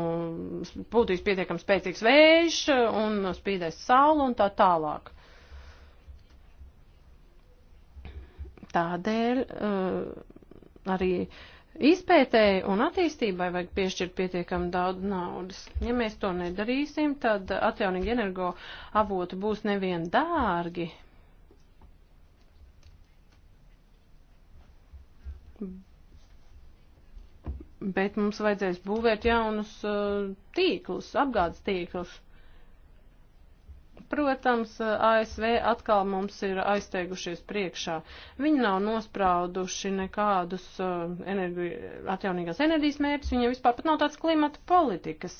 būtīs pietiekami spēcīgs vējš un spīdēs saule un tā tālāk. Tādēļ uh, arī izpētēji un attīstībai vajag piešķirt pietiekami daudz naudas. Ja mēs to nedarīsim, tad atjaunīgi energo avoti būs nevien dārgi, bet mums vajadzēs būvēt jaunus uh, tīklus, apgādes tīklus. Protams, ASV atkal mums ir aizteigušies priekšā. Viņi nav nosprauduši nekādus uh, energi, atjaunīgās enerģijas mērķus, viņiem vispār pat nav tāds klimata politikas.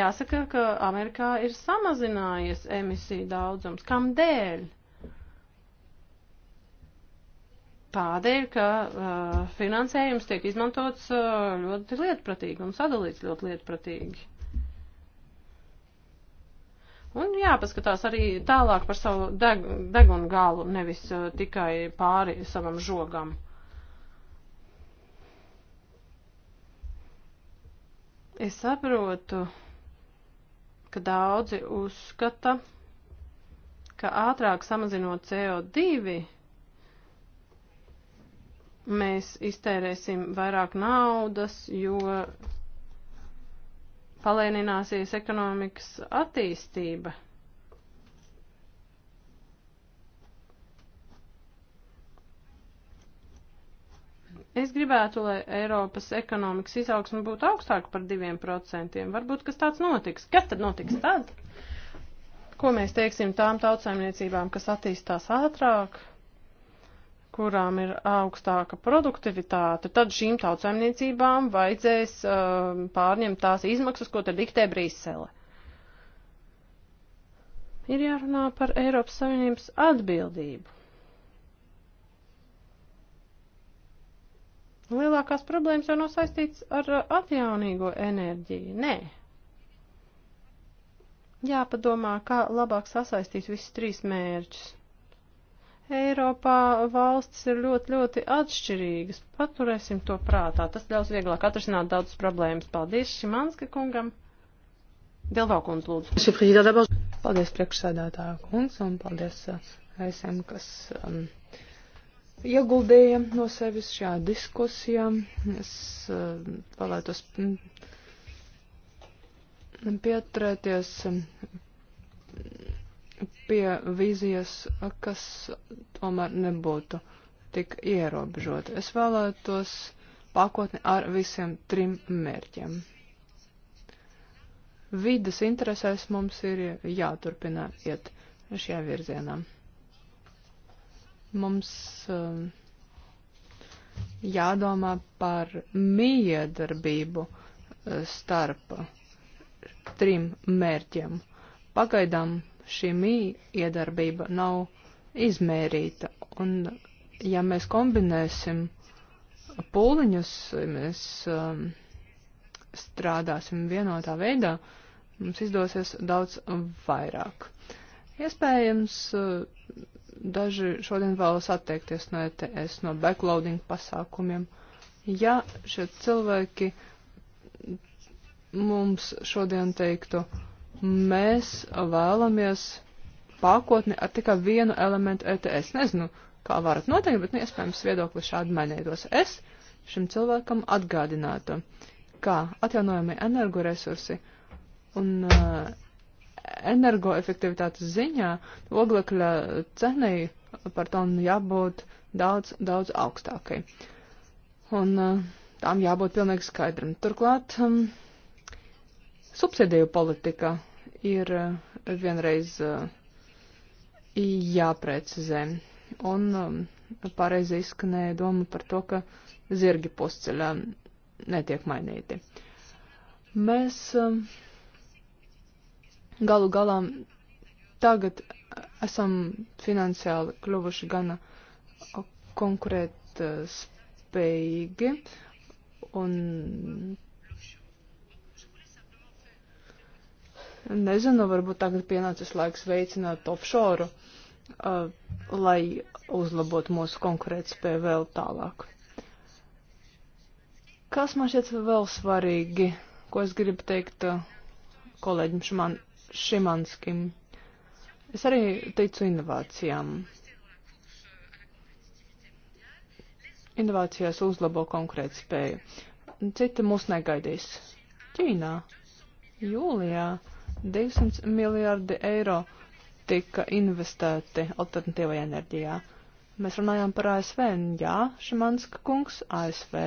Jāsaka, ka Amerikā ir samazinājies emisiju daudzums. Kam dēļ? Tādēļ, ka uh, finansējums tiek izmantots uh, ļoti lietpratīgi un sadalīts ļoti lietpratīgi. Un jāpaskatās arī tālāk par savu deg degunu galu, nevis uh, tikai pāri savam žogam. Es saprotu, ka daudzi uzskata, ka ātrāk samazinot CO2, mēs iztērēsim vairāk naudas, jo palēnināsies ekonomikas attīstība. Es gribētu, lai Eiropas ekonomikas izaugsme būtu augstāka par 2%. Varbūt, kas tāds notiks. Kas tad notiks tad? Ko mēs teiksim tām tautsēmniecībām, kas attīstās ātrāk? kurām ir augstāka produktivitāte, tad šīm tautsaimniecībām vajadzēs uh, pārņemt tās izmaksas, ko te diktē Brīsele. Ir jārunā par Eiropas Savienības atbildību. Lielākās problēmas jau nav saistīts ar uh, atjaunīgo enerģiju, nē. Jāpadomā, kā labāk sasaistīt visus trīs mērķus. Eiropā valstis ir ļoti, ļoti atšķirīgas. Paturēsim to prātā. Tas ļaus vieglāk atrisināt daudzas problēmas. Paldies Šimanska kungam. Delvā kundz, lūdzu.
Paldies priekšsēdētāju kungs un paldies visiem, eh, kas um, ieguldīja no sevis šajā diskusijā. Es uh, vēlētos mm, pieturēties. Um, pie vīzijas, kas tomēr nebūtu tik ierobežota. Es vēlētos pakotni ar visiem trim mērķiem. Vides interesēs mums ir jāturpina iet šajā virzienā. Mums um, jādomā par miedarbību uh, starp trim mērķiem. Pagaidām šī mī iedarbība nav izmērīta. Un ja mēs kombinēsim pūliņus, mēs um, strādāsim vienotā veidā, mums izdosies daudz vairāk. Iespējams, uh, daži šodien vēlas atteikties no ETS, no backloading pasākumiem. Ja šie cilvēki mums šodien teiktu, uh, mēs vēlamies pakotni ar tikai vienu elementu ETS. Nezinu, kā varat noteikt, bet nu, iespējams viedokli šādi mainītos. Es šim cilvēkam atgādinātu, kā atjaunojami energoresursi un uh, energoefektivitātes ziņā oglekļa cenai par tonu jābūt daudz, daudz augstākai. Un uh, tām jābūt pilnīgi skaidram. Turklāt um, subsidiju politika ir eh, vienreiz eh, jāprecizē. Un eh, pareizi izskanēja doma par to, ka zirgi pusceļā netiek mainīti. Mēs galu galā tagad esam finansiāli kļuvuši gana konkurēt spējīgi, un Nezinu, varbūt tagad pienācis laiks veicināt offshore, uh, lai uzlabotu mūsu konkurētspēju vēl tālāk. Kas man šķiet vēl svarīgi, ko es gribu teikt uh, kolēģim Šiman, Šimanskim? Es arī teicu inovācijām. Inovācijās uzlabo konkurētspēju. Citi mūs negaidīs. Ķīnā, jūlijā 200 miljārdi eiro tika investēti alternatīvajā enerģijā. Mēs runājām par ASV, un jā, Šimanska kungs, ASV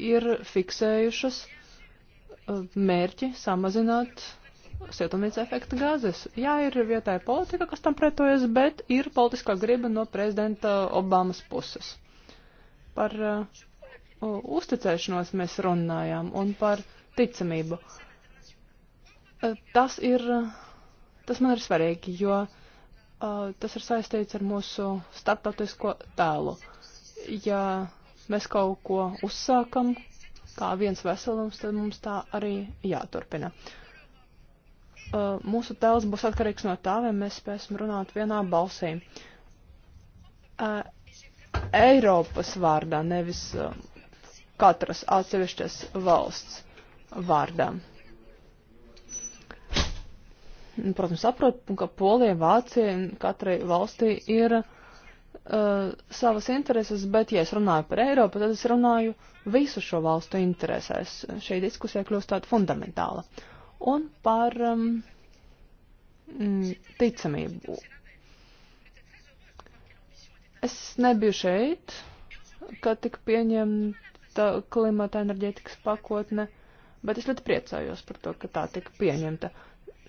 ir fiksējušas uh, mērķi samazināt siltumnīca efekta gāzes. Jā, ir vietāja politika, kas tam pretojas, bet ir politiskā griba no prezidenta Obamas puses. Par uh, uzticēšanos mēs runājām un par uh, ticamību. Eh, tas ir, eh, tas man ir svarīgi, jo eh, tas ir saistīts ar mūsu starptautisko tēlu. Ja mēs kaut ko uzsākam, kā viens veselums, tad mums tā arī jāturpina. Mūsu tēls būs atkarīgs no tā, vai mēs spēsim runāt vienā balsī. Eiropas vārdā, nevis katras atsevišķas valsts vārdā. Protams, saprotu, ka Polija, Vācija un katrai valstī ir uh, savas intereses, bet, ja es runāju par Eiropu, tad es runāju visu šo valstu interesēs. Šī diskusija kļūst tāda fundamentāla. Un par um, mm, ticamību. Es nebiju šeit, kad tika pieņemta klimata enerģētikas pakotne. Uh, bet es ļoti priecājos par to, ka tā tika pieņemta.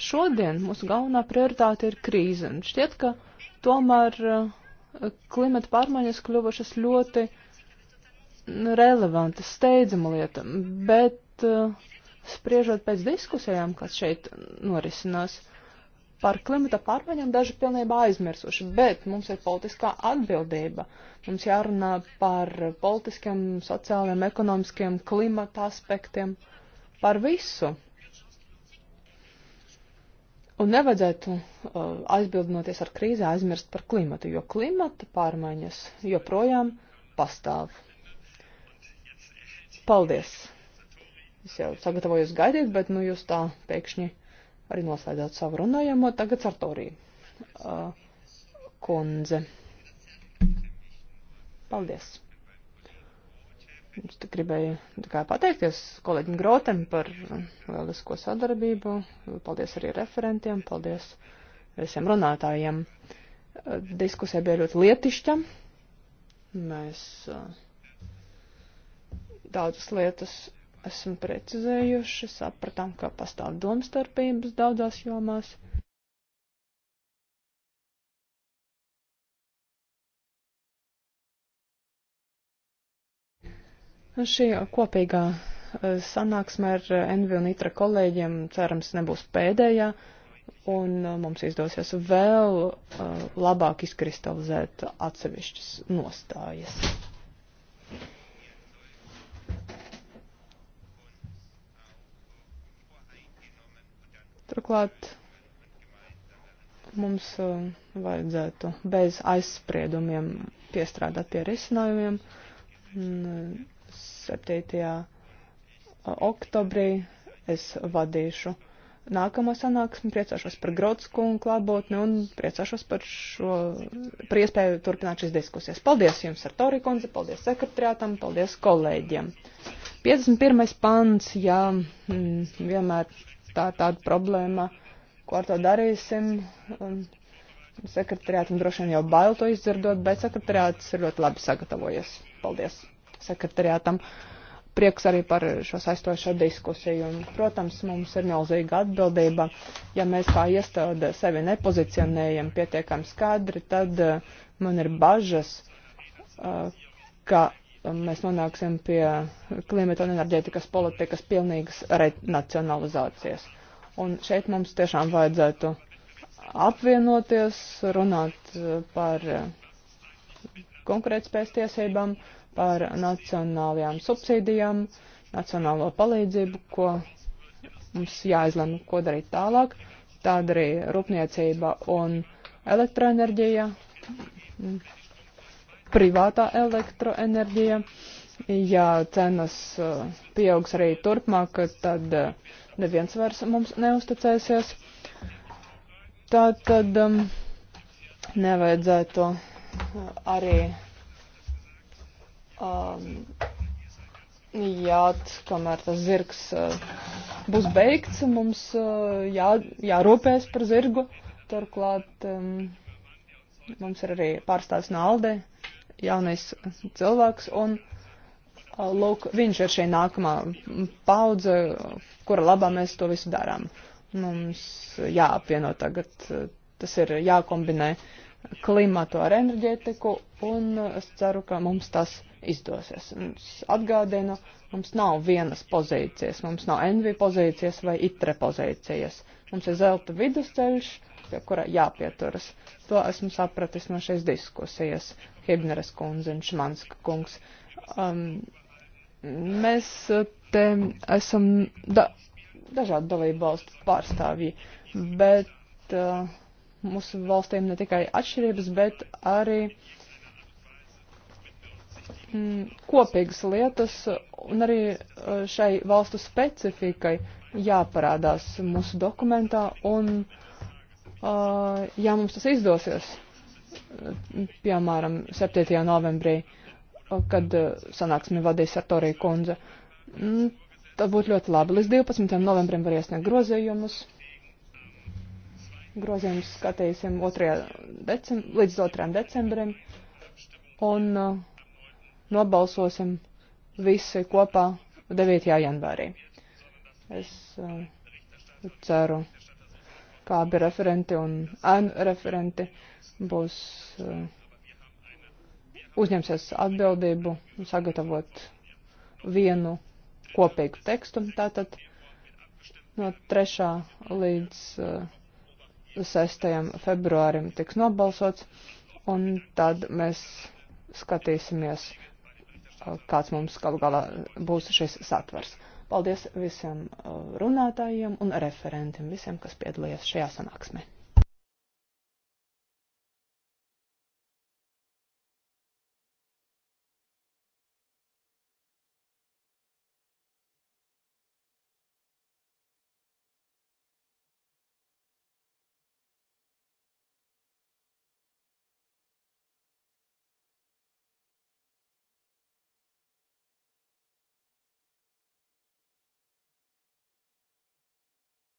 Šodien mūsu galvenā prioritāte ir krīze, un šķiet, ka tomēr eh, klimata pārmaiņas kļuvušas ļoti relevanta, steidzama lieta, bet eh, spriežot pēc diskusijām, kas šeit norisinās, par klimata pārmaiņām daži pilnībā aizmirsuši, bet mums ir politiskā atbildība. Mums jārunā par politiskiem, sociāliem, ekonomiskiem klimata aspektiem. Uh, par visu. Un nevajadzētu uh, aizbildinoties ar krīzi aizmirst par klimatu, jo klimata pārmaiņas joprojām pastāv. Paldies! Es jau sagatavojos gaidīt, bet nu jūs tā pēkšņi arī noslēdzāt savu runājamo. Tagad Sartorī uh, kundze. Paldies! Es gribēju kā, pateikties kolēģim Grotem par lielisko sadarbību. Paldies arī referentiem, paldies visiem runātājiem. Diskusija bija ļoti lietišķa. Mēs eh, daudzas lietas esam precizējuši, sapratām, ka pastāv domstarpības daudzās jomās. Šī kopīgā e, sanāksme ar e, Envi un Itra kolēģiem cerams nebūs pēdējā, un e, mums izdosies vēl labāk izkristalizēt atsevišķas nostājas. Turklāt mums vajadzētu bez aizspriedumiem piestrādāt pie risinājumiem. Un, 7. oktobrī es vadīšu nākamo sanāksmi, priecāšos par Grotskungu klātbūtni un priecāšos par šo, par iespēju turpināt šīs diskusijas. Paldies jums, Artori kundze, paldies sekretariātam, paldies kolēģiem. 51. pants, jā, mm, vienmēr tā tāda problēma, ko ar to darīsim. Sekretariātam droši vien jau bail to izdzirdot, bet sekretariāts ir ļoti labi sagatavojies. Paldies! sekretariātam. Prieks arī par šo saistošo diskusiju. Un, protams, mums ir milzīga atbildība. Ja mēs kā iestāde sevi nepozicionējam pietiekami skaidri, tad eh, man ir bažas, eh, ka mēs nonāksim pie klimata un enerģētikas politikas pilnīgas renacionalizācijas. Un šeit mums tiešām vajadzētu apvienoties, runāt eh, par konkrētspējas tiesībām, uh, par nacionālajām subsīdijām, nacionālo palīdzību, ko mums jāizlem, ko darīt tālāk. Tāda arī rūpniecība un elektroenerģija, privātā elektroenerģija. Ja cenas uh, pieaugs arī turpmāk, tad uh, neviens vairs mums neusticēsies. Tā tad um, nevajadzētu arī um, jāt, kamēr tas zirgs uh, būs beigts, mums uh, jā, jārūpēs par zirgu. Turklāt um, mums ir arī pārstāvs Naldē, jaunais cilvēks, un uh, lūk, viņš ir šī nākamā paudze, kura labā mēs to visu darām. Mums jāapvieno tagad, uh, tas ir jākombinē klimatu ar enerģētiku, un es ceru, ka mums tas izdosies. Mums atgādina, mums nav vienas pozīcijas, mums nav envi pozīcijas vai itre pozīcijas. Mums ir zelta vidusceļš, pie kura jāpieturas. To esmu sapratis no šīs diskusijas, Hibneres kundze un Šmanska kungs. Um, mēs te esam da dažādu dalību valstu pārstāvji, bet uh, mūsu valstīm ne tikai atšķirības, bet arī uh, Mm, kopīgas lietas un arī eh, šai valstu specifikai jāparādās mūsu dokumentā un, eh, ja mums tas izdosies, piemēram, 7. novembrī, eh, kad sanāksmi vadīs Artorija kundze, mm, tad būtu ļoti labi. Līdz 12. novembrim var iesniegt grozījumus. Grozījumus skatīsim 2. Decem līdz 2. decembrim. Un uh, nobalsosim visi kopā 9. janvārī. Es uh, ceru, kā abi referenti un ēnu referenti būs uh, uzņemsies atbildību un sagatavot vienu kopīgu tekstu. Tātad no 3. līdz uh, eh, 6. februārim tiks nobalsots, un tad mēs skatīsimies kāds mums galu galā būs šis satvers. Paldies visiem uh, runātājiem un referentiem, visiem, kas piedalījās šajā sanāksmē.